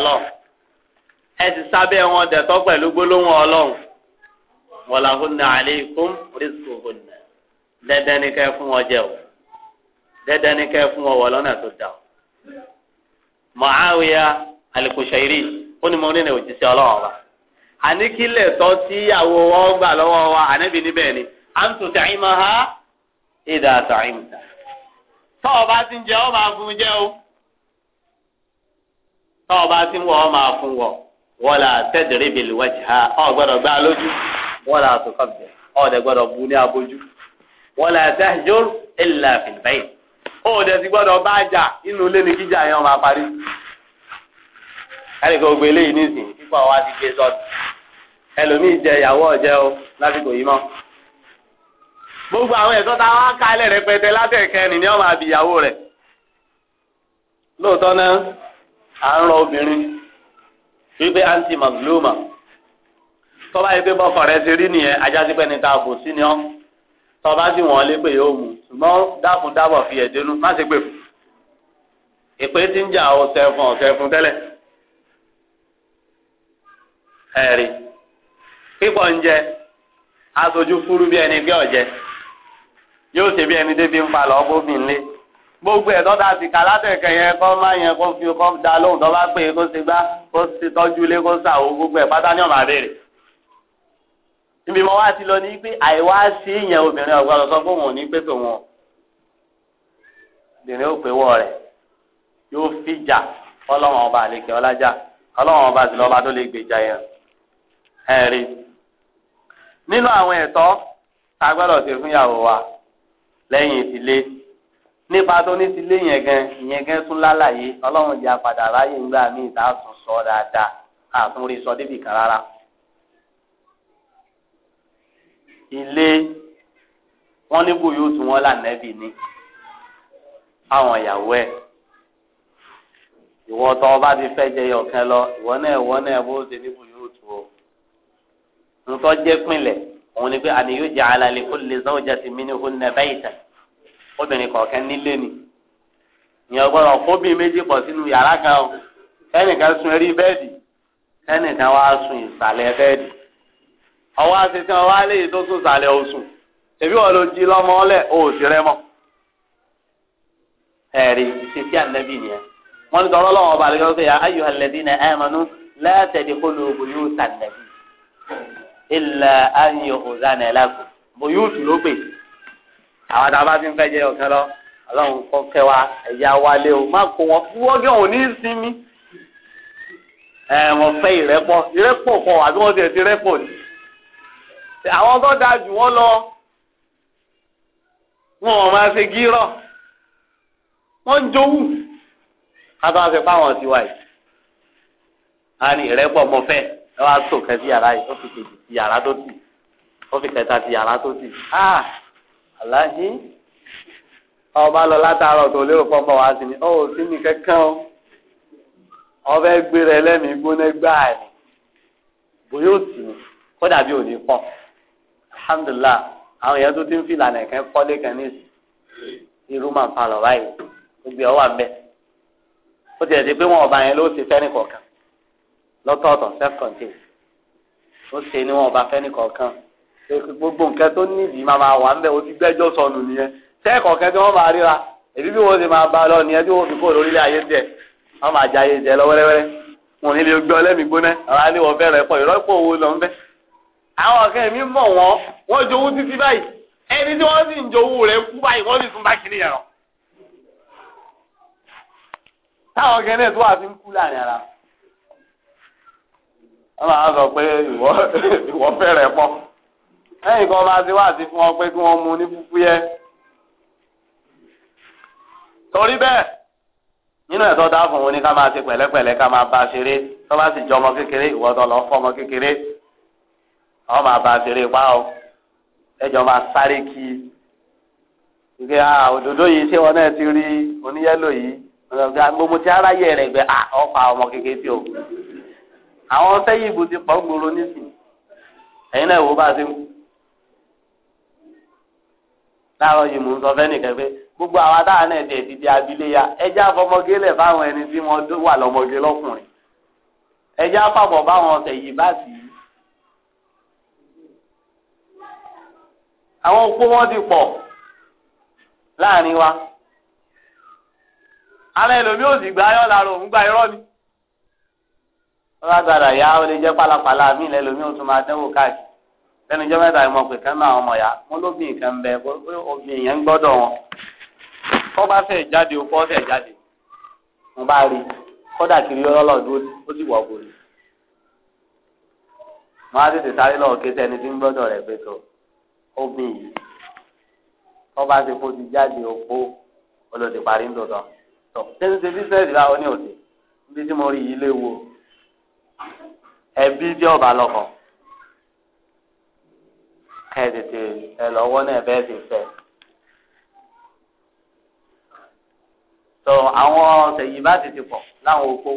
ẹ ti sábẹ́ wọn dẹtọ pẹ̀lú gbólóhùn ọlọ́run walahunna alaykum rizquhunna dẹ́dẹ́ ni kẹ́ fún wọn jẹ o dẹ́dẹ́ ni kẹ́ fún wọn wọ tó dà o. Muawiya al ó ní mo ní ní àní kí ni ha ìdá tọ́ọ̀ ọba ti ń jẹ ọ́ máa fún jẹ́ o ọba bá ti ń ma ọ́ máa fún wọ̀ wọ́lá tẹ́dẹ̀rẹ́ ìbèlè ha Ọ́ gbọ́dọ̀ gbá lójú wọ́lá àtúkọ̀ bẹ̀ Ọ́ dẹ̀ gbọ́dọ̀ bu ní abojú wọ́lá tẹ́jọ́ ìlà fìlbẹ́yì ó dẹ̀ ti gbọ́dọ̀ bá jà inú ní kíjà yẹn eléyìí nísìnyí kíkọ́ wa ti gbé sọ́ọ̀tù ẹlòmíì jẹ ìyàwó ọ̀jẹ́ o gbogbo àwọn ẹ̀tọ́ tá a wá kalẹ̀ rẹpẹtẹ látẹ̀kẹrin ni wọ́n máa bi ìyàwó rẹ̀ lóòótọ́ náà à ń rọ obìnrin wípé anti tọ́ba yìí pé rẹ ti rí nìyẹn ajá sí pẹ́ni sí ni ọ́ tọ́ba sì wọ́n lé pé yóò mú ṣùgbọ́n dákun dábọ̀ fi ẹ̀dínú má ṣe pè fún ìpè tí ń jà ọ̀sẹ̀ fún ọ̀sẹ̀ fún tẹ́lẹ̀ ẹ̀rí pípọ̀ ń jẹ aṣojú bí ẹni yóò ṣe bí ẹni débi ń pa lọ bóbi ńlé gbogbo ẹ̀ tọ́ta ti ka látẹ̀kẹ́ yẹn kọ́ má yẹn kó fi kọ́ da lóhùn tó bá pè é kó ṣe gbá kó ṣe tọ́jú ilé kó ṣàwó gbogbo ẹ̀ pátá ní ọ̀nà àbẹ̀rẹ̀. níbi mo wá ti lọ ní pé àìwá sí ìyẹn obìnrin ọ̀gbọ́n lọ sọ pé òun ò ní pé tòun obìnrin ò pé wọ́ rẹ̀ yóò fìjà ọlọ́run ọba àlekè ọlájà ọlọ́run ọba àti lọ́ba tó lè gbèjà yẹn ẹ̀rí nínú àwọn ẹ̀tọ́ tá a gbọ́dọ̀ ṣe fún wa lẹ́yìn tilé nípa tó ní tilé yẹn gan ìyẹn gan tún lálàyé ọlọ́run jẹ́ apàdà ráyè ńgbà míì tá a sùn sọ dáadáa àtúnrí sọ débì kan rárá. ilé wọn ní yóò tún wọn lànàbì ni àwọn ìyàwó ẹ ìwọ tó ọba ti fẹ́ jẹyọ kan lọ ìwọ náà ìwọ náà bó ṣe ní yóò tún o nǹkan jẹ́ pinlẹ̀. òun ni pé àníyó jẹ alali kó lè zan ọjà sí mi ní kó nà bẹ́ẹ̀ tẹ̀ obìnrin kọ̀ọ̀kan nílé ni ìyẹn gbọ́dọ̀ fóbìnrin méjì pọ̀ sínú yàrá kan o ẹnìkan sun erí bẹ́ẹ̀dì ẹnìkan wá sun ìsàlẹ̀ bẹ́ẹ̀dì ọwọ́ àṣetí wọn wá léyìí tó sùn ìsàlẹ̀ òsùn èbí wọn ló jí lọ́mọ ọlẹ̀ òòsì rẹ mọ́ ẹ̀rí ṣèṣì ànábì nìyẹn wọ́n balẹ̀ kí ilẹ̀ ayé ọ̀zánà ẹ̀lẹ́kù bó yóò tù ló pè àwọn tá a bá fi ń fẹ́ jẹ ọ̀kẹ́ lọ ọlọ́run kọ́ fẹ́ wa ẹ̀yà wálé o má kó wọn wọ́gẹ́ òun ní sinmi ẹ̀ wọ́n fẹ́ ìrẹ́pọ̀ ìrẹ́pọ̀ kọ àbí wọ́n tiẹ̀ ti rẹ́pọ̀ ni àwọn tó da jù wọ́n lọ wọn ò máa ṣe gírọ̀ wọ́n ń jowú ká tó wá fi fáwọn tiwa yìí a ní ìrẹ́pọ̀ mọ́fẹ́ ẹ wá sọ kẹ sí yàrá yìí ó fi kejì sí yàrá tó sì ó fi kẹta sí yàrá tó sì ah aláhi ọba lọ látàárọ̀ tó lérò pọpọ wá sí ni ó sì ní kankan o ọbẹ gbé rẹ lẹmìí gbóná gbáà ni bóyá ó sì ní kódà bí ò ní pọ alhamdulilah àwọn èèyàn tó ti ń fi ìlànà ẹ̀kẹ́ kọ́lé kan ní irú màá pa lọ báyìí gbogbo ẹ̀ wà ń ó ti ẹ̀ ti pé wọn ọba yẹn ló ti fẹ́ nìkọ̀ọ̀kan lọ́tọ̀ọ̀tọ̀ self contained ó ṣe ni wọn ò bá fẹ́ nìkọ̀ọ̀kan gbogbo nǹkan tó nídìí máa máa wà ń bẹ̀ ó ti gbẹ́jọ́ sọnù nìyẹn sẹ́ẹ̀kọ̀ọ̀kan tí wọ́n máa ríra èbí bí wọ́n ti máa bá a lọ nìyẹn tí wọ́n fi kó lórílẹ̀ ayé jẹ wọ́n máa jẹ ayé jẹ lọ wẹ́rẹ́wẹ́rẹ́ wọn ò ní lè gbọ́ lẹ́mìí gbóná àwọn alẹ́ wọn fẹ́ràn ẹ̀pọ̀ ìrọ́pọ̀ owó lọ ń bẹ́. àwọn ọ̀kẹ́ mi mọ̀ wọ́n wọ́n jowú títí báyìí ẹni tí wọ́n sì wọ́n máa sọ pé ìwọ ìwọ fẹ́rẹ̀ pọ̀ lẹ́yìn kan máa ti wá àti fún ọ pé kí wọ́n mu ní fúfú yẹ. torí bẹ́ẹ̀ nínú ẹ̀tọ́ a fún wọn ni ká máa pẹ̀lẹ́pẹ̀lẹ́ ká máa bá a ṣeré tó bá sì jọ ọmọ kékeré ìwọ tó lọ ọmọ kékeré ọ máa bá a ṣeré pa ẹjọ máa sáré kí ìgbé òdòdó yìí ṣé wọn náà ti rí o. àwọn sẹ́yìn ìbò ti pọ̀ gbòòrò nísìnyí ẹ̀yin náà wò bá a ti ń kú. láàárọ̀ yìí mò ń sọ fẹ́nìkan pé gbogbo àwọn adáhà náà ti ẹ̀dí di abiléya ẹjẹ́ àfọmọgé lẹ̀ fáwọn ẹni tí wọ́n wà lọ́mọgé lọ́kùnrin ẹjẹ́ àfàbọ̀ báwọn ọ̀sẹ̀ yìí bá sì í. àwọn òkú wọn ti pọ̀ láàrin wa. alẹ́ lòmí ò sì gbá yọ̀ lára òun gba irọ́ ni wọ́n ya gbàdà yá ó lè jẹ́ pálapàla mí lẹ́lòmí ó tún máa dánwò káàkiri lẹ́nu ìjọba mẹ́ta ìmọ̀ pé kán náà ọmọ yá mo lóbìn kan bẹ obìnrin yẹn ń gbọ́dọ̀ wọn kọ́ bá fẹ́ jáde o kọ́ fẹ́ jáde mo bá rí kọ́dà kiri ọlọ́dún ó sì wọ̀ bòrò mo á tètè sáré lọ́wọ́ ké sẹ́ni tí ń gbọ́dọ̀ rẹ̀ pé tó obìnrin yìí kọ́ bá ti kó ti jáde opó olóde parí ń dòdò tó ṣé ń ṣe bísẹ́ẹ̀sì báwo ẹbí bí ọba lọkọ ẹ tètè ẹ lọ́wọ́ náà bẹ́ẹ̀ sì fẹ́. tó àwọn sèyí bá ti ti pọ̀ láwọn oko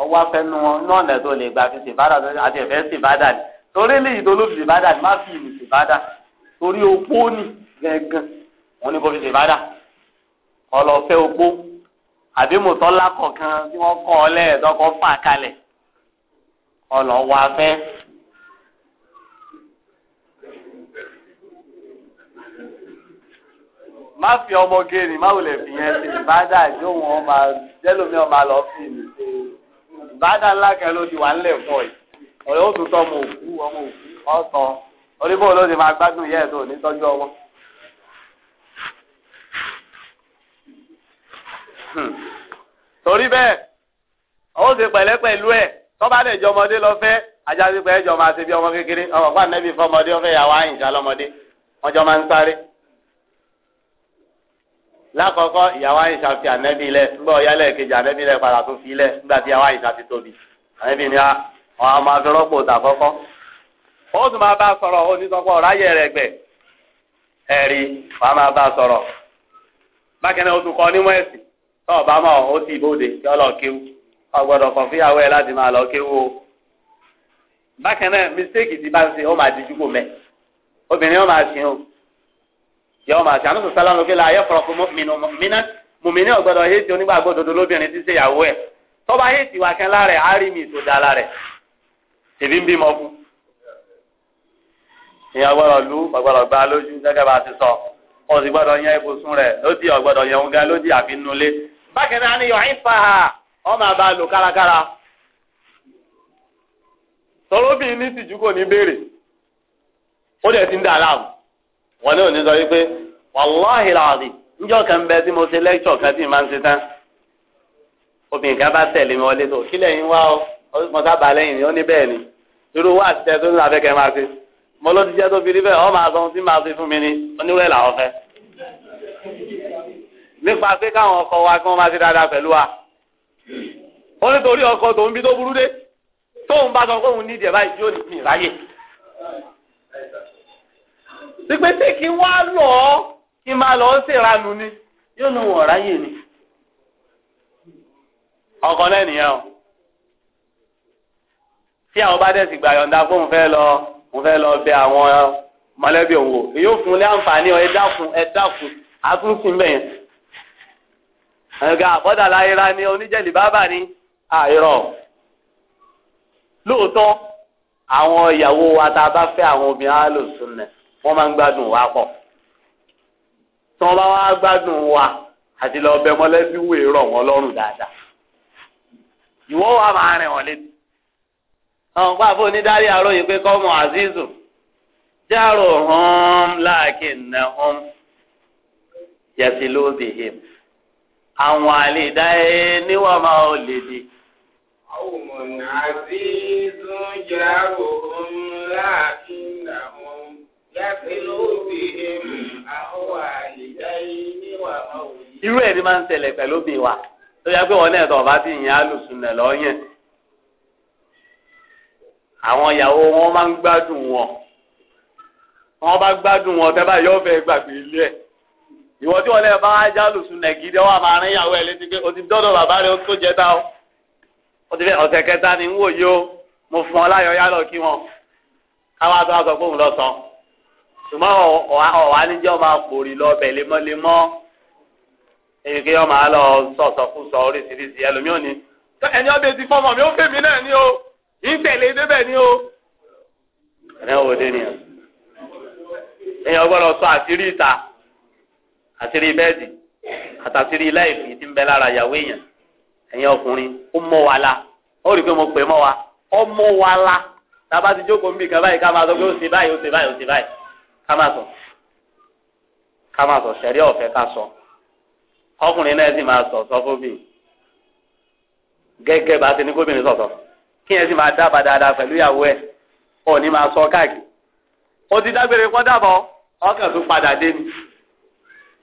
ọwọ́ afẹ́nu wọn ní ọ̀nà tó lè gba fi sèbádà àti ẹ̀fẹ́ sèbádà ni torí lè ìdóló sèbádà ni má fi ìlú sèbádà torí opó ni gẹ́gẹ́ wọn ni kò fi sèbádà ọlọ́fẹ́ opó àbí mùtọ́lá kọ̀ọ̀kan tí wọ́n kọ́ ọ lẹ́ẹ̀dọ́kọ̀ fà kalẹ̀ ọlọ́wọ́ afẹ́. má fi ọmọge ni má wulẹ̀ fi yẹn ṣe ìbádà jó wọn máa jẹ́lómi ọba lọ fi mi ṣe ìbádà ńlá kan ló ti wà ńlẹ̀ fún ọ yìí ọ̀rẹ́ ó tún tọ́ ọmọ òkú ọmọ òkú ọ̀tọ̀ oníbò ló ti máa gbádùn yẹ́ ẹ̀ tó ní ọmọ. Hmm. torí bẹ́ẹ̀ ó ṣe pẹ̀lẹ́ pẹ̀lú ẹ̀ tọ́ba lè jọ ọmọdé lọ fẹ́ ajásí pé ẹjọ́ máa ṣe bí ọmọ kékeré ọmọ fún ànábì fọmọdé ọfẹ́ ìyàwó àyìnṣá lọ́mọdé wọ́n jọ máa ń sáré. lákọ̀ọ́kọ́ ìyàwó àyìnṣá fi ànábì lẹ̀ ńgbọ́ ọ̀yálẹ̀ kejì ànábì lẹ̀ padà tó fi lẹ̀ nígbà tí ìyàwó àyìnṣá ti tọ́ ọ̀bá mọ̀ ó sì bóde yọ lọ kéwú ọgbọ́dọ̀ kàn fíyàwó ẹ láti máa lọ kéwú o. bákan náà mistake ti bá ń ṣe máa di júgbò mẹ́ obìnrin ó máa ṣe o yẹ ó máa ṣe àánú sọ̀sálà lókè la ayé fọ̀rọ̀ fún mọ́mìnà mùmìnì ọ̀gbọ́dọ̀ hétí onígbàgbọ́ dodo lóbìnrin tí ń ṣèyàwó ẹ̀ tọ́ba hétí wa kan lára ẹ̀ á rí mi ìtòjà lára ẹ̀ tèmi ń bímọ fún ìyá gbọ́dọ̀ lu ọ̀gbọ́dọ̀ gbá lójú gẹ́gẹ́ bá a ti sọ ọ̀sìn gbọ́dọ̀ yẹn ibùsùn rẹ̀ lódì ọ̀gbọ́dọ̀ yẹn ń gan lódì àfi nulẹ̀ bákan náà ni yọ̀ọ́yìn fa ha ọmọ àbá lò kárakára tọ́lọ́ bíi ní tìjú kò ní béèrè ó dẹ̀ ti ń dà láàmú wọn ní òní sọ wípé wàláhì làdì níjọ́ kan bẹ tí mo ṣe lẹ́kṣọ̀ kan tí màá ń ṣe tán obìnrin kan bá tẹ̀lé mi wọlé tó kílẹ̀ yín wá ọ mo sábà lẹ́yìn ni ó ní bẹ́ẹ̀ ni irú wá àti tẹ́tọ́ ní abẹ́kẹ́ máa ṣe mo ló ti jẹ́ tó fi rí bẹ́ẹ̀ ọ máa sọ ohun tí màá ṣe fún mi ni oníwẹ̀ làwọn fẹ́. nípa pé káwọn ọkọ wa kí wọ́n máa ṣe dáadáa pẹ̀lú wa wọ́n ní torí ọkọ tòun bí tó burú dé tóun bá sọ pé òun nídìí ẹ̀ báyìí yóò ní ìráyè pípé tí kí wá lọ kí máa lọ ṣèranù ni yóò lọ wọ̀n ráyè ni ọkọ náà nìyẹn o tí àwọn bá dẹ̀sì gbà yọ̀ǹda pé òun fẹ́ lọ òun fẹ́ lọ bẹ àwọn mọ̀lẹ́bí òun wò èyí ò fún un ní àǹfààní ẹ dákun ẹ dákun àtúntì mẹ́yìn ẹ̀gá àbọ̀dà láyéra ni oníjẹ̀lì bábà ni àìrọ̀ lóòótọ́ àwọn ìyàwó wa tá a bá fẹ́ àwọn obìnrin alòsùn nẹ̀ wọ́n máa ń gbádùn wa pọ̀ tí wọ́n bá wá gbádùn wa àti lọ bẹ mọ́lẹ́bí wò rọ̀ wọ́n lọ́rùn dáadáa ìwọ wa máa rìn wọ́n létí àwọn pàfó onídàárí àròyìn pé kọ́mọ azizu járò hàn láàkì nà hàn lóde hìm àwọn àlèdá ẹ níwọ̀n máa ò lè di. àwọn àti tún yà òun láàfin àwọn yàtí lóbi àwọn àlèdá ẹ níwọ̀n máa ò lè di. irú ẹ̀ ni máa ń ṣẹlẹ̀ pẹ̀lú bí wa tó yẹ pé wọn náà tọ̀ bá ti yàn á lùsùn nà lọ́yẹ̀ àwọn ìyàwó wọn máa ń gbádùn wọn wọn bá gbádùn wọn tẹ́ bá yọ ọ́ fẹ́ gbàgbé ilé ẹ̀ ìwọ tí wọn lè bá jálùsùn nàìjíríà wà máa rìn ìyàwó ẹ létí pé o ti dọdọ bàbá rẹ tó jẹ tá o o ti fẹ ọ̀sẹ̀ kẹta ni n wò yí o mo fún ọ láyọ̀ yálọ kí wọn káwá tó a sọ pé òun lọ sọ ṣùgbọ́n ọ̀wá níjọ́ máa pòrì lọ bẹ̀ lemọ́lemọ́ èyí kí wọ́n máa lọ sọ̀sọ̀kúsọ oríṣiríṣi ẹlòmíràn ni ẹni ọbẹ̀ ti fọmọ mi ó fẹ́ mi náà ni o ìtẹ̀lé e débẹ̀ ni o. ẹ̀rẹ́ wo dé ni ẹ̀ ọgbọ́dọ̀ sọ àṣírí ìta. a bẹ́ẹ̀dì àtàṣírí láìpì tí ń bẹ lára ìyàwó èèyàn ẹ̀yin ọkùnrin ó mọ̀ wa la ó rí i pé mo pè mọ́ wa ó mọ̀ wa la tába ti jókòó níbi kan báyìí ká máa sọ pé ó ṣe báyìí ó báyìí ó báyìí ká máa sọ ká máa sọ sẹ́rí ọ̀fẹ́ ká sọ ọkùnrin náà sì máa sọ sọ gẹ́gẹ́ bá ti ní kóbìnrin sọ̀tọ̀ kí ẹ sì máa dábàá dáadáa pẹ̀lú ìyàwó ẹ̀ sọ káàkiri ó ti dágbére dàbọ̀ ọkàn padà dé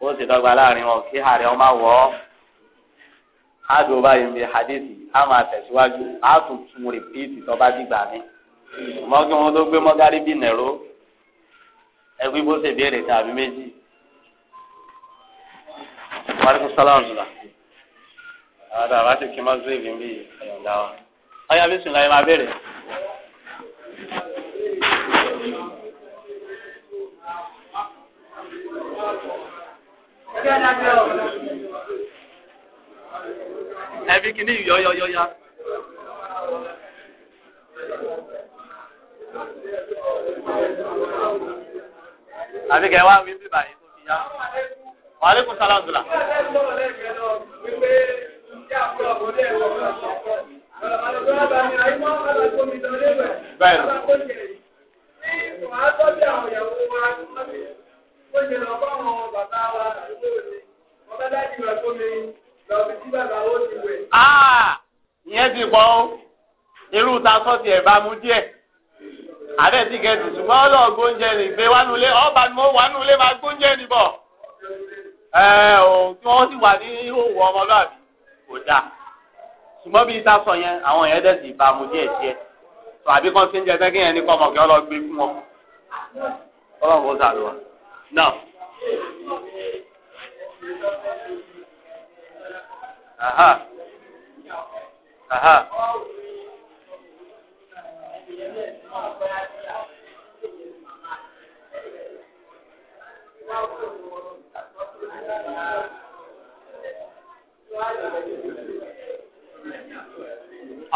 ó sì dọ́gba láàrin wọn kí ààrẹ ọmọ wọ̀ ọ́ ádùn báyìí ní hadithi á máa tẹ̀síwájú á tún tún rìpíìtì tó bá dìgbà mi mọ́kí wọn tó gbé mọ́gárí bí nẹ̀rọ ẹgbẹ́ bó ṣe béèrè tàbí méjì. wàlúùkù sálàmù nìlá àwọn àbáṣe kí n má zó ìbí bí ẹ̀yọ̀ǹda wa. ọ̀yà bí sùn láyé máa béèrè. ẹbí kìíní yọyọyọya. àti kẹ́ wá wí bí báyìí tó fi yá. wàhálẹ́kùn sálàdùlà. Bẹ́ẹ̀ni ó ṣe lọ bá àwọn bàbá wa àdúgbò ni ọba dájú rẹ tó mi lọ fi sí bàbá ó ti wẹ̀. Ah! ìyẹn ti pọ̀ ó irú ta sọ́ọ̀tì ẹ̀ bá mu díẹ̀ àbẹ̀ tí kẹ́ tutù mọ́ lọ gbóúnjẹ ní ìgbé wánulé ọba ni mo wánulé máa gbóúnjẹ ní bọ̀ ẹ ò tí wọ́n sì wà ní ìhòòhò ọmọlúwàbí kò dáa ṣùgbọ́n bí ta sọ yẹn àwọn yẹn dẹ̀ sì bá mu díẹ̀ díẹ̀ tó àbí kan sí ń jẹ sẹ́kìn yẹn ní kọ́ ọmọ kí wọ́n fún wọn kọ́ sàlùwà náà. Aha. Aha.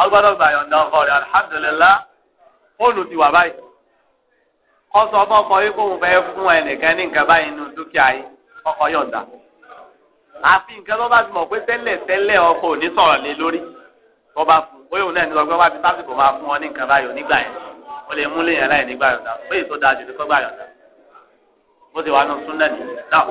agbọ́dọ̀ gbàyọ̀ǹda ọkọ rẹ̀ alihamdulilayi fóònù ti wà báyìí ọsọ fọkọ yìí kò ń fẹ́ fún ẹnìkan ní nǹkan báyìí nínú dúkìá yìí ọkọ yọ̀ǹda àfi nǹkan tó bá ti mọ̀ pé tẹ́lẹ̀ tẹ́lẹ̀ ọkọ ò ní sọ̀rọ̀ lé lórí tó bá fún bóyá òun náà ní lọ́gbọ́n wá bí sásìkò máa fún ọ ní nǹkan báyìí onígbà yẹn ó lè mú léèyàn láì nígbà yọ̀ǹda pé èso dáa jù ní kọ́gbà yọ̀ǹda bó ti wà nù súnlẹ̀ nìyí náà.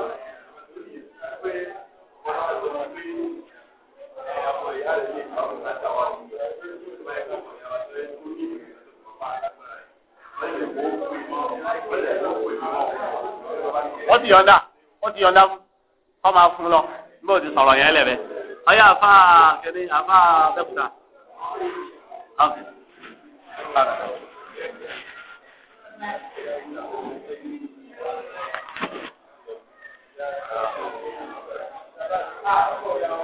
wọ́n ti yọ̀ǹda wọ́n ti yọ̀ǹda kọ́ máa fún lọ bó ti sọ̀rọ̀ yẹn lẹ̀ ọyá